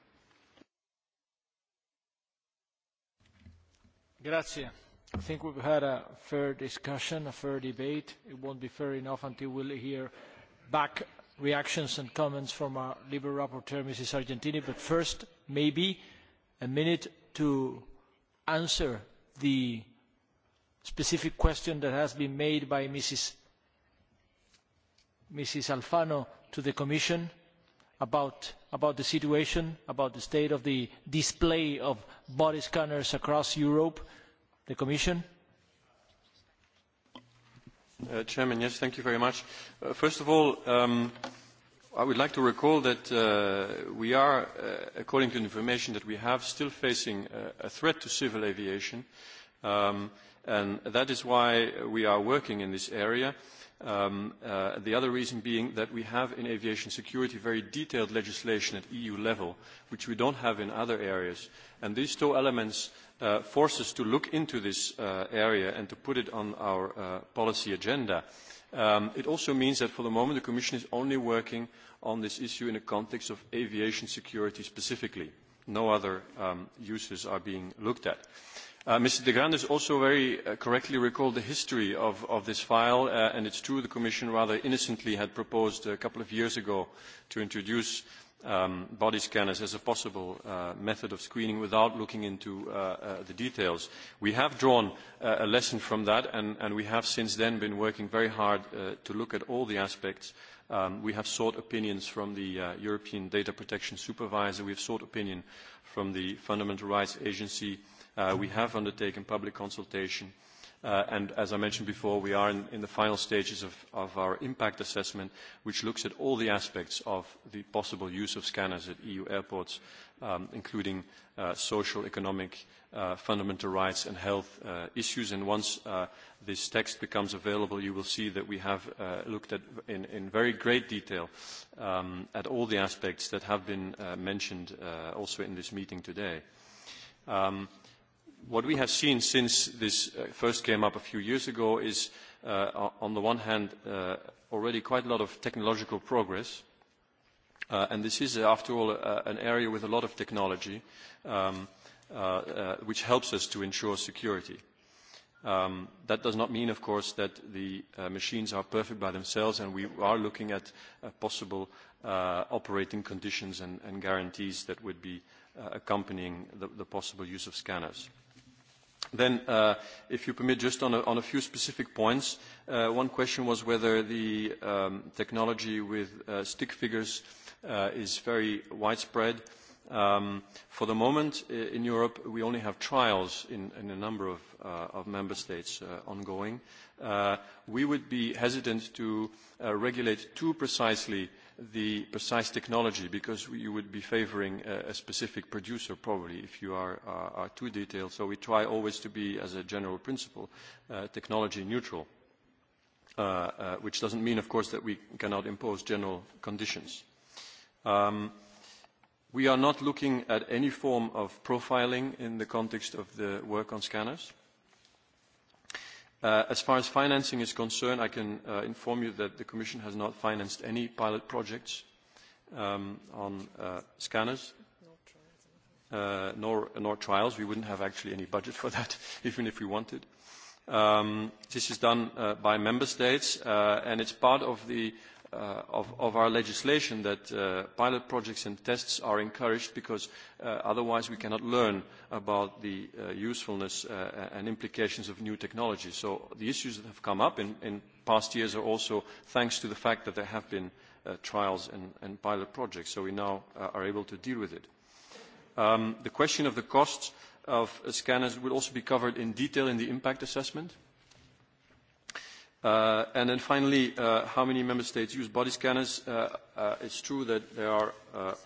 Grazie. I think we've had a fair discussion, a fair debate. It won't be fair enough until we'll hear back reactions and comments from our Liberal Rapporteur, Mrs. Sargentini. But first, maybe a minute to answer the specific question that has been made by Mrs. Alfano to the Commission about the situation about the state of the display of body scanners across europe the commission? first of all i would like to recall that we are according to the information that we have still facing a threat to civil aviation and that is why we are working in this area. Um, uh, the other reason being that we have in aviation security very detailed legislation at EU level, which we don't have in other areas. And these two elements uh, force us to look into this uh, area and to put it on our uh, policy agenda. Um, it also means that for the moment the Commission is only working on this issue in the context of aviation security specifically. No other um, uses are being looked at. Mr. de Grandes also very correctly recalled the history of, this file, and it is true the Commission rather innocently had proposed a couple of years ago to introduce body scanners as a possible method of screening without looking into the details. We have drawn a lesson from that, and we have since then been working very hard to look at all the aspects we have sought opinions from the European Data Protection Supervisor. We have sought opinion from the Fundamental Rights Agency. We have undertaken public consultation. And as I mentioned before, we are in the final stages of our impact assessment, which looks at all the aspects of the possible use of scanners at EU airports, including social, economic, fundamental rights, and health issues. once this text becomes available, you will see that we have looked at in very great detail at all the aspects that have been mentioned also in this meeting today what we have seen since this first came up a few years ago is, on the one hand, already quite a lot of technological progress. And this is, after all, an area with a lot of technology, which helps us to ensure security. That does not mean, of course, that the machines are perfect by themselves, and we are looking at possible operating conditions and guarantees that would be accompanying the possible use of scanners. Then, if you permit, just on a few specific points. One question was whether the technology with stick figures is very widespread. For the moment, in Europe, we only have trials in a number of member states ongoing. We would be hesitant to regulate too precisely the precise technology because you would be favoring a, a specific producer probably if you are, are, are too detailed. So we try always to be, as a general principle, uh, technology neutral, uh, uh, which doesn't mean, of course, that we cannot impose general conditions. Um, we are not looking at any form of profiling in the context of the work on scanners As far as financing is concerned, I can inform you that the Commission has not financed any pilot projects on scanners, nor trials. We wouldn't have actually any budget for that, even if we wanted. This is done by member states, and it's part of the of, of our legislation that uh, pilot projects and tests are encouraged because uh, otherwise we cannot learn about the uh, usefulness uh, and implications of new technology. So the issues that have come up in, in past years are also thanks to the fact that there have been uh, trials and, and pilot projects, so we now uh, are able to deal with it. Um, the question of the costs of scanners will also be covered in detail in the impact assessment and then finally, how many member states use body scanners? It is true that there are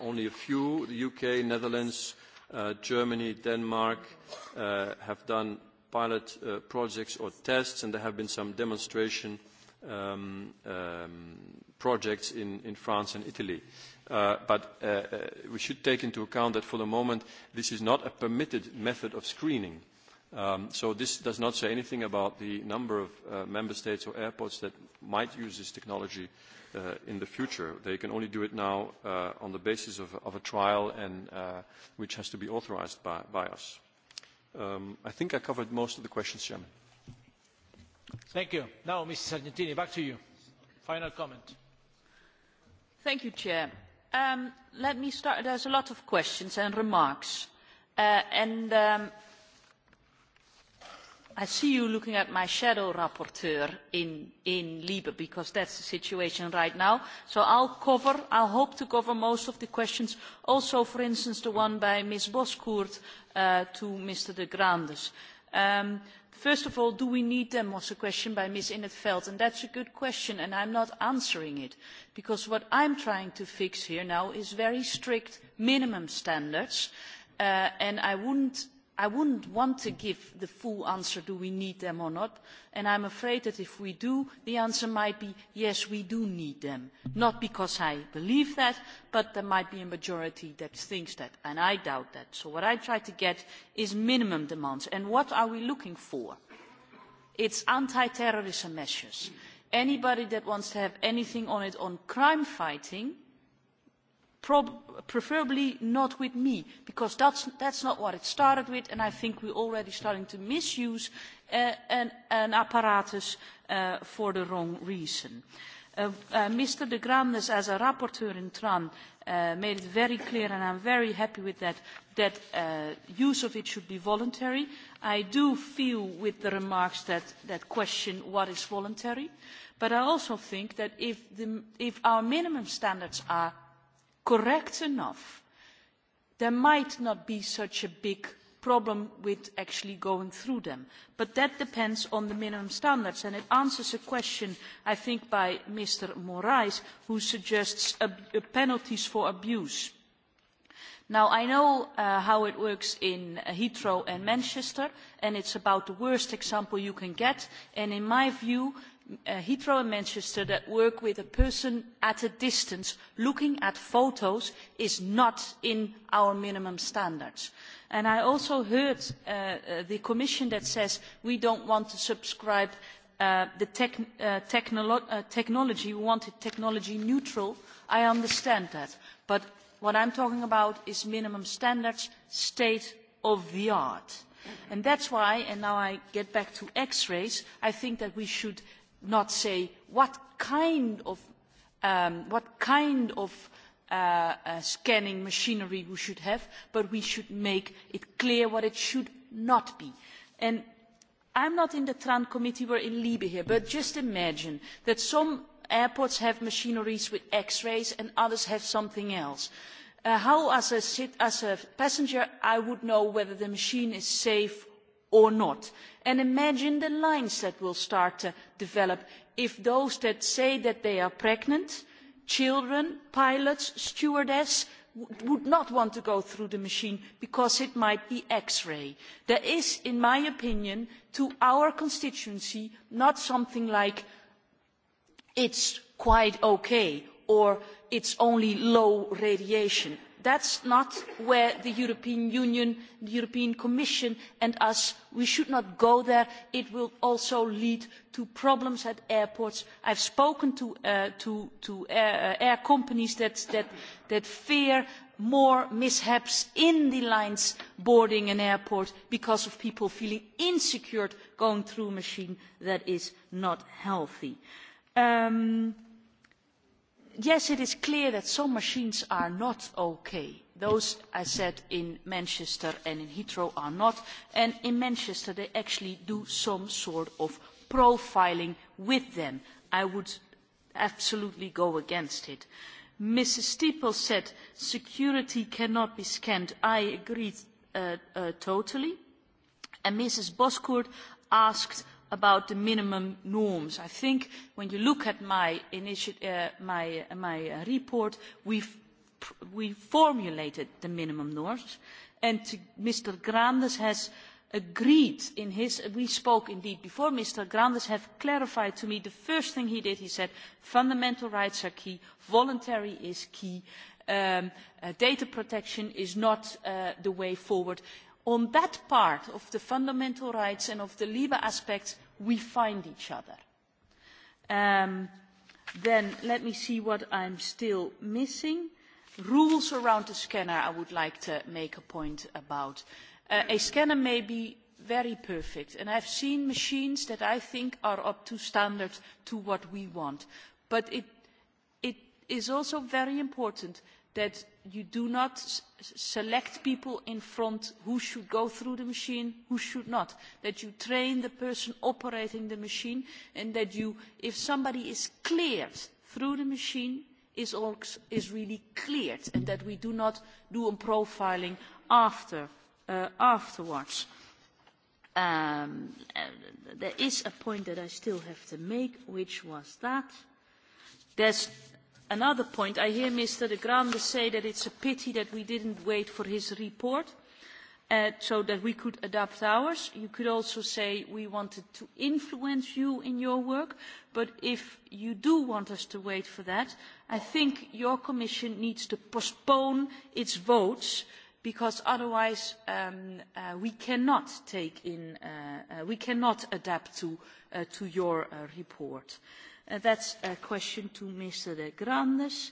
only a few. The UK, Netherlands, germany Germany, Denmark have done pilot projects or tests, and there have been some demonstration projects in, France and Italy. but we should take into account that for the moment, this is not a permitted method of screening so this does not say anything about the number of uh, member states or airports that might use this technology uh, in the future. They can only do it now uh, on the basis of, of a trial and uh, which has to be authorized by, by us. Um, I think I covered most of the questions, Chairman. Thank you. Now, Mrs. Sargentini, back to you. Final comment. Thank you, Chair. Um, let me start. There's a lot of questions and remarks. Uh, and um, I see you looking at my shadow rapporteur in, in LIBE because that's the situation right now. So I'll cover, I'll hope to cover most of the questions. Also, for instance, the one by Ms. Boskoert uh, to Mr. de Grandes. Um, first of all, do we need them was a question by Ms. Innetveld, and that's a good question, and I'm not answering it because what I'm trying to fix here now is very strict minimum standards, uh, and I wouldn't I would not want to give the full answer, do we need them or not? And I am afraid that if we do, the answer might be, yes, we do need them. Not because I believe that, but there might be a majority that thinks that, and I doubt that. So what I try to get is minimum demands. And what are we looking for? It is anti-terrorism measures. Anybody that wants to have anything on it on crime fighting – preferably not with me, because that's, that's not what it started with, and I think we're already starting to misuse an, apparatus for the wrong reason. Mr. de Grandes, as a rapporteur in TRAN, made it very clear, and I'm very happy with that, that use of it should be voluntary. I do feel with the remarks that, that question what is voluntary, but I also think that if, the, if our minimum standards are correct enough, there might not be such a big problem with actually going through them. But that depends on the minimum standards, and it answers a question, I think, by Mr. Moraes, who suggests penalties for abuse. Now, I know how it works in Heathrow and Manchester, and it is about the worst example you can get, and in my view, Heathrow and Manchester that work with a person at a distance looking at photos is not in our minimum standards. And I also heard the Commission that says we don't want to subscribe the technology, we want it technology neutral. I understand that. But what I am talking about is minimum standards, state of the art. And that is why, and now I get back to x-rays, I think that we should not say what kind of, um, what kind of uh, uh, scanning machinery we should have, but we should make it clear what it should not be. And I'm not in the Tran committee, we're in Libe here, but just imagine that some airports have machineries with x-rays and others have something else. how, as a, passenger, I would know whether the machine is safe or not. And imagine the lines that will start to develop if those that say that they are pregnant, children, pilots, stewardess, would not want to go through the machine because it might be X-ray. There is, in my opinion, to our constituency, not something like it's quite okay or it's only low radiation that is not where the european union the european commission and us we should not go there it will also lead to problems at airports i have spoken to air companies that fear more mishaps in the lines boarding an airport because of people feeling insecure going through a machine that is not healthy yes, it is clear that some machines are not okay. Those, I said, in Manchester and in Heathrow are not. And in Manchester, they actually do some sort of profiling with them. I would absolutely go against it. Mrs. Steeple said security cannot be scanned. I agree totally. And Mrs. Boscourt asked about the minimum norms. I think when you look at my, uh, my, my uh, report, we've, we formulated the minimum norms, and to Mr. Grandes has agreed in his we spoke indeed before mr grandes has clarified to me the first thing he did he said fundamental rights are key voluntary is key data protection is not the way forward on that part of the fundamental rights and of the libe aspects we find each other. Um, then let me see what I'm still missing. Rules around the scanner, I would like to make a point about. Uh, a scanner may be very perfect, and I've seen machines that I think are up to standard to what we want. But it, it is also very important that you do not select people in front who should go through the machine, who should not. That you train the person operating the machine and that you, if somebody is cleared through the machine, is, is really cleared and that we do not do a profiling after, uh, afterwards. Um, there is a point that I still have to make, which was that there's another point, I hear Mr. de Grande say that it is a pity that we did not wait for his report so that we could adopt ours. You could also say we wanted to influence you in your work, but if you do want us to wait for that, I think your commission needs to postpone its votes because otherwise we cannot take in, we cannot adapt to, your report. That's a question to Mr. de Grandes.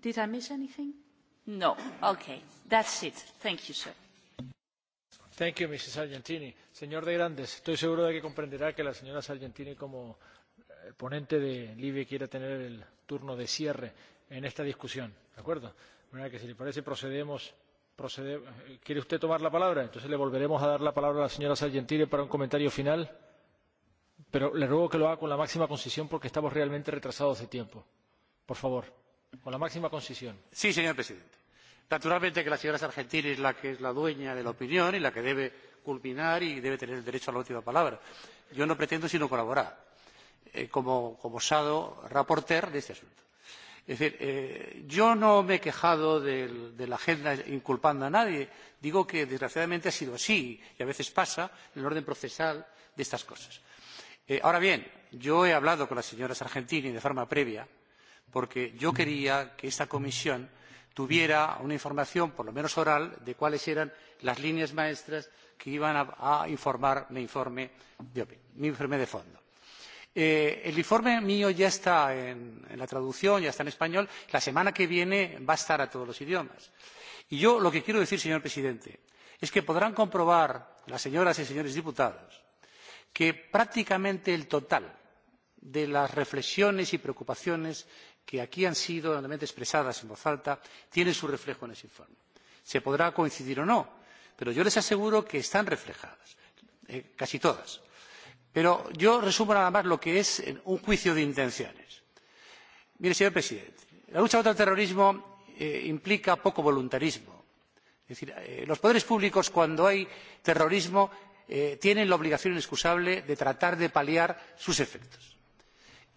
Did I miss anything? No. Okay. That's it. Thank you, sir. Thank you, Mrs. Sargentini. Señor de Grandes, estoy seguro de que comprenderá que la señora Sargentini, como ponente de Libia, quiera tener el turno de cierre en esta discusión. ¿De acuerdo? De manera que, si le parece, procedemos quiere usted tomar la palabra? entonces le volveremos a dar la palabra a la señora sargentini para un comentario final pero le ruego que lo haga con la máxima concisión porque estamos realmente retrasados de tiempo. por favor con la máxima concisión. sí señor presidente. naturalmente que la señora sargentini es la que es la dueña de la opinión y la que debe culminar y debe tener el derecho a la última palabra. yo no pretendo sino colaborar como, como shadow de este asunto Es decir, eh, yo no me he quejado de, de la agenda inculpando a nadie. Digo que desgraciadamente ha sido así y a veces pasa en el orden procesal de estas cosas. Eh, ahora bien, yo he hablado con la señora Sargentini de forma previa porque yo quería que esta comisión tuviera una información, por lo menos oral, de cuáles eran las líneas maestras que iban a, a informar mi informe de, mi informe de fondo el informe mío ya está en, la traducción, ya está en español. La semana que viene va a estar a todos los idiomas. Y yo lo que quiero decir, señor presidente, es que podrán comprobar las señoras y señores diputados que prácticamente el total de las reflexiones y preocupaciones que aquí han sido expresadas en voz alta tienen su reflejo en ese informe. Se podrá coincidir o no, pero yo les aseguro que están reflejadas, casi todas pero yo resumo nada más lo que es un juicio de intenciones. mire señor presidente la lucha contra el terrorismo implica poco voluntarismo. es decir los poderes públicos cuando hay terrorismo tienen la obligación inexcusable de tratar de paliar sus efectos.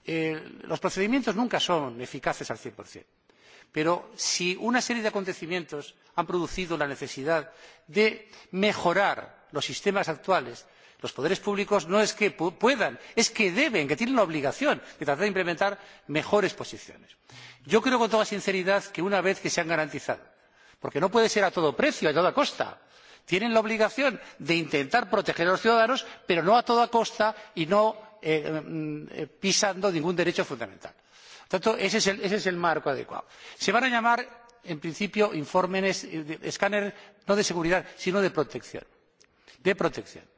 los procedimientos nunca son eficaces al cien por pero si una serie de acontecimientos han producido la necesidad de mejorar los sistemas actuales los poderes públicos no es que puedan es que deben que tienen la obligación de tratar de implementar mejores posiciones. yo creo con toda sinceridad que una vez que se han garantizado porque no puede ser a todo precio a toda costa tienen la obligación de intentar proteger a los ciudadanos pero no a toda costa y no pisando ningún derecho fundamental. por tanto ese es el marco adecuado. se van a llamar en principio escáneres no de seguridad sino de protección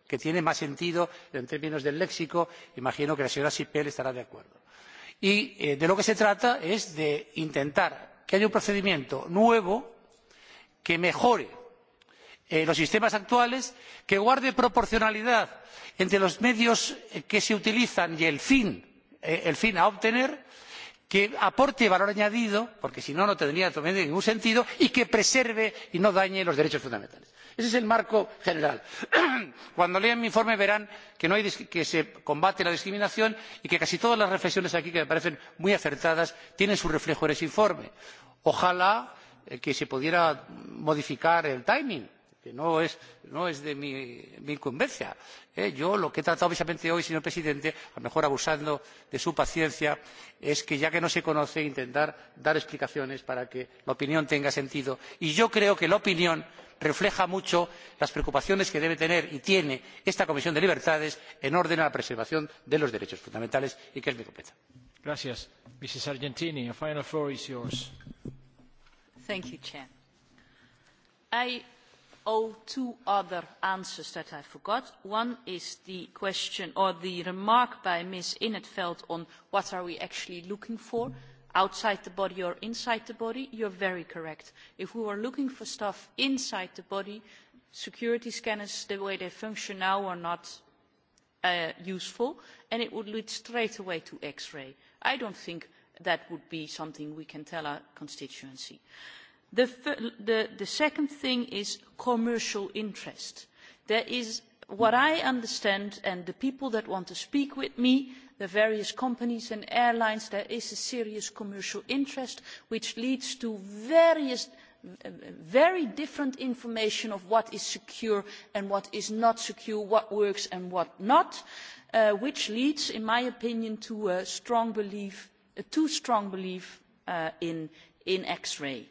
que tiene más sentido en términos del léxico imagino que la señora sippel estará de acuerdo. y de lo que se trata es de intentar que haya un procedimiento nuevo que mejore los sistemas actuales que guarde proporcionalidad entre los medios que se utilizan y el fin a obtener que aporte valor añadido porque si no no tendría ningún sentido y que preserve y no dañe los derechos fundamentales ese es el marco general. cuando lean mi informe verán que se combate la discriminación y que casi todas las reflexiones aquí que me parecen muy acertadas tienen su reflejo en ese informe. ojalá que se pudiera modificar el timing que no es de mi incumbencia. yo lo que he tratado precisamente hoy señor presidente a lo mejor abusando de su paciencia es que ya que no se conoce intentar dar explicaciones para que la opinión tenga sentido y yo creo que la opinión refleja mucho las preocupaciones que debe tener y tiene esta comisión de libertades en orden a la preservación de los derechos fundamentales y que es mi competencia. i owe two other answers that i forgot. one is the question or the remark by ms on what are we actually looking for outside the body or inside the body, you are very correct. If we were looking for stuff inside the body, security scanners, the way they function now, are not useful, and it would lead straight away to X-ray. I don't think that would be something we can tell our constituency. The, second thing is commercial interest. There is, what I understand, and the people that want to speak with me, the various companies and airlines there is a serious commercial interest which leads to very different information on what is secure and what is not secure what works and what does not which leads in my opinion to a too strong belief in x ray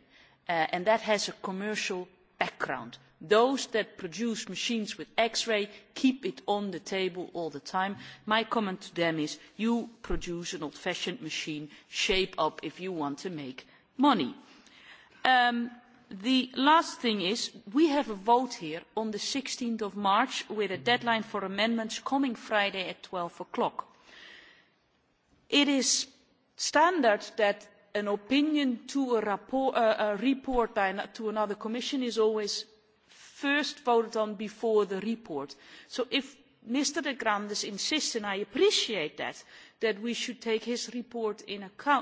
and that has a commercial background those that produce machines with x ray keep it on the table all the time. my comment to them is you produce an old fashioned machine shape up if you want to make money. the last thing is we have a vote here on sixteen march with a deadline for amendments coming friday at twelve o'clock. it is standard that an opinion to a report by another commission is always first voted on before the report. So if Mr de Grandes insists, and I appreciate that, that we should take his report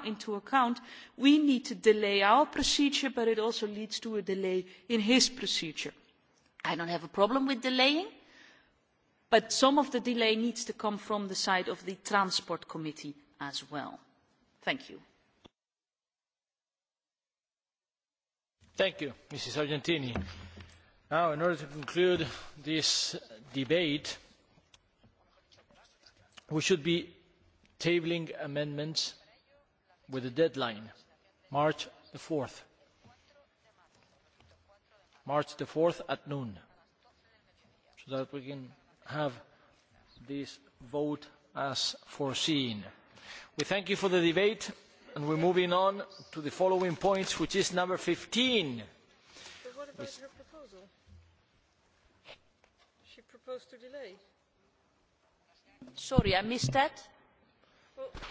into account, we need to delay our procedure, but it also leads to a delay in his procedure. I do not have a problem with delaying, but some of the delay needs to come from the side of the Transport Committee as well. Thank you. Thank you, in order to conclude this debate, we should be tabling amendments with a deadline, March four March the at noon, so that we can have this vote as foreseen. We thank you for the debate, and we are moving on to the following point, which is number fifteen. Which supposed to delay? Sorry, I missed that.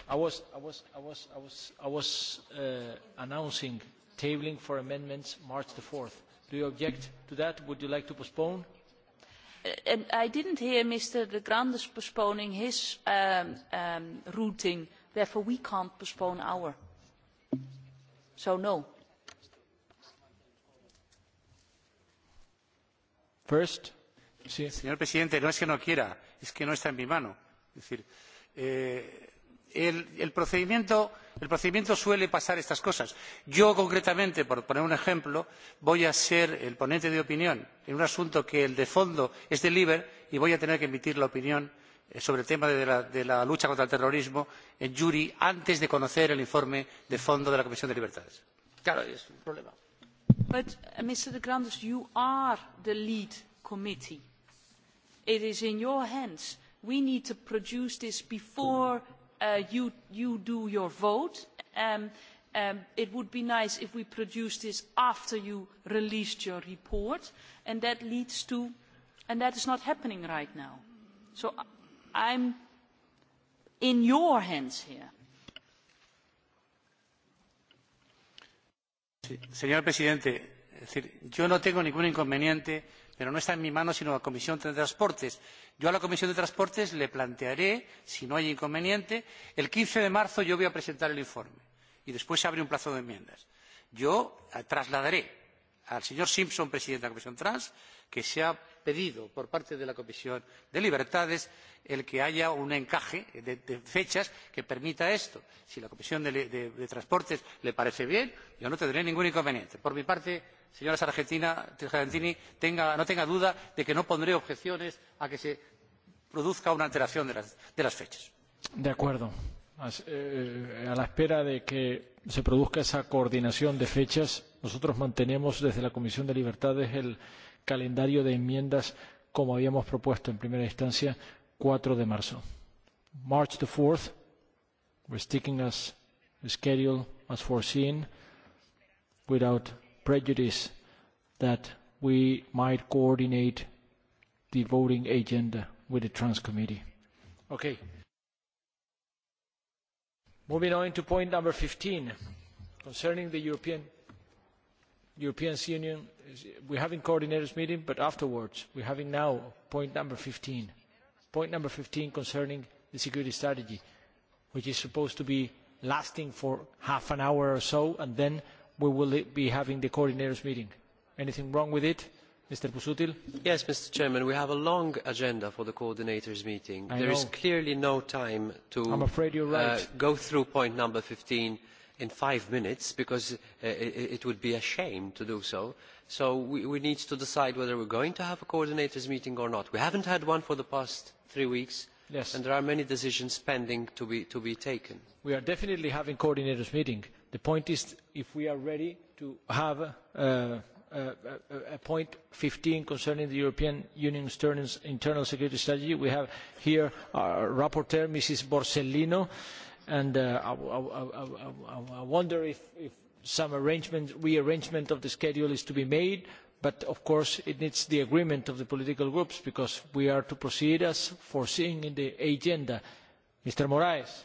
I was, I was, I was, I was, I was uh, announcing tabling for amendments March the 4th. Do you object to that? Would you like to postpone? And I didn't hear Mr. de Grandes postponing his um, um, routing. Therefore, we can't postpone our. So, no. First, Señor presidente, no es que no quiera, es que no está en mi mano. Es decir, el, procedimiento, suele pasar estas cosas. Yo concretamente, por poner un ejemplo, voy a ser el ponente de opinión en un asunto que el de fondo es del Iber y voy a tener que emitir la opinión sobre el tema de la, lucha contra el terrorismo en Yuri antes de conocer el informe de fondo de la Comisión de Libertades. Claro, es un problema. De it is in your hands. We need to produce this before you, do your vote. it would be nice if we produced this after you released your report, and that leads to, and that is not happening right now. So I'm in your hands here. señor presidente Es decir, yo no tengo ningún inconveniente, pero no está en mi mano sino la Comisión de Transportes. Yo a la Comisión de Transportes le plantearé, si no hay inconveniente, el quince de marzo yo voy a presentar el informe y después se abre un plazo de enmiendas. Yo trasladaré al señor Simpson, presidente de la Comisión Trans, que se ha pedido por parte de la Comisión de Libertades el que haya un encaje de, fechas que permita esto. Si a la Comisión de, Transportes le parece bien, yo no tendré ningún inconveniente. Por mi parte, señora sargentini no tenga duda de que no pondré objeciones a que se produzca una alteración de las fechas. de acuerdo. a la espera de que se produzca esa coordinación de fechas nosotros mantenemos desde la comisión de libertades el calendario de enmiendas como habíamos propuesto en primera instancia cuatro de marzo. march the 4 we're sticking as as foreseen without prejudice that we might coordinate the voting agenda with the Trans Committee. Okay. Moving on to point number 15, concerning the European, European Union, we're having coordinators meeting, but afterwards, we're having now point number 15. Point number 15 concerning the security strategy, which is supposed to be lasting for half an hour or so, and then we will be having the coordinators' meeting. Anything wrong with it? Mr. Busuttil? Yes, Mr. Chairman, we have a long agenda for the coordinators' meeting. there is clearly no time to I'm afraid you're right. go through point number 15 in five minutes because it would be a shame to do so. So we, we need to decide whether we are going to have a coordinators' meeting or not. We haven't had one for the past three weeks and there are many decisions pending to be, taken. We are definitely having a coordinators' meeting The point is if we are ready to have a point fifteen concerning the European Union's internal security strategy. We have here our rapporteur, Mrs. Borsellino, and I wonder if, some arrangement, rearrangement of the schedule is to be made, but of course it needs the agreement of the political groups because we are to proceed as foreseen in the agenda. Mr. Moraes.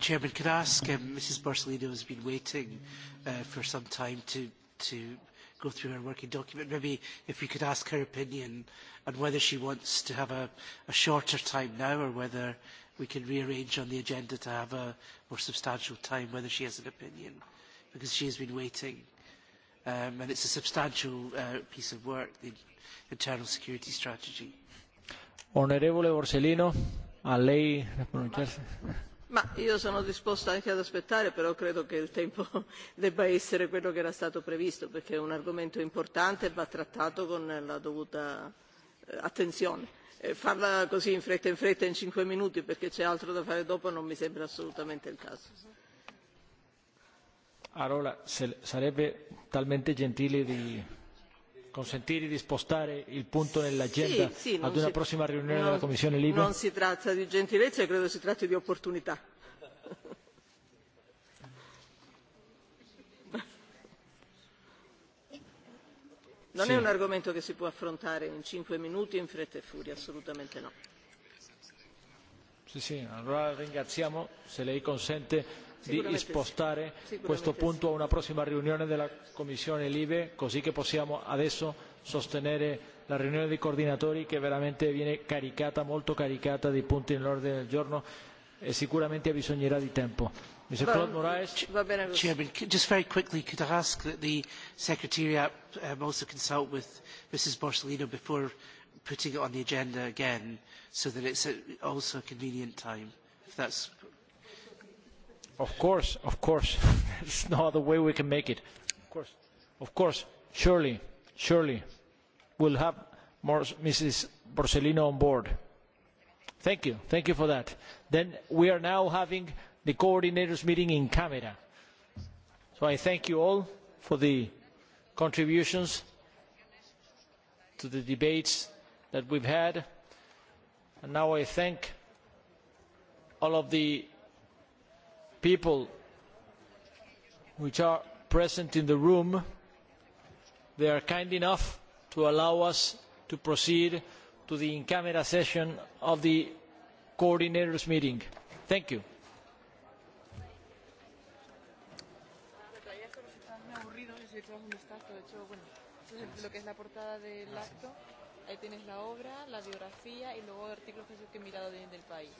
Chairman, can I ask, um, Mrs Borsellino has been waiting uh, for some time to, to go through her working document. Maybe if we could ask her opinion on whether she wants to have a, a shorter time now or whether we can rearrange on the agenda to have a more substantial time, whether she has an opinion, because she has been waiting. Um, and it's a substantial uh, piece of work, the internal security strategy. Borsellino, a lei pronunciarse. Ma io sono disposta anche ad aspettare, però credo che il tempo debba essere quello che era stato previsto, perché è un argomento importante e va trattato con la dovuta attenzione. Farla così in fretta in fretta in cinque minuti perché c'è altro da fare dopo non mi sembra assolutamente il caso. Allora sarebbe talmente gentile di consentire di spostare il punto nell'agenda ad una prossima riunione della Commissione Libe? Non si tratta di gentilezze, credo si tratti di opportunità. Non è un argomento che si può affrontare in cinque minuti in fretta e furia, assolutamente no. Sì, sì, allora ringraziamo, se lei consente di spostare questo punto a una prossima riunione della Commissione Libe, così che possiamo adesso sostenere la riunione dei coordinatori che veramente viene caricata, molto caricata di punti nell'ordine del giorno e sicuramente bisognerà di tempo. Mr. Claude Moraes. Chairman, just very quickly, could I ask that the Secretariat um, also consult with Mrs. Borsellino before putting it on the agenda again so that it's also a convenient time, if that's Of course, of course. There's no other way we can make it. Of course, of course. Surely, surely, we'll have more Mrs. Borsellino on board. Thank you, thank you for that. Then we are now having the coordinators meeting in camera. So I thank you all for the contributions to the debates that we've had. And now I thank all of the people which are present in the room, they are kind enough to allow us to proceed to the in-camera session of the coordinators' meeting. Thank you. lo que es la portada del acto, ahí tienes la obra, la biografía y luego artículos que he mirado de, del país.